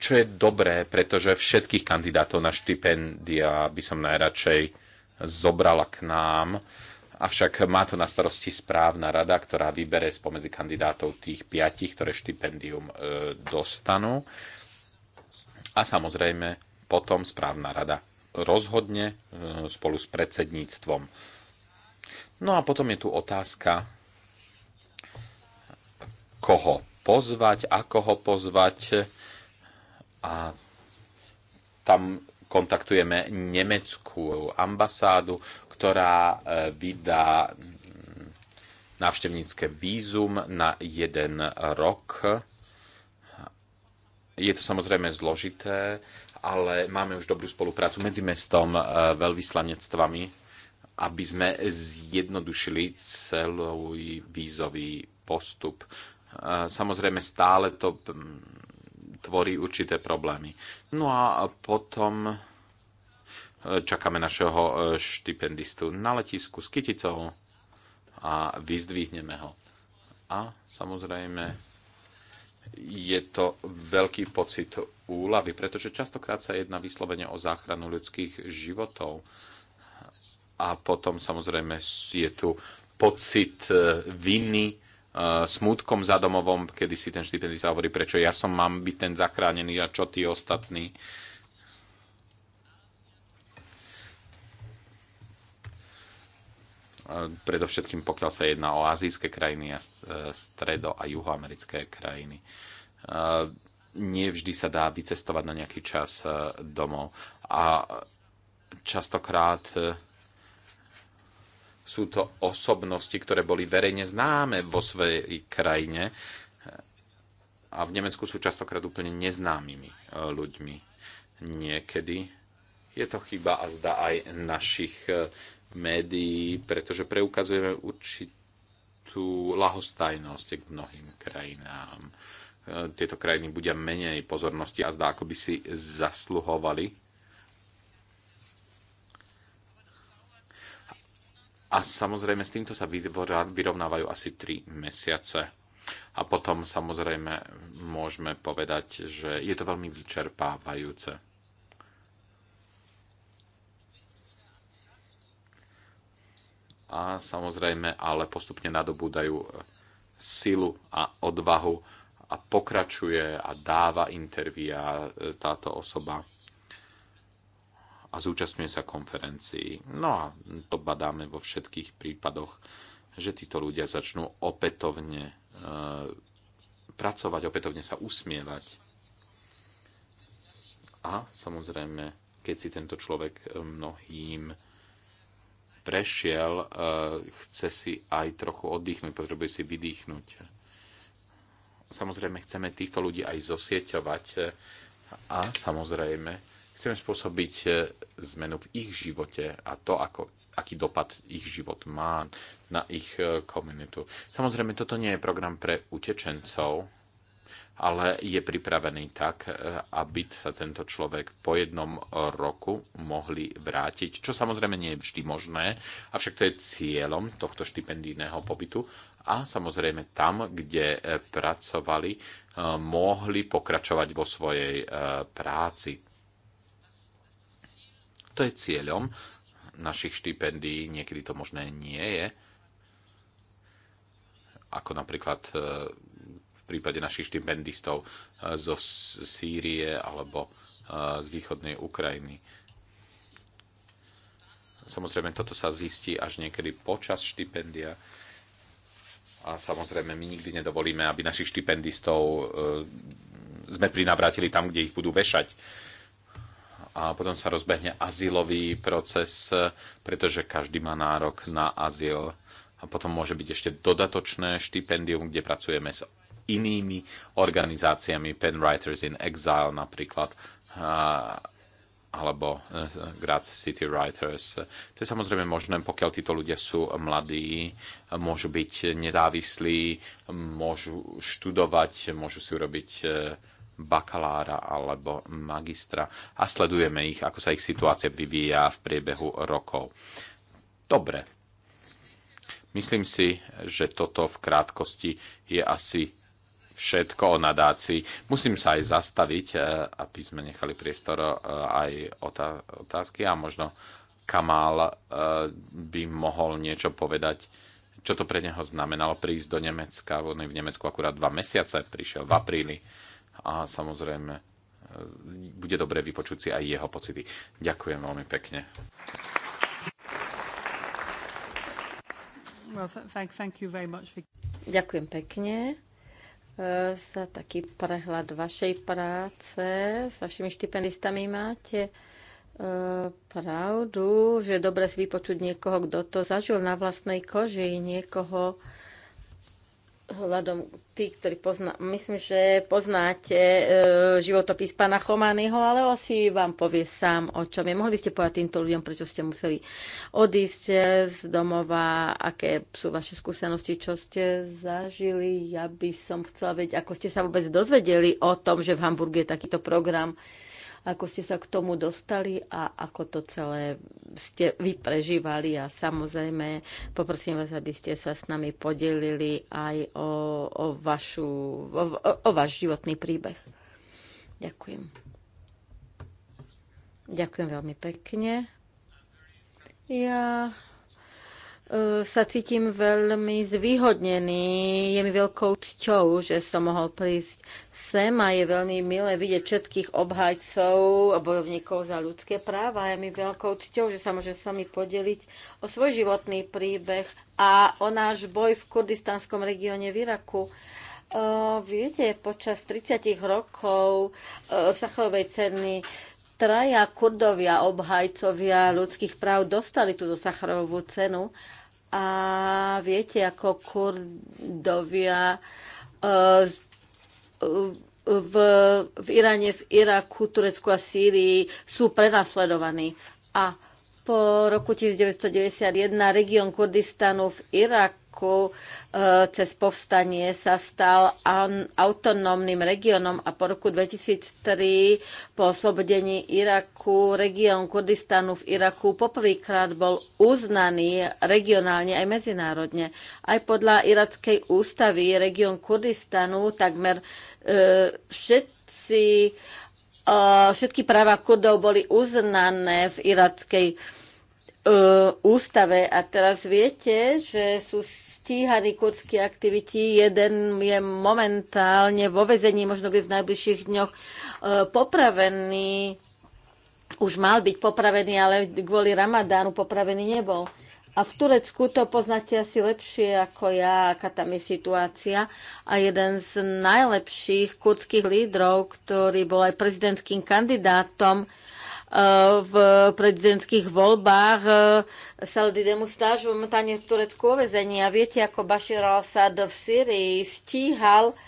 čo je dobré, pretože všetkých kandidátov na štipendia by som najradšej zobrala k nám. Avšak má to na starosti správna rada, ktorá vybere spomedzi kandidátov tých piatich, ktoré štipendium e, dostanú. A samozrejme potom správna rada rozhodne e, spolu s predsedníctvom. No a potom je tu otázka, koho pozvať, ako ho pozvať a tam kontaktujeme nemeckú ambasádu, ktorá e, vydá mm, návštevnícke vízum na jeden rok. Je to samozrejme zložité, ale máme už dobrú spoluprácu medzi mestom, e, veľvyslanectvami, aby sme zjednodušili celý vízový postup. E, samozrejme stále to mm, tvorí určité problémy. No a potom e, čakáme našeho e, štipendistu na letisku s kyticou a vyzdvihneme ho. A samozrejme je to veľký pocit úlavy, pretože častokrát sa jedná vyslovene o záchranu ľudských životov. A potom samozrejme je tu pocit e, viny, Eh, smutkom za domovom, kedy si ten štipendista hovorí, prečo ja som mám byť ten zachránený a čo tí ostatní. predovšetkým pokiaľ sa jedná o azijské krajiny a eh, stredo- a juhoamerické krajiny. Eh, nie vždy sa dá vycestovať na nejaký čas domov a častokrát sú to osobnosti, ktoré boli verejne známe vo svojej krajine a v Nemecku sú častokrát úplne neznámymi e, ľuďmi. Niekedy je to chyba a zdá aj našich e, médií, pretože preukazujeme určitú lahostajnosť k mnohým krajinám. E, tieto krajiny budia menej pozornosti a zdá, ako by si zasluhovali A samozrejme s týmto sa vyrovnávajú asi 3 mesiace. A potom samozrejme môžeme povedať, že je to veľmi vyčerpávajúce. A samozrejme, ale postupne nadobúdajú silu a odvahu a pokračuje a dáva intervia e, táto osoba a zúčastňuje sa konferencií. No a to badáme vo všetkých prípadoch, že títo ľudia začnú opätovne e, pracovať, opätovne sa usmievať. A samozrejme, keď si tento človek e, mnohým prešiel, e, chce si aj trochu oddychnúť, potrebuje si vydýchnuť. Samozrejme, chceme týchto ľudí aj zosieťovať a samozrejme, Chceme spôsobiť e, zmenu v ich živote a to, ako, aký dopad ich život má na ich e, komunitu. Samozrejme, toto nie je program pre utečencov, ale je pripravený tak, e, aby sa tento človek po jednom roku mohli vrátiť, čo samozrejme nie je vždy možné, avšak to je cieľom tohto štipendijného pobytu a samozrejme tam, kde pracovali, mohli pokračovať vo svojej práci. To je cieľom našich štipendií, niekedy to možné nie je, ako napríklad e, v prípade našich štipendistov e, zo Sýrie alebo e, z východnej Ukrajiny. Samozrejme, toto sa zistí až niekedy počas štipendia. A samozrejme, my nikdy nedovolíme, aby našich štipendistov sme prinavrátili tam, kde ich budú vešať a potom sa rozbehne azylový proces, pretože každý má nárok na azyl a potom môže byť ešte dodatočné štipendium, kde pracujeme s inými organizáciami, Penwriters in Exile napríklad, alebo eh, Graz City Writers. To je samozrejme možné, pokiaľ títo ľudia sú mladí, môžu byť nezávislí, môžu študovať, môžu si urobiť eh, bakalára alebo magistra a sledujeme ich, ako sa ich situácia vyvíja v priebehu rokov. Dobre. Myslím si, že toto v krátkosti je asi všetko o nadácii. Musím sa aj zastaviť, eh, aby sme nechali priestor eh, aj otázky a možno Kamal eh, by mohol niečo povedať čo to pre neho znamenalo prísť do Nemecka. On je v Nemecku akurát dva mesiace, prišiel v apríli a samozrejme e, bude dobre vypočuť si aj jeho pocity. Ďakujem veľmi pekne. Ďakujem pekne e, za taký prehľad vašej práce s vašimi štipendistami. Máte e, pravdu, že je dobre si vypočuť niekoho, kto to zažil na vlastnej koži, niekoho, hľadom tí, ktorí pozná, myslím, že poznáte e, životopis pána Chományho, ale asi vám povie sám, o čom je. Mohli ste povedať týmto ľuďom, prečo ste museli odísť z domova, aké sú vaše skúsenosti, čo ste zažili. Ja by som chcela vedieť, ako ste sa vôbec dozvedeli o tom, že v Hamburgu je takýto program ako ste sa k tomu dostali a ako to celé ste vyprežívali a samozrejme poprosím vás, aby ste sa s nami podelili aj o, o, vašu, o, o váš životný príbeh. Ďakujem. Ďakujem veľmi pekne. Ja Eh, sa cítim veľmi zvýhodnený. Je mi veľkou cťou, že som mohol prísť sem a je veľmi milé vidieť všetkých obhajcov a bojovníkov za ľudské práva. Je mi veľkou cťou, že sa môžem s vami podeliť o svoj životný príbeh a o náš boj v kurdistanskom regióne v Iraku. Uh, viete, počas 30 rokov uh, eh, Sachovej ceny traja kurdovia, obhajcovia ľudských práv dostali túto Sacharovú cenu a viete, ako Kurdovia e, v, v Iráne, v Iraku, Turecku a Sýrii sú prenasledovaní. A po roku 1991 región Kurdistanu v Irak Maroku e, cez povstanie sa stal autonómnym regiónom a po roku 2003 po oslobodení Iraku región Kurdistanu v Iraku poprvýkrát bol uznaný regionálne aj medzinárodne. Aj podľa irackej ústavy región Kurdistanu takmer e, všetci e, všetky práva Kurdov boli uznané v irackej E, ústave. A teraz viete, že sú stíhaní kurdskí aktiviti. Jeden je momentálne vo vezení, možno by v najbližších dňoch e, popravený. Už mal byť popravený, ale kvôli Ramadánu popravený nebol. A v Turecku to poznáte asi lepšie ako ja, aká tam je situácia. A jeden z najlepších kurdských lídrov, ktorý bol aj prezidentským kandidátom, Eh, v prezidentských voľbách eh, Saldidimu stáž v momentálne v Turecku ovezení. A viete, ako Bashir al-Assad v Syrii stíhal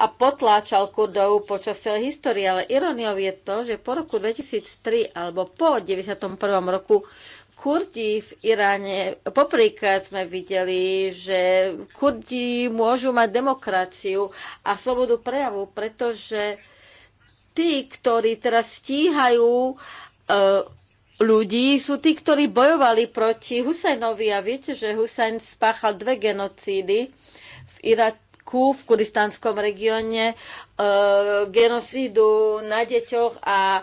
a potláčal Kurdov počas celej histórie. Ale ironiou je to, že po roku 2003 alebo po 91. roku Kurdi v Iráne, poprýkrát sme videli, že Kurdi môžu mať demokraciu a slobodu prejavu, pretože tí, ktorí teraz stíhajú uh, E, ľudí sú tí, ktorí bojovali proti Husajnovi. A viete, že Husajn spáchal dve genocídy v Iraku, v kurdistánskom regióne, e, genocídu na deťoch a e,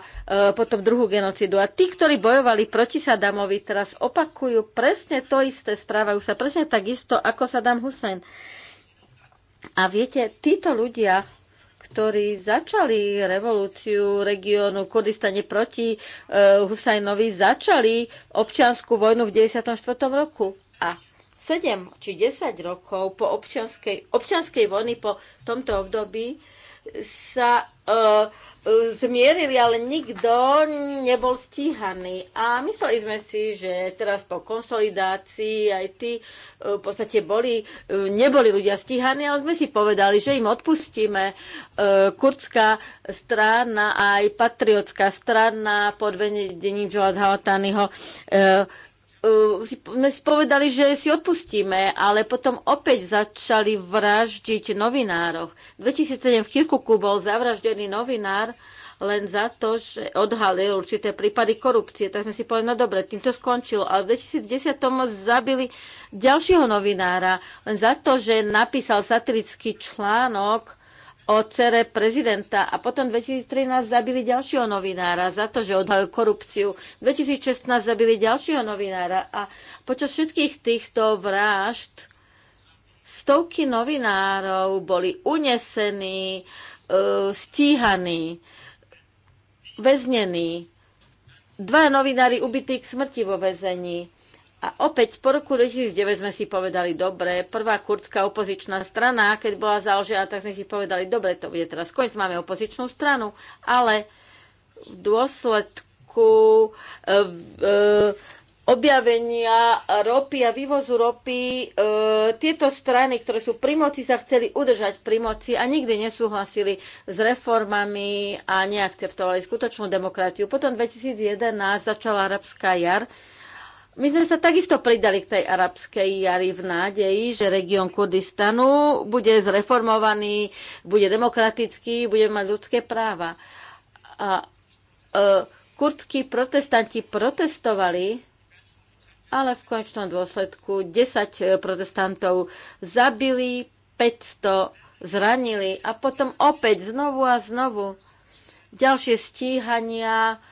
potom druhú genocídu. A tí, ktorí bojovali proti Sadamovi, teraz opakujú presne to isté, správajú sa presne tak isto, ako Sadam Husajn. A viete, títo ľudia ktorí začali revolúciu regiónu Kurdistane proti e, Husajnovi, začali občianskú vojnu v 94. roku. A 7 či 10 rokov po občianskej, občianskej vojny po tomto období sa uh, zmierili, ale nikto nebol stíhaný. A mysleli sme si, že teraz po konsolidácii aj tí uh, v podstate boli, uh, neboli ľudia stíhaní, ale sme si povedali, že im odpustíme. Uh, kurdská strana aj patriotská strana pod vedením Joad Haotányho uh, E, si sme si povedali, že si odpustíme, ale potom opäť začali vraždiť novinárov. 2007 v Kirkuku bol zavraždený novinár len za to, že odhalil určité prípady korupcie. Tak sme si povedali, no dobre, tým to skončilo. Ale v 2010 zabili ďalšieho novinára len za to, že napísal satirický článok o cere prezidenta a potom 2013 zabili ďalšieho novinára za to, že odhalil korupciu. 2016 zabili ďalšieho novinára a počas všetkých týchto vražd stovky novinárov boli unesení, e, stíhaní, väznení. Dva novinári ubytí k smrti vo väzení. A opäť po roku 2009 sme si povedali, dobre, prvá kurdská opozičná strana, keď bola založená, tak sme si povedali, dobre, to bude teraz koniec, máme opozičnú stranu, ale v dôsledku e, e, objavenia ropy a vývozu ropy, e, tieto strany, ktoré sú pri moci, sa chceli udržať pri moci a nikdy nesúhlasili s reformami a neakceptovali skutočnú demokraciu. Potom 2011 začala arabská jar, my sme sa takisto pridali k tej arabskej jari v nádeji, že región Kurdistanu bude zreformovaný, bude demokratický, bude mať ľudské práva. A e, kurdskí protestanti protestovali, ale v konečnom dôsledku 10 e, protestantov zabili, 500 zranili a potom opäť znovu a znovu ďalšie stíhania,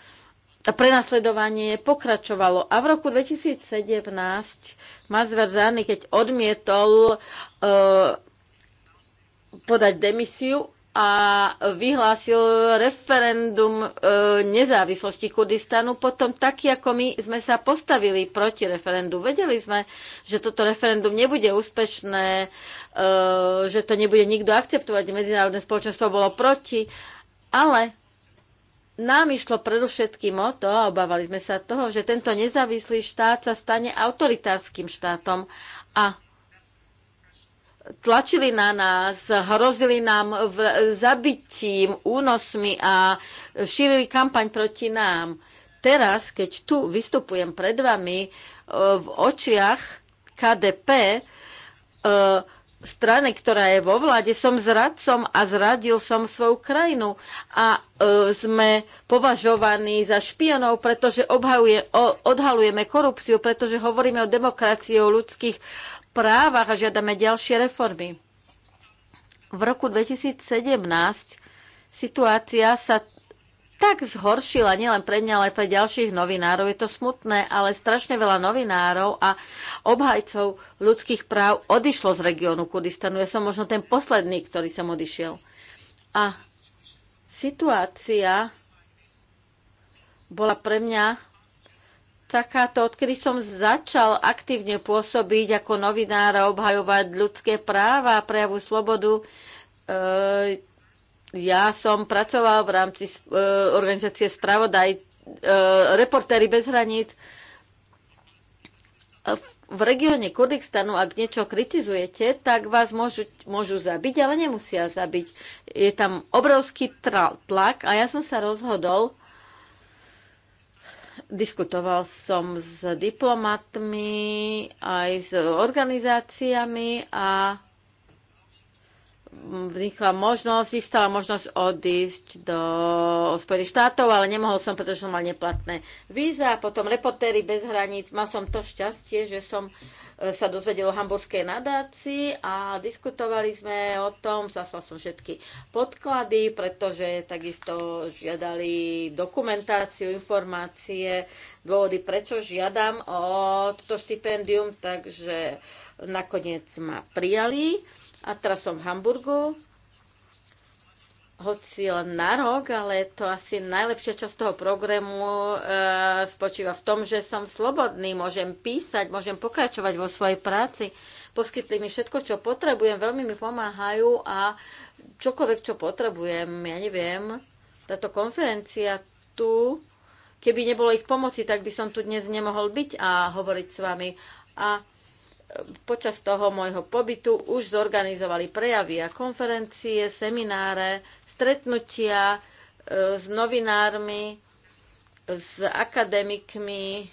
prenasledovanie pokračovalo. A v roku 2017 Mazverzány, keď odmietol uh, podať demisiu a vyhlásil referendum e, nezávislosti Kurdistanu, potom taký, ako my sme sa postavili proti referendu. Vedeli sme, že toto referendum nebude úspešné, e, že to nebude nikto akceptovať, medzinárodné spoločenstvo bolo proti, ale nám išlo predovšetkým o to, a obávali sme sa toho, že tento nezávislý štát sa stane autoritárskym štátom a tlačili na nás, hrozili nám v, zabitím, únosmi a šírili kampaň proti nám. Teraz, keď tu vystupujem pred vami, e, v očiach KDP e, strane, ktorá je vo vláde, som zradcom a zradil som svoju krajinu. A e, sme považovaní za špionov, pretože obhajuje, o, odhalujeme korupciu, pretože hovoríme o demokracii, o ľudských právach a žiadame ďalšie reformy. V roku 2017 situácia sa tak zhoršila nielen pre mňa, ale aj pre ďalších novinárov. Je to smutné, ale strašne veľa novinárov a obhajcov ľudských práv odišlo z regiónu Kurdistanu. Ja som možno ten posledný, ktorý som odišiel. A situácia bola pre mňa takáto, odkedy som začal aktívne pôsobiť ako novinár a obhajovať ľudské práva a prejavu slobodu, e, ja som pracoval v rámci e, organizácie Spravodaj, e, reportéry bez hraníc. V regióne Kurdistanu, ak niečo kritizujete, tak vás môžu, môžu zabiť, ale nemusia zabiť. Je tam obrovský tlak a ja som sa rozhodol, diskutoval som s diplomatmi, aj s organizáciami a vznikla možnosť, vystala možnosť odísť do Spojených štátov, ale nemohol som, pretože som mal neplatné víza. Potom reportéry bez hraníc. Mal som to šťastie, že som e, sa dozvedel o hamburskej nadácii a diskutovali sme o tom, zaslal som všetky podklady, pretože takisto žiadali dokumentáciu, informácie, dôvody, prečo žiadam o toto štipendium, takže nakoniec ma prijali a teraz som v Hamburgu, hoci len na rok, ale to asi najlepšia časť toho programu e, spočíva v tom, že som slobodný, môžem písať, môžem pokračovať vo svojej práci. Poskytli mi všetko, čo potrebujem, veľmi mi pomáhajú a čokoľvek, čo potrebujem, ja neviem, táto konferencia tu, keby nebolo ich pomoci, tak by som tu dnes nemohol byť a hovoriť s vami. A počas toho môjho pobytu už zorganizovali prejavy a konferencie, semináre, stretnutia e, s novinármi, s akademikmi,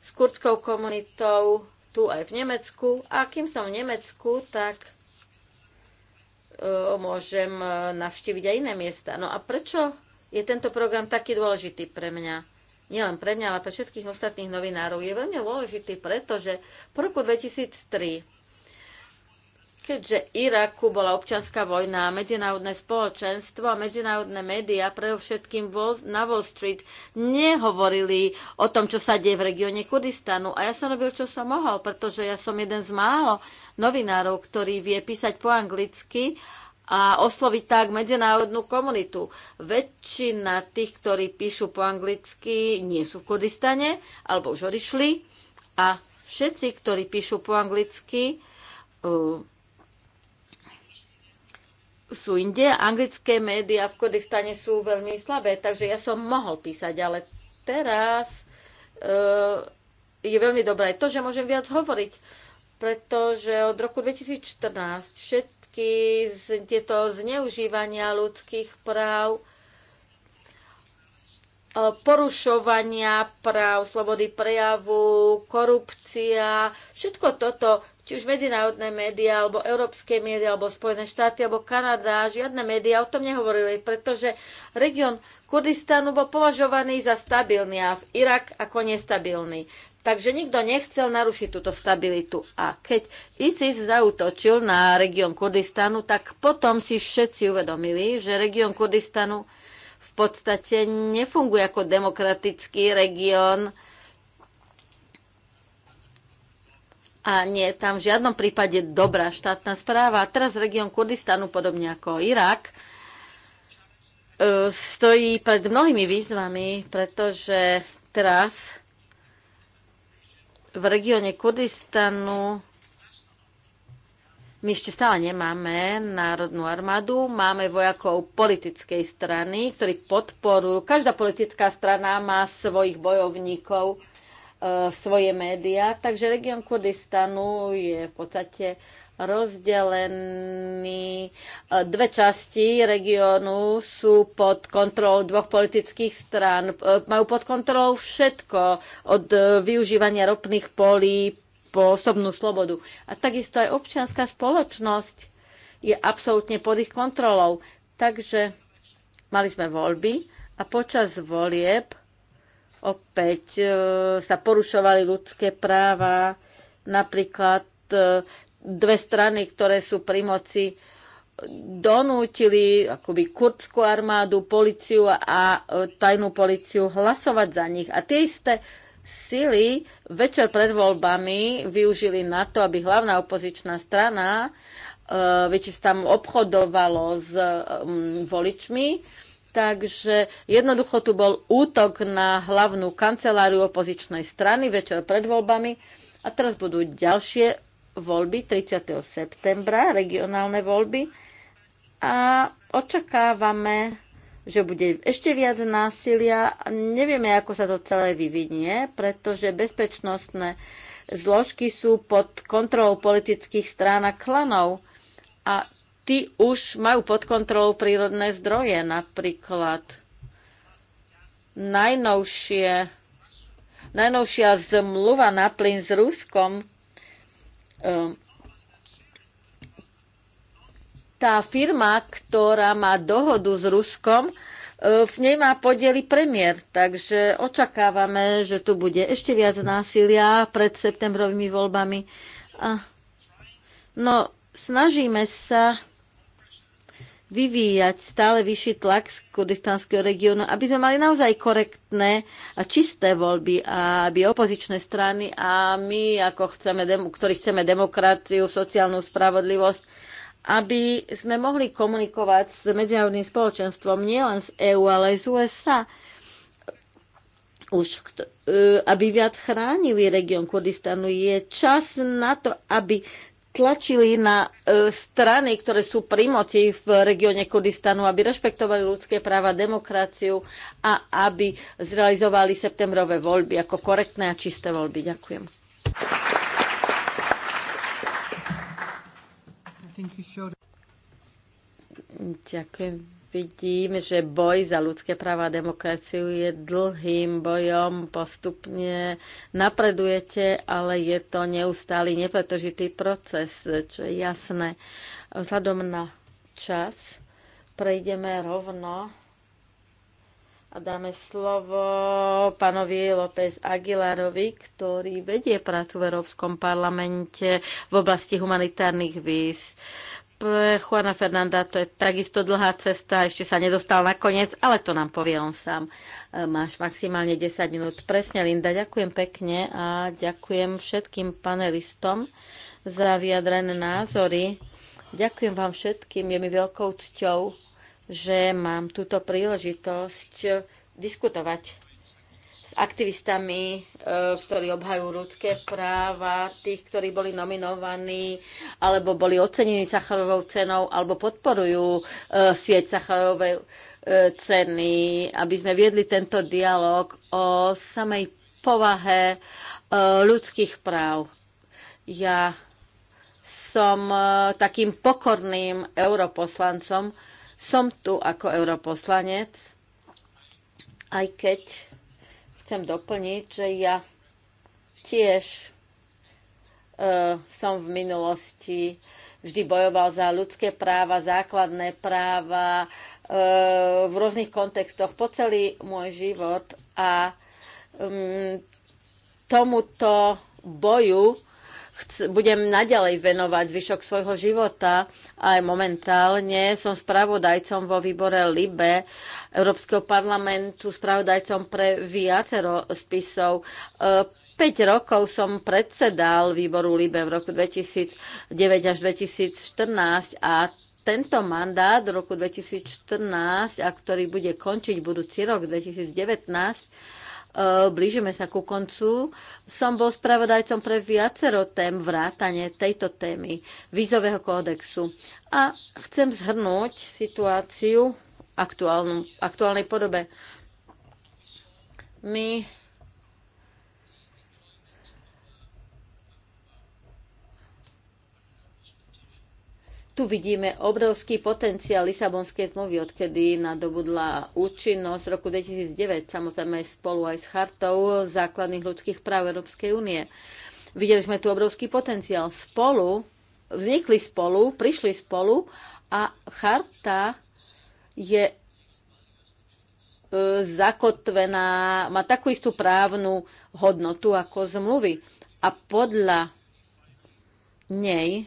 s kurdskou komunitou tu aj v Nemecku. A kým som v Nemecku, tak e, môžem e, navštíviť aj iné miesta. No a prečo je tento program taký dôležitý pre mňa? nielen pre mňa, ale pre všetkých ostatných novinárov, je veľmi dôležitý, pretože po roku 2003 Keďže Iraku bola občanská vojna, medzinárodné spoločenstvo a medzinárodné médiá, predovšetkým na Wall Street, nehovorili o tom, čo sa deje v regióne Kurdistanu. A ja som robil, čo som mohol, pretože ja som jeden z málo novinárov, ktorý vie písať po anglicky a osloviť tak medzinárodnú komunitu. Väčšina tých, ktorí píšu po anglicky, nie sú v Kurdistane, alebo už odišli a všetci, ktorí píšu po anglicky, eh, sú inde. Anglické médiá v Kurdistane sú veľmi slabé, takže ja som mohol písať, ale teraz uh, je veľmi dobré to, že môžem viac hovoriť, pretože od roku 2014 všetci všetky z tieto zneužívania ľudských práv, e, porušovania práv, slobody prejavu, korupcia, všetko toto, či už medzinárodné médiá, alebo európske médiá, alebo Spojené štáty, alebo Kanada, žiadne médiá o tom nehovorili, pretože región Kurdistanu bol považovaný za stabilný a v Irak ako nestabilný. Takže nikto nechcel narušiť túto stabilitu. A keď ISIS zautočil na región Kurdistanu, tak potom si všetci uvedomili, že región Kurdistanu v podstate nefunguje ako demokratický región a nie je tam v žiadnom prípade dobrá štátna správa. A teraz región Kurdistanu, podobne ako Irak, e, stojí pred mnohými výzvami, pretože teraz v regióne Kurdistanu my ešte stále nemáme národnú armádu, máme vojakov politickej strany, ktorí podporujú. Každá politická strana má svojich bojovníkov, e, svoje médiá, takže región Kurdistanu je v podstate rozdelený. E, dve časti regiónu sú pod kontrolou dvoch politických strán. E, majú pod kontrolou všetko od e, využívania ropných polí po osobnú slobodu. A takisto aj občianská spoločnosť je absolútne pod ich kontrolou. Takže mali sme voľby a počas volieb opäť sa porušovali ľudské práva, napríklad dve strany, ktoré sú pri moci, donútili akoby kurdskú armádu, policiu a e, tajnú policiu hlasovať za nich. A tie isté sily večer pred voľbami využili na to, aby hlavná opozičná strana, e, tam obchodovalo s e, voličmi, Takže jednoducho tu bol útok na hlavnú kanceláriu opozičnej strany večer pred voľbami a teraz budú ďalšie voľby 30. septembra, regionálne voľby a očakávame, že bude ešte viac násilia. Nevieme, ako sa to celé vyvinie, pretože bezpečnostné zložky sú pod kontrolou politických strán a klanov a tí už majú pod kontrolou prírodné zdroje, napríklad najnovšie, najnovšia zmluva na plyn s Ruskom Ehm, tá firma, ktorá má dohodu s Ruskom, ehm, v nej má podeli premiér, takže očakávame, že tu bude ešte viac násilia pred septembrovými voľbami. A no, snažíme sa vyvíjať stále vyšší tlak z kurdistanského regiónu, aby sme mali naozaj korektné a čisté voľby a aby opozičné strany a my, ako chceme, ktorí chceme demokraciu, sociálnu spravodlivosť, aby sme mohli komunikovať s medzinárodným spoločenstvom nielen z EÚ, ale aj z USA, už, e, aby viac chránili región Kurdistanu. Je čas na to, aby tlačili na e, strany, ktoré sú pri moci v regióne Kurdistanu, aby rešpektovali ľudské práva, demokraciu a aby zrealizovali septembrové voľby ako korektné a čisté voľby. Ďakujem. Ďakujem vidím, že boj za ľudské práva a demokraciu je dlhým bojom, postupne napredujete, ale je to neustály nepretožitý proces, čo je jasné. Vzhľadom na čas prejdeme rovno a dáme slovo pánovi López Aguilarovi, ktorý vedie prácu v Európskom parlamente v oblasti humanitárnych víz pre Juana Fernanda to je takisto dlhá cesta, ešte sa nedostal na koniec, ale to nám povie on sám. E, máš maximálne 10 minút. Presne, Linda, ďakujem pekne a ďakujem všetkým panelistom za vyjadrené názory. Ďakujem vám všetkým, je mi veľkou cťou, že mám túto príležitosť diskutovať s aktivistami E, ktorí obhajú ľudské práva, tých, ktorí boli nominovaní alebo boli ocenení Sacharovou cenou alebo podporujú e, sieť Sacharovej e, ceny, aby sme viedli tento dialog o samej povahe ľudských práv. Ja som takým pokorným europoslancom. Som tu ako europoslanec, aj keď chcem doplniť, že ja tiež e, som v minulosti vždy bojoval za ľudské práva, základné práva e, v rôznych kontextoch po celý môj život a um, tomuto boju budem naďalej venovať zvyšok svojho života. Aj momentálne som spravodajcom vo výbore LIBE Európskeho parlamentu, spravodajcom pre viacero spisov. 5 e, rokov som predsedal výboru LIBE v roku 2009 až 2014 a tento mandát v roku 2014, a ktorý bude končiť budúci rok 2019, Eh, blížime sa ku koncu. Som bol spravodajcom pre viacero tém vrátane tejto témy vízového kódexu. A chcem zhrnúť situáciu v aktuálnej podobe. My tu vidíme obrovský potenciál Lisabonskej zmluvy, odkedy nadobudla účinnosť roku 2009, samozrejme spolu aj s chartou základných ľudských práv Európskej únie. Videli sme tu obrovský potenciál. Spolu, vznikli spolu, prišli spolu a charta je e, zakotvená, má takú istú právnu hodnotu ako zmluvy. A podľa nej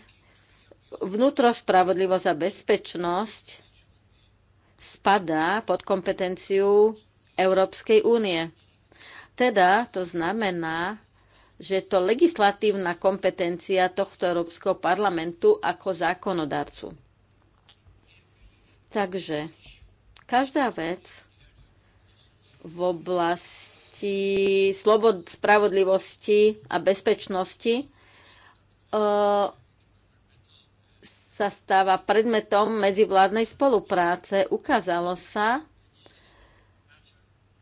vnútro, spravodlivosť a bezpečnosť spadá pod kompetenciu Európskej únie. Teda to znamená, že to legislatívna kompetencia tohto Európskeho parlamentu ako zákonodarcu. Takže každá vec v oblasti slobod, spravodlivosti a bezpečnosti e sa stáva predmetom medzivládnej spolupráce. Ukázalo sa,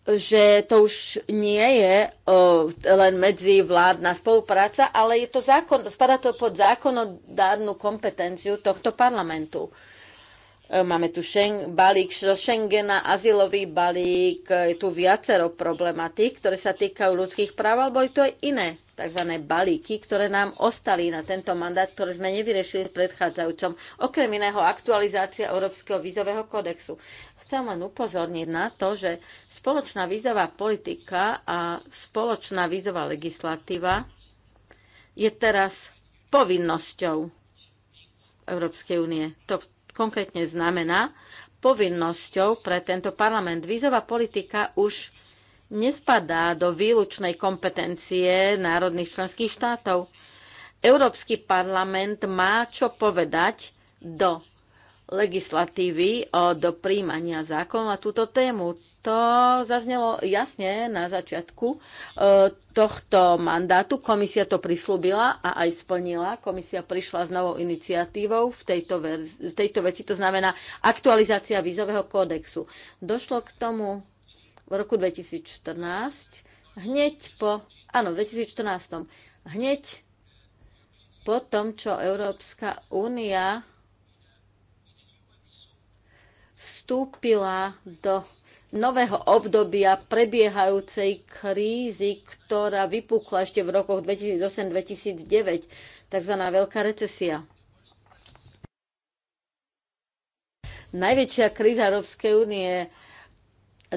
že to už nie je o, len medzivládna spolupráca, ale je to zákon, spada to pod zákonodárnu kompetenciu tohto parlamentu. E, máme tu šen, balík zo Schengena, azylový balík, je tu viacero problematík, ktoré sa týkajú ľudských práv, alebo je to aj iné tzv. balíky, ktoré nám ostali na tento mandát, ktoré sme nevyriešili v predchádzajúcom, okrem iného aktualizácia Európskeho vízového kodexu. Chcem len upozorniť na to, že spoločná vízová politika a spoločná vízová legislatíva je teraz povinnosťou Európskej únie. To konkrétne znamená povinnosťou pre tento parlament. Vízová politika už nespadá do výlučnej kompetencie národných členských štátov. Európsky parlament má čo povedať do legislatívy, o, do príjmania zákonu na túto tému. To zaznelo jasne na začiatku e, tohto mandátu. Komisia to prislúbila a aj splnila. Komisia prišla s novou iniciatívou v tejto, verzi- v tejto veci, to znamená aktualizácia vízového kódexu. Došlo k tomu v roku 2014, hneď po, áno, v 2014, hneď po tom, čo Európska únia vstúpila do nového obdobia prebiehajúcej krízy, ktorá vypukla ešte v rokoch 2008-2009, tzv. veľká recesia. Najväčšia kríza Európskej únie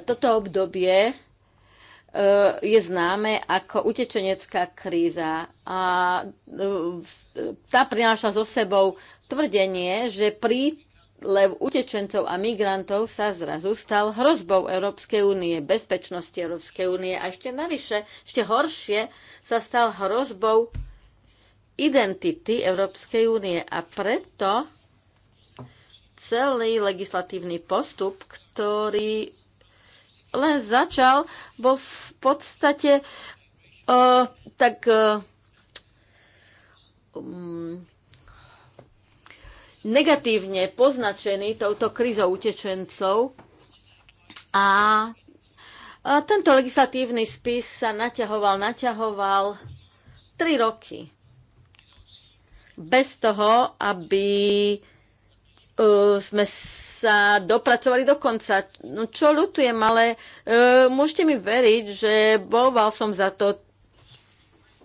toto obdobie e, je známe ako utečenecká kríza. A e, tá prináša so sebou tvrdenie, že prílev utečencov a migrantov sa zrazu stal hrozbou Európskej únie, bezpečnosti Európskej únie a ešte navyše, ešte horšie sa stal hrozbou identity Európskej únie. A preto celý legislatívny postup, ktorý len začal, bol v podstate uh, tak uh, negatívne poznačený touto krízou utečencov a tento legislatívny spis sa naťahoval, naťahoval tri roky. Bez toho, aby uh, sme sa dopracovali do konca. No čo ľutujem, ale uh, môžete mi veriť, že boval som za to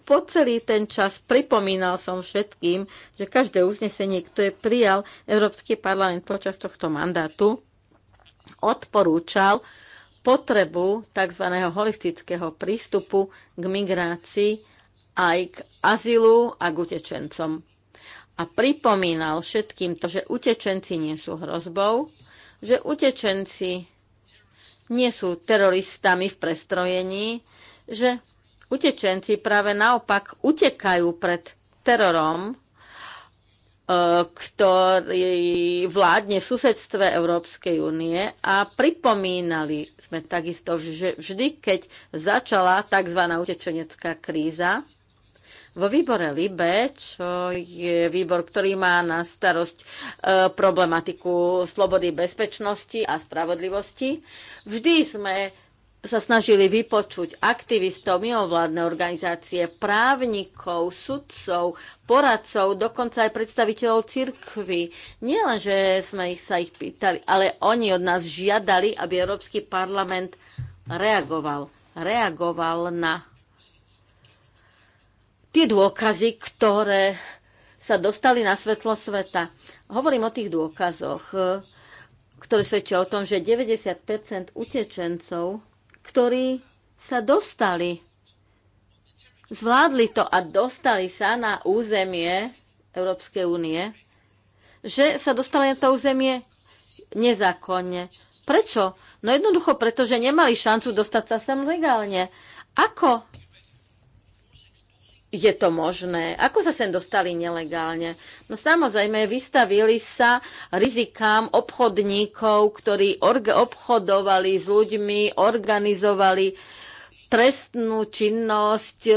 po celý ten čas pripomínal som všetkým, že každé uznesenie, ktoré prijal Európsky parlament počas tohto mandátu, odporúčal potrebu tzv. holistického prístupu k migrácii aj k azylu a k utečencom a pripomínal všetkým to, že utečenci nie sú hrozbou, že utečenci nie sú teroristami v prestrojení, že utečenci práve naopak utekajú pred terorom, e, ktorý vládne v susedstve Európskej únie a pripomínali sme takisto, že vždy, keď začala tzv. utečenecká kríza, vo výbore LIBE, čo je výbor, ktorý má na starosť e, problematiku slobody, bezpečnosti a spravodlivosti, vždy sme sa snažili vypočuť aktivistov, mimovládne organizácie, právnikov, sudcov, poradcov, dokonca aj predstaviteľov cirkvy. Nie len, že sme ich, sa ich pýtali, ale oni od nás žiadali, aby Európsky parlament reagoval. Reagoval na tie dôkazy, ktoré sa dostali na svetlo sveta. Hovorím o tých dôkazoch, e, ktoré svedčia o tom, že 90 utečencov, ktorí sa dostali, zvládli to a dostali sa na územie Európskej únie, že sa dostali na to územie nezákonne. Prečo? No jednoducho preto, že nemali šancu dostať sa sem legálne. Ako je to možné? Ako sa sem dostali nelegálne? No samozrejme, vystavili sa rizikám obchodníkov, ktorí obchodovali s ľuďmi, organizovali trestnú činnosť. E,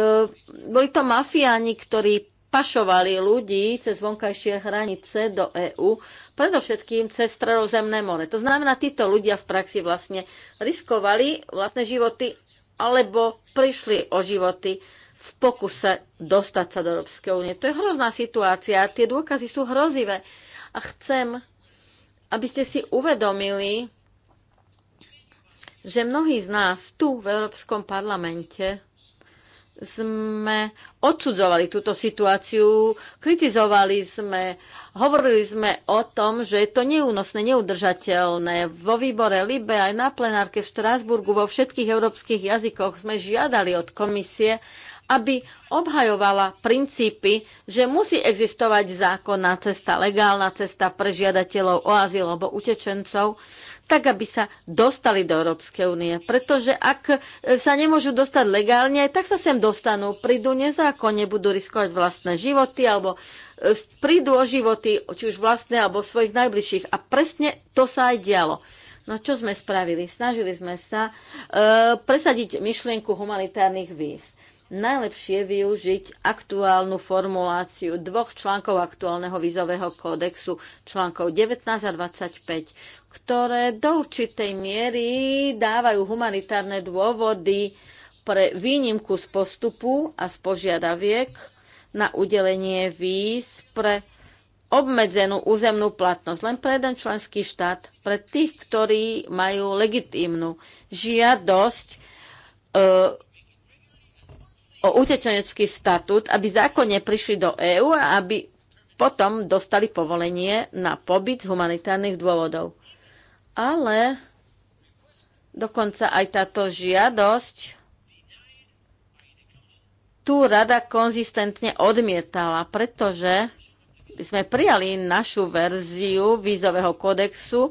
boli to mafiáni, ktorí pašovali ľudí cez vonkajšie hranice do EÚ, predovšetkým cez Stredozemné more. To znamená, títo ľudia v praxi vlastne riskovali vlastné životy alebo prišli o životy v pokuse dostať sa do Európskej únie. To je hrozná situácia, tie dôkazy sú hrozivé. A chcem, aby ste si uvedomili, že mnohí z nás tu v Európskom parlamente sme odsudzovali túto situáciu, kritizovali sme, hovorili sme o tom, že je to neúnosné, neudržateľné. Vo výbore Libe aj na plenárke v Štrásburgu vo všetkých európskych jazykoch sme žiadali od komisie, aby obhajovala princípy, že musí existovať zákonná cesta, legálna cesta pre žiadateľov o azyl alebo utečencov, tak aby sa dostali do Európskej únie. Pretože ak sa nemôžu dostať legálne, tak sa sem dostanú, prídu nezákonne, budú riskovať vlastné životy alebo e, prídu o životy, či už vlastné alebo svojich najbližších. A presne to sa aj dialo. No čo sme spravili? Snažili sme sa e, presadiť myšlienku humanitárnych víz najlepšie využiť aktuálnu formuláciu dvoch článkov aktuálneho vízového kódexu, článkov 19 a 25, ktoré do určitej miery dávajú humanitárne dôvody pre výnimku z postupu a z požiadaviek na udelenie víz pre obmedzenú územnú platnosť len pre jeden členský štát, pre tých, ktorí majú legitímnu žiadosť e, o utečenecký statút, aby zákonne prišli do EÚ a aby potom dostali povolenie na pobyt z humanitárnych dôvodov. Ale dokonca aj táto žiadosť tu rada konzistentne odmietala, pretože sme prijali našu verziu vízového kodexu e,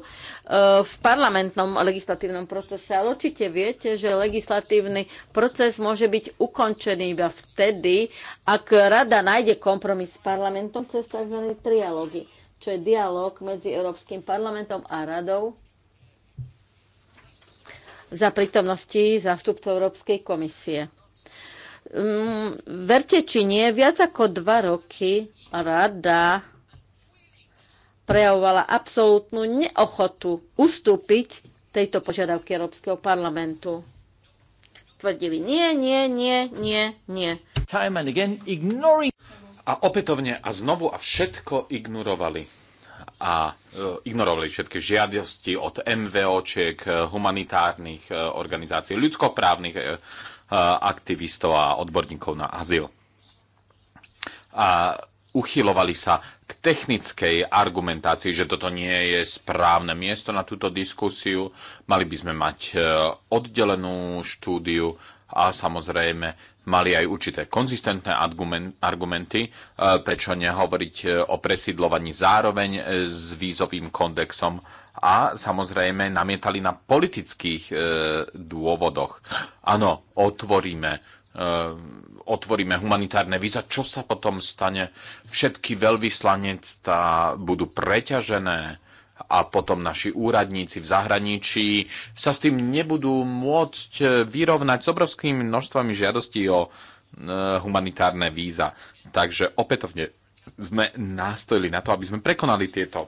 v parlamentnom legislatívnom procese. Ale určite viete, že legislatívny proces môže byť ukončený iba vtedy, ak rada nájde kompromis s parlamentom cez tzv. trialógy, čo je dialog medzi Európskym parlamentom a radou za prítomnosti zástupcov Európskej komisie um, verte či nie, viac ako dva roky rada prejavovala absolútnu neochotu ustúpiť tejto požiadavky Európskeho parlamentu. Tvrdili nie, nie, nie, nie, nie. Time and again ignoring... A opätovne a znovu a všetko ignorovali. A e, ignorovali všetky žiadosti od MVOčiek, e, humanitárnych e, organizácií, ľudskoprávnych e, aktivistov a odborníkov na azyl. A uchylovali sa k technickej argumentácii, že toto nie je správne miesto na túto diskusiu. Mali by sme mať e, oddelenú štúdiu a samozrejme mali aj určité konzistentné argumenty, e, prečo nehovoriť e, o presídlovaní zároveň e, s vízovým kondexom a samozrejme namietali na politických dôvodoch. Áno, otvoríme otvoríme humanitárne víza, čo sa potom stane? Všetky veľvyslanectá budú preťažené, a potom naši úradníci v zahraničí sa s tým nebudú môcť e, vyrovnať s obrovskými množstvami žiadostí o e, humanitárne víza. Takže opätovne sme nástojili na to, aby sme prekonali tieto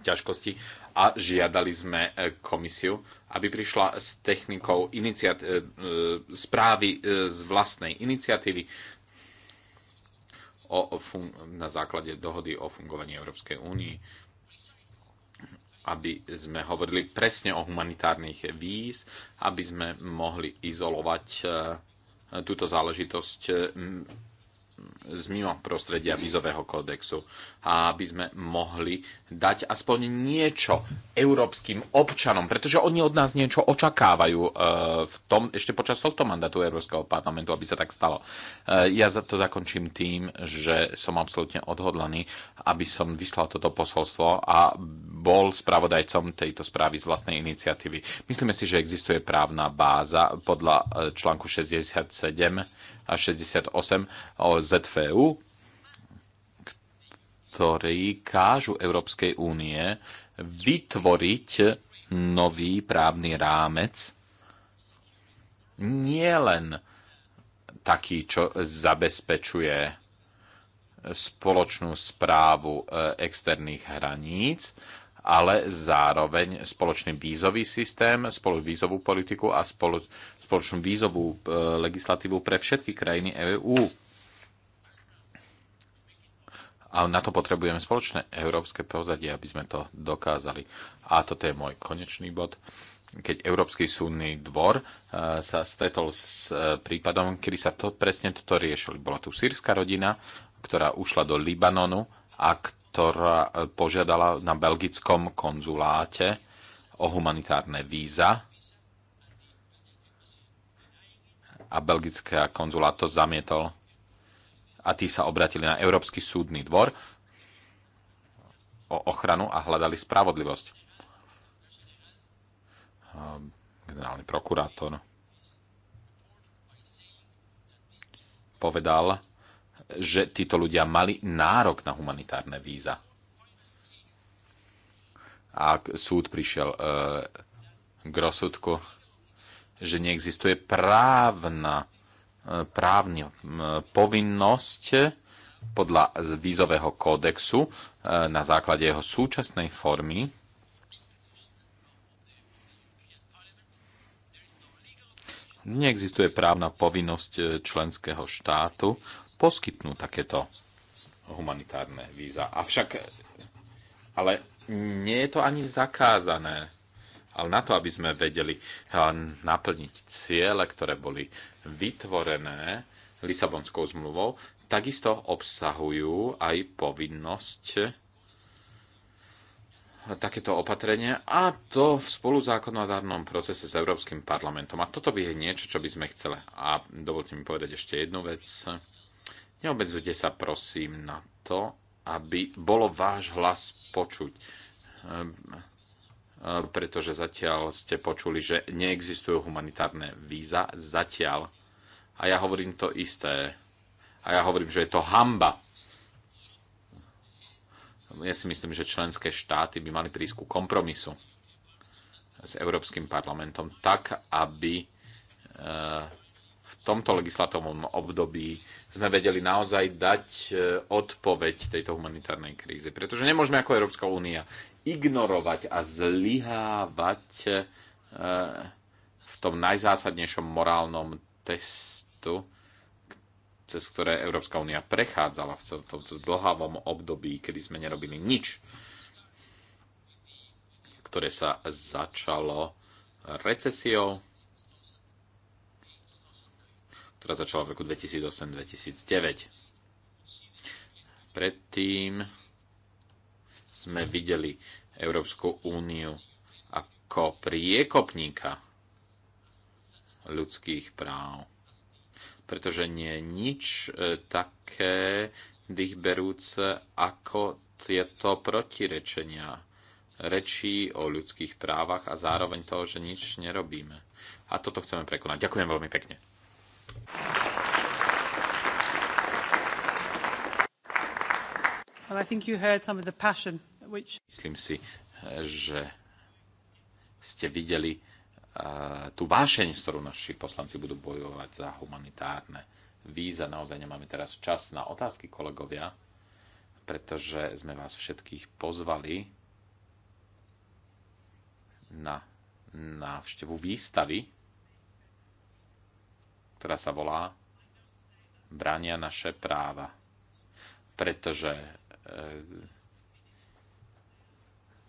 ťažkosti a žiadali sme e, komisiu, aby prišla s technikou iniciat- správy z vlastnej iniciatívy o na základe dohody o fungovaní Európskej únii aby sme hovorili presne o humanitárnych víz, aby sme mohli izolovať eh, túto záležitosť z mimo prostredia vízového kódexu a aby sme mohli dať aspoň niečo európskym občanom, pretože oni od nás niečo očakávajú e, v tom, ešte počas tohto mandátu Európskeho parlamentu, aby sa tak stalo. E, ja to zakončím tým, že som absolútne odhodlaný, aby som vyslal toto posolstvo a bol spravodajcom tejto správy z vlastnej iniciatívy. Myslíme si, že existuje právna báza podľa e, článku 67 a 68 o ZFU, e ktorí kážu Európskej únie vytvoriť nový právny rámec, nie len taký, čo zabezpečuje spoločnú správu e, externých hraníc, ale zároveň spoločný vízový systém, spoločnú vízovú politiku a spoločnú vízovú e, legislatívu pre všetky krajiny EÚ a na to potrebujeme spoločné európske pozadie, aby sme to dokázali. A toto je môj konečný bod keď Európsky súdny dvor eh, sa stretol s eh, prípadom, kedy sa to presne toto riešili. Bola tu sírska rodina, ktorá ušla do Libanonu a ktorá eh, požiadala na belgickom konzuláte o humanitárne víza a belgická konzulát to zamietol a tí sa obratili na Európsky súdny dvor o ochranu a hľadali spravodlivosť. Ehm, generálny prokurátor povedal, že títo ľudia mali nárok na humanitárne víza. A súd prišiel e, k rozsudku, že neexistuje právna Právne povinnosť podľa vízového kódexu e, na základe jeho súčasnej formy neexistuje právna povinnosť e, členského štátu poskytnúť takéto humanitárne víza. Avšak, ale nie je to ani zakázané. Ale na to, aby sme vedeli e, naplniť ciele, ktoré boli vytvorené Lisabonskou zmluvou, takisto obsahujú aj povinnosť takéto opatrenie a to v spoluzákonodárnom procese s Európskym parlamentom. A toto by je niečo, čo by sme chceli. A dovolte mi povedať ešte jednu vec. Neobmedzujte sa prosím na to, aby bolo váš hlas počuť. Ehm, ehm, pretože zatiaľ ste počuli, že neexistujú humanitárne víza. Zatiaľ a ja hovorím to isté. A ja hovorím, že je to hamba. Ja si myslím, že členské štáty by mali prísť ku kompromisu s Európskym parlamentom tak, aby e, v tomto legislatívnom období sme vedeli naozaj dať e, odpoveď tejto humanitárnej kríze. Pretože nemôžeme ako Európska únia ignorovať a zlyhávať e, v tom najzásadnejšom morálnom teste projektu, cez ktoré Európska únia prechádzala v tomto zdlhavom období, kedy sme nerobili nič, ktoré sa začalo recesiou, ktorá začala v roku 2008-2009. Predtým sme videli Európsku úniu ako priekopníka ľudských práv pretože nie je nič e, také dýchberúce ako tieto protirečenia rečí o ľudských právach a zároveň toho, že nič nerobíme. A toto chceme prekonať. Ďakujem veľmi pekne. Myslím si, e, že ste videli tú vášeň, s ktorou naši poslanci budú bojovať za humanitárne víza. Naozaj nemáme teraz čas na otázky, kolegovia, pretože sme vás všetkých pozvali na návštevu výstavy, ktorá sa volá Brania naše práva. Pretože e,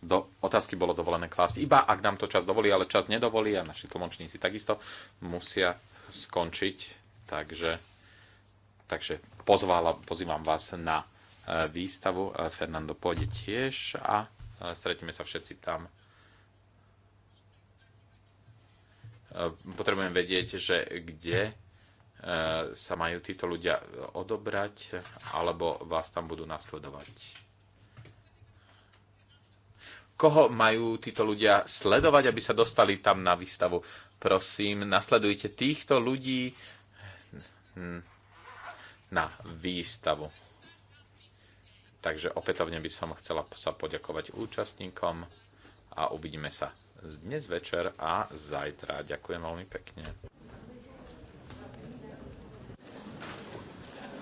do, otázky bolo dovolené klásť. Iba ak nám to čas dovolí, ale čas nedovolí a naši tlmočníci takisto musia skončiť. Takže, takže pozvala, pozývam vás na e, výstavu. E, Fernando pôjde tiež a e, stretíme sa všetci tam. Potrebujem vedieť, že kde sa majú títo ľudia odobrať, alebo vás tam budú nasledovať koho majú títo ľudia sledovať, aby sa dostali tam na výstavu. Prosím, nasledujte týchto ľudí hm, na výstavu. Takže opätovne by som chcela sa poďakovať účastníkom a uvidíme sa dnes večer a zajtra. Ďakujem veľmi pekne.